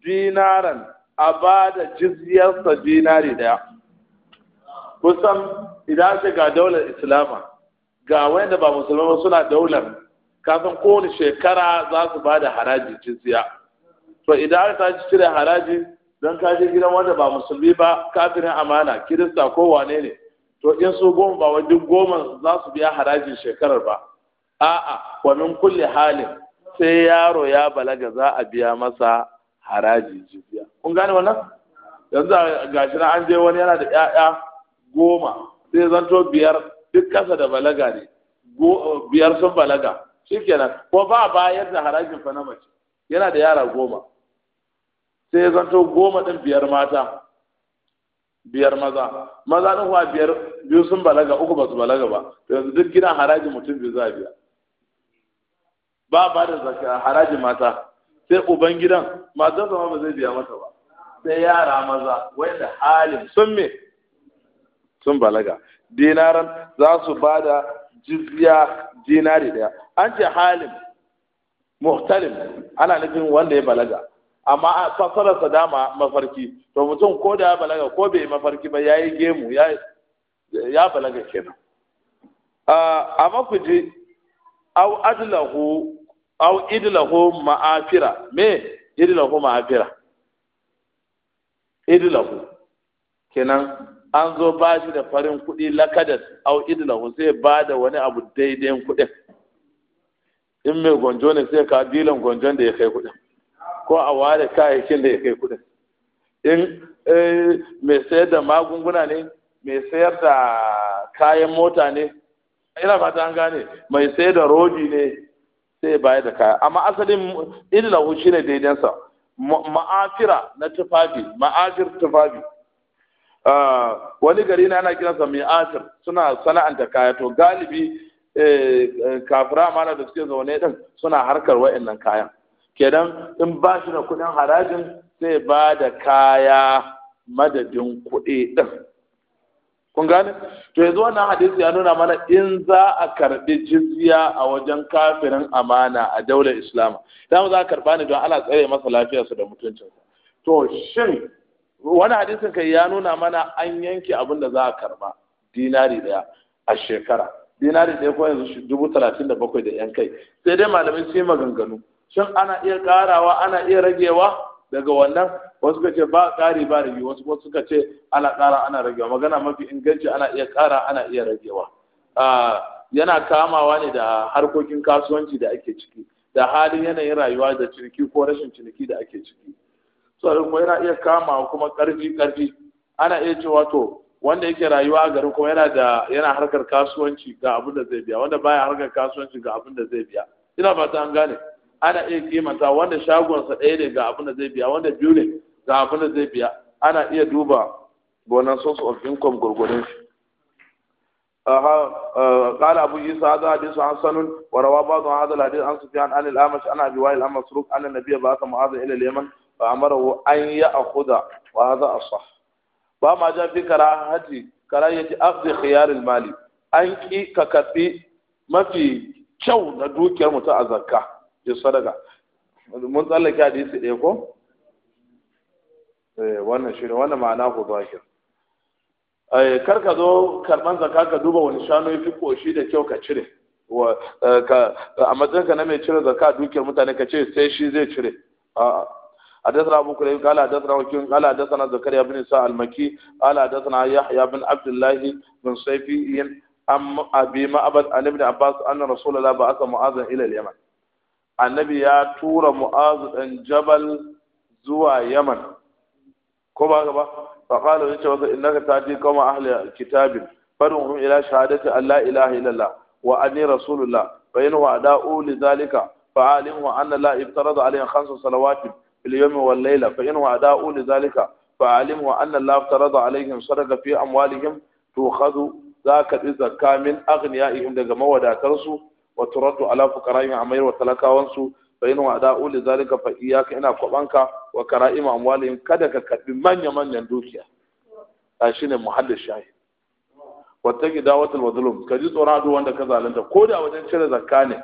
dinaran a ba da jizyarsa dinari daya kusan idan shiga ga daular islama ga wanda ba musulmai suna daular kafin kowane shekara za su ba da haraji jizya to idan aka ci cire haraji don ka je gidan wanda ba musulmi ba kafirin amana kirista ko wane ne to in su goma ba wa duk goma za su biya harajin shekarar ba a'a wa min kulli halin sai yaro ya balaga za a biya masa haraji jizya kun gane wannan yanzu gashi na an je wani yana da 'ya'ya goma sai zanto biyar duk kasa da balaga ne biyar sun balaga shikenan ko ba bayar da harajin fa na mace yana da yara goma sai ya zanto goma din biyar mata biyar maza maza din kuwa biyar biyu sun balaga uku ba su balaga ba to yanzu duk gidan harajin mutum biyu za a biya ba ba da zakka harajin mata sai uban gidan matar zama ba zai biya mata ba sai yara maza wanda halin sun me sun balaga dinaran za su ba da jizya dinari daya an ce halin muhtalim ana nufin wanda ya balaga amma a fassararsa dama mafarki to mutum ko da ya balaga ko bai mafarki ba ya yi gemu ya balaga kenan a mafiji au adlahu au idlahu ma'afira me idlahu ma'afira idlahu kenan an zo ba shi da farin kuɗi lakadas au idlahu sai ba da wani abu daidai kuɗin in mai gwanjo ne sai ka dilan gwanjon da ya kai kuɗin ko a ware kayayyakin da ya kai kuɗin in eh, mai sayar da magunguna ne mai sayar da kayan mota ne ina fata an gane mai sayar da rodi ne sai bayar da kaya amma asalin idlahu shine daidansa ma'afira na tufafi ma'afir tufafi Ah, wani gari na ana kiransa mai asir suna sana'anta kaya to galibi eh, eh, kafira mana da suke zaune din suna harkar wa'annan kayan kenan in ba shi da kuɗin harajin sai ba da kaya madadin kuɗi din kun gane to yanzu wannan hadisi ya nuna mana in za a karɓi jizya a wajen kafirin amana a daular islam za mu za a karba ne don ana tsare masa lafiyarsa da mutuncinsa to shin wani hadisin kai ya nuna mana an yanke abin da za a karba dinari daya a shekara dinari daya ko yanzu dubu talatin da bakwai da yan kai sai dai malamai su yi maganganu shin ana iya karawa ana iya ragewa daga wannan wasu ka ce ba ƙari ba rage wasu kuma suka ce ana ƙara ana ragewa magana mafi inganci ana iya ƙara ana iya ragewa ah, yana kamawa ne da harkokin kasuwanci da ake ciki da halin yanayin rayuwa da ciniki ko rashin ciniki da ake ciki tsarin kuma yana iya kama kuma karfi karfi ana iya cewa to wanda yake rayuwa a garin kuma yana da yana harkar kasuwanci ga abin da zai biya wanda baya harkar kasuwanci ga abin da zai biya ina ba an gane ana iya kimanta wanda shagonsa ɗaya ne ga abin da zai biya wanda biyu ne ga abin da zai biya ana iya duba gonan source of income gurgurin shi قال أبو عيسى هذا حديث حسن وروى بعض هذا الحديث عن سفيان عن الأعمش عن أبي وائل عن مسروق أن النبي بعث معاذ إلى اليمن فامره ان ياخذ وهذا الصح وما جاء في كراهة كراهية اخذ خيار المال أنكي ككفي ما في kyau na dukiyar ازكى a zakka ke sadaka mun tsallake hadisi ɗaya ko eh, wannan shi ne wannan ma'ana ku zakir eh, kar ka zo karban zakka ka duba wani shanu yafi koshi da kyau ka cire eh, a matsayin ka na mai cire zakka dukiyar mutane ka ce sai shi zai cire حدثنا أبو كريب قال حدثنا وكيل قال حدثنا زكريا بن إسحاق المكي قال حدثنا يحيى بن عبد الله بن صيفي أم أبي معبد عن ابن عباس أن رسول الله بعث معاذ إلى اليمن annabi ya tura mu'azu ɗan jabal zuwa yaman ko ba gaba fa qala ya ce wasa innaka tati qawma ahli kitabin farhum ila shahadati alla ilaha illallah wa anni rasulullah fa in wa da'u zalika fa في اليوم والليلة فإن وعداؤوا لذلك فعلموا أن الله افترض عليهم صدق في أموالهم توخذوا ذاك الزكاة من أغنيائهم daga mawadatarsu wa turaddu ala fuqara'ihim amayr wa talakawansu fa in wa'da'u li zalika fa iyyaka ina kwabanka wa kara'im amwalihim kada ka karbi manya dukiya a shine muhallin dawatul ka ji tsoron wanda ka zalunta ko da wajen cire zakka ne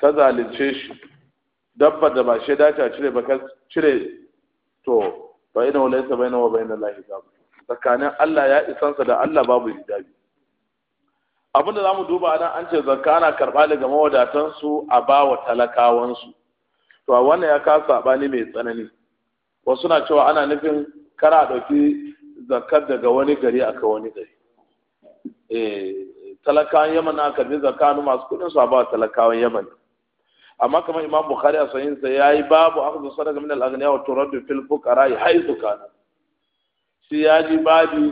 ka zalunce shi dabbar da ba shi dace cire ba cire to ba ina wala yasa baina wa na Allah hijab tsakanin Allah ya isansa da Allah babu hijabi abin da zamu duba nan an ce zakka ana karba daga mawadatan su a bawa talakawan su to wannan ya ka sabani mai tsanani wasu na cewa ana nufin kara dauki zakkar daga wani gari aka wani gari eh talakawan Yaman aka bi zakkanu masu kudin su a bawa talakawan Yaman amma kamar imam bukhari a sahihin sa yayi babu akhdhu sadaqa min al-aghniya wa turaddu fil fuqara haythu kana shi yaji babu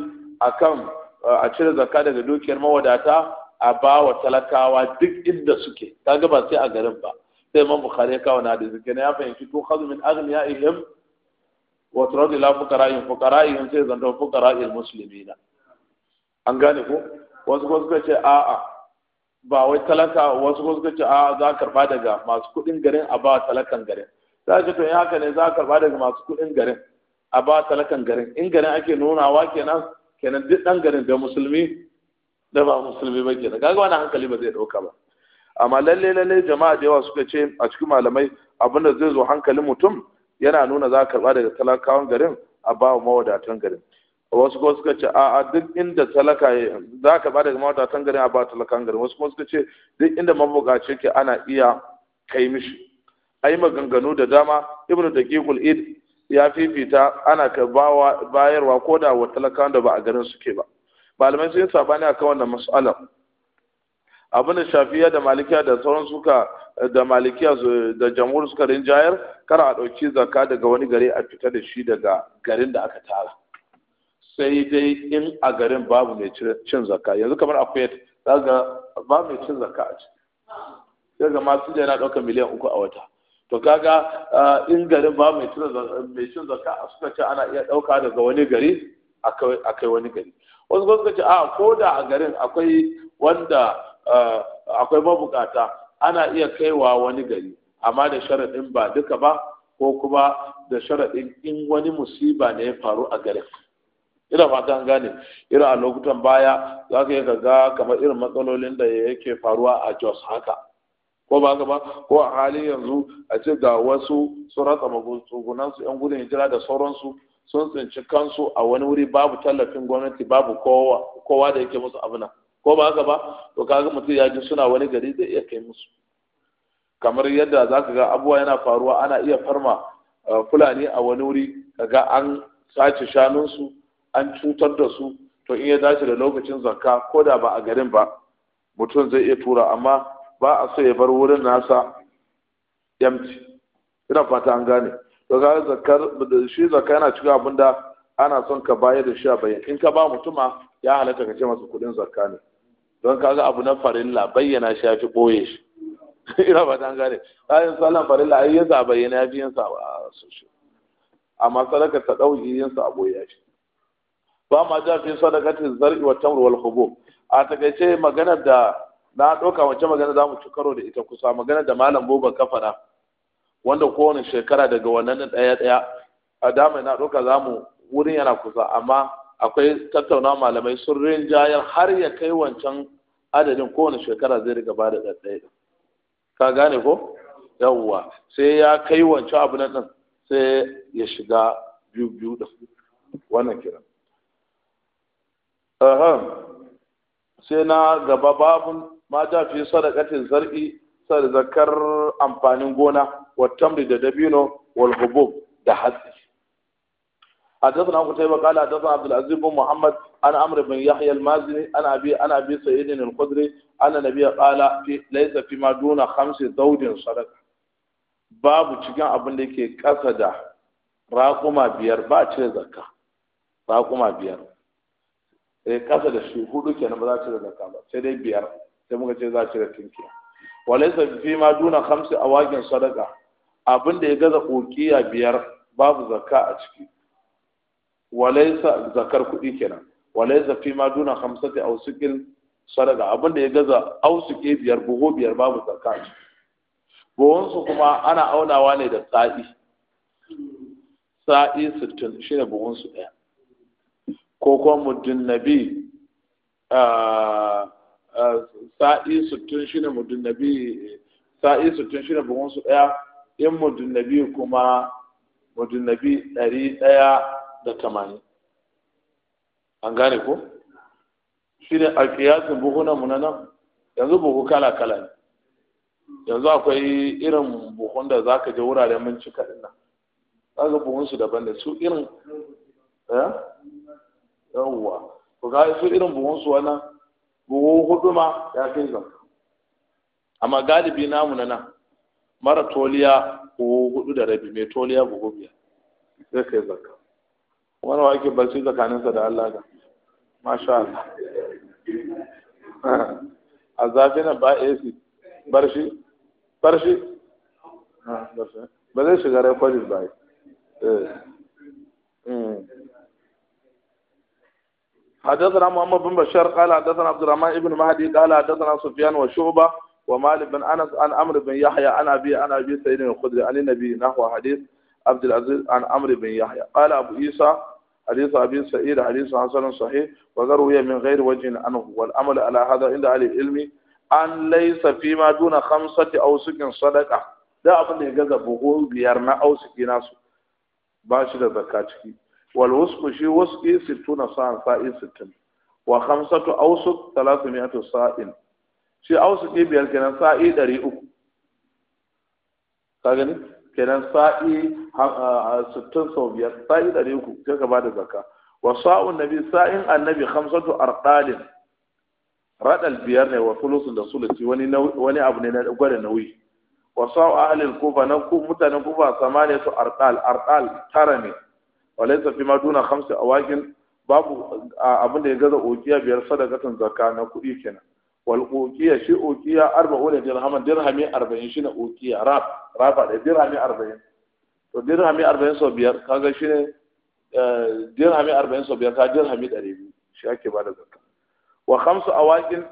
akan eh, a cire zakka daga dukiyar mawadata a ba wa talakawa duk inda suke kaga ba sai a garin ba sai imam bukhari ya kawo na da ne ya fahimci to khadhu min aghniyaihim wa turaddu ila fuqara'ihim fuqara'ihim sai zanto fuqara'il muslimina an gane ko wasu ko suka ce a'a ba wai talaka wasu ko suka ce a za karba daga masu kuɗin garin a ba talakan garin za a to ya haka ne za karba daga masu kuɗin garin a ba talakan garin in garin ake nunawa kenan kenan duk ɗan garin da musulmi da ba musulmi ba kenan kaga wani hankali ba zai ɗauka ba amma lalle lalle jama'a da yawa suka ce a cikin malamai abin da zai zo hankalin mutum yana nuna za karba daga talakawan garin a ba mawadatan garin wasu kuma suka ce a'a duk inda talaka za ka ba daga mawata tan garin a ba talakan gari. wasu kuma suka ce duk inda mabukaci ke ana iya kai mishi yi maganganu da dama ibnu gigul id ya fifita ana ka bayarwa ko da wa talakan da ba a garin suke ba malamai sun yi sabani kan wannan mas'alar abin da shafiya da malikiya da sauran suka da malikiya da jamhur suka rinjayar kar a ɗauki zaka daga wani gari a fita da shi daga garin da aka tara sai dai in a garin babu mai cin zaka, yanzu kamar akwai zaga ba mai cin zaka a ci sai ga masu da yana ɗaukar miliyan uku a wata to kaga ah, in garin ba mai cin zaka a suka ce ana iya ɗauka daga wani gari a kai wani gari wasu suka ce a ah, ko da a garin akwai wanda ah, akwai mabukata ana iya kaiwa wani gari amma da sharaɗin ba duka ba ko kuma da sharaɗin in wani musiba ne ya faru a garin ina fata an gane irin a lokutan baya za ka yi ga kamar irin matsalolin da yake faruwa a jos haka ko ba ba ko a halin yanzu a ce ga wasu sun ratsa magunan su yan gudun hijira da sauransu sun tsinci kansu a wani wuri babu tallafin gwamnati babu kowa da yake musu abuna ko ba ba to kaga mutum ya ji suna wani gari zai iya kai musu kamar yadda za ka ga abuwa yana faruwa ana iya farma eh, fulani a wani wuri kaga an sace shanunsu an cutar da su to in ya dace da lokacin zakka ko da ba a garin ba mutum zai iya tura amma ba a so ya bar wurin nasa yamci ina fata an gane to ga zakar shi zakka yana cikin abin da ana son ka bayar da shi a bayan in ka ba mutuma ya halatta ka ce masa kudin zakka ne don kaga abu na farilla bayyana shi ya fi boye shi ina fata an gane ayin sallan farilla ai ya bayyana ya fi yin sa a amma sadaka ta dauki yin sa a boye shi ba ma ja fi sadaqatin zar'i wa tamr wal hubu a takaice magana da na ɗauka wacce magana za mu ci karo da ita kusa magana da malam boba kafara wanda kowane shekara daga wannan ɗaya ɗaya a dama na ɗauka za mu wurin yana kusa amma akwai tattauna malamai sun rinjayar har ya kai wancan adadin kowane shekara zai riga bada ɗaɗɗaya ka gane ko yawwa sai ya kai wancan abu na ɗin sai ya shiga biyu biyu da wannan kiran sai na gaba babun ma fi sadaqatin zar'i zakar amfanin gona wa tamri da dabino wal hubub da hatsi حدثنا قتيبة قال حدثنا عبد العزيز بن محمد عن عمرو بن يحيى المازني عن ابي عن ابي سعيد الخدري ان النبي قال في ليس فيما دون خمس زوج صدقه babu cikin abin da yake ƙasa da raƙuma biyar ba ce zakka raƙuma biyar eh kasa da shi hudu kenan ba za cire zakka ba sai dai biyar sai muka ce za cire tinkiya walaysa fi ma duna khamsi wagen sadaka abin da ya gaza kokiya biyar babu zakka a ciki walaysa zakar kuɗi kenan walaysa fi ma duna khamsati aw sukil sadaka abin da ya gaza ausuke biyar buhu biyar babu zakka a ciki buhunsu kuma ana aunawa ne da sa'i sa'i sittin shi ne buhunsu ɗaya ko kuma muddin nabi sa'i sutun shi ne muddin nabi sa'i sutun shi ne buhun su ɗaya in muddin nabi kuma muddin nabi ɗari ɗaya da tamanin an gane ko shi ne alƙiyasin buhunan mu na nan yanzu buhu kala kala ne yanzu akwai irin buhun da za ka je wuraren mun cika ɗin nan za buhunsu daban da su irin eh? yawwa to ga su irin buhun su wannan buhu huduma ma ya kai zakka amma galibi namu na nan mara toliya buhu hudu da rabi mai toliya buhu biyar zai kai zakka wani wa ake barci tsakaninsa da Allah da masha Allah a zafi na ba AC barshi barshi ba zai shiga rekodin ba eh hmm. حدثنا محمد بن بشار قال حدثنا عبد الرحمن بن مهدي قال حدثنا سفيان وشعبة ومالك بن أنس عن عمرو بن يحيى عن أبي عن أبي سعيد الخدري عن النبي نحو حديث عبد العزيز عن عمرو بن يحيى قال أبو عيسى حديث أبي سعيد حديث حسن صحيح وذروي من غير وجه عنه والأمل على هذا عند أهل العلم أن ليس فيما دون خمسة أوسك صدقة ده أبن يجزى بغول بيرنا أوسك ناس باشد زكاة wal wusqu shi wusqi 60 sa'an sa'in 60 wa khamsatu awsuq 300 sa'in shi awsuqi biyar kenan sa'i 300 ka gani kenan sa'i 60 sau biyar sa'i 300 sai ka bada zakka wa sa'un nabi sa'in annabi khamsatu arqalin radal biyar ne wa sulusun da sulusi wani abu ne na gwada nauyi wa sa'u ahlil kufa na mutanen kufa samaniya su arqal tara ne walaysa fi ma duna khamsi wakin babu abin da ya gaza ukiya biyar sadakatan zakka na kuɗi kenan wal ukiya shi ukiya arba'un dirhaman dirhami 40 shine ukiya rab raba da dirhami 40 to dirhami 40 so biyar kaga shine eh, dirhami 40 so biyar ka dirhami 200 shi ake bada zakka wa khamsu wakin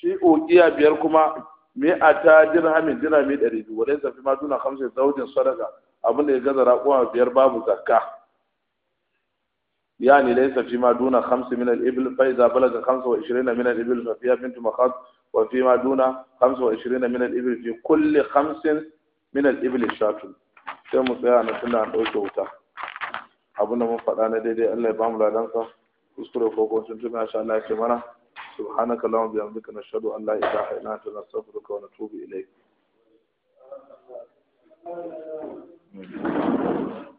shi ukiya biyar kuma mi'ata dirhamin dirhami 200 walaysa fi ma duna khamsi zawjin sadaka abin da ya gaza raƙuwa biyar babu zakka يعني ليس فيما دون خمس من الإبل فإذا بلغ 25 من الإبل ففيها بنت مخاض وفيما دون 25 من الإبل في كل خمس من الإبل الشاة sai mu tsaya na tunda an ɗauke wuta abin da faɗa na daidai Allah ya bamu ladansa kuskure ko ko sun tuna sha Allah ya ce mana subhanaka allahumma bihamdika Thank you.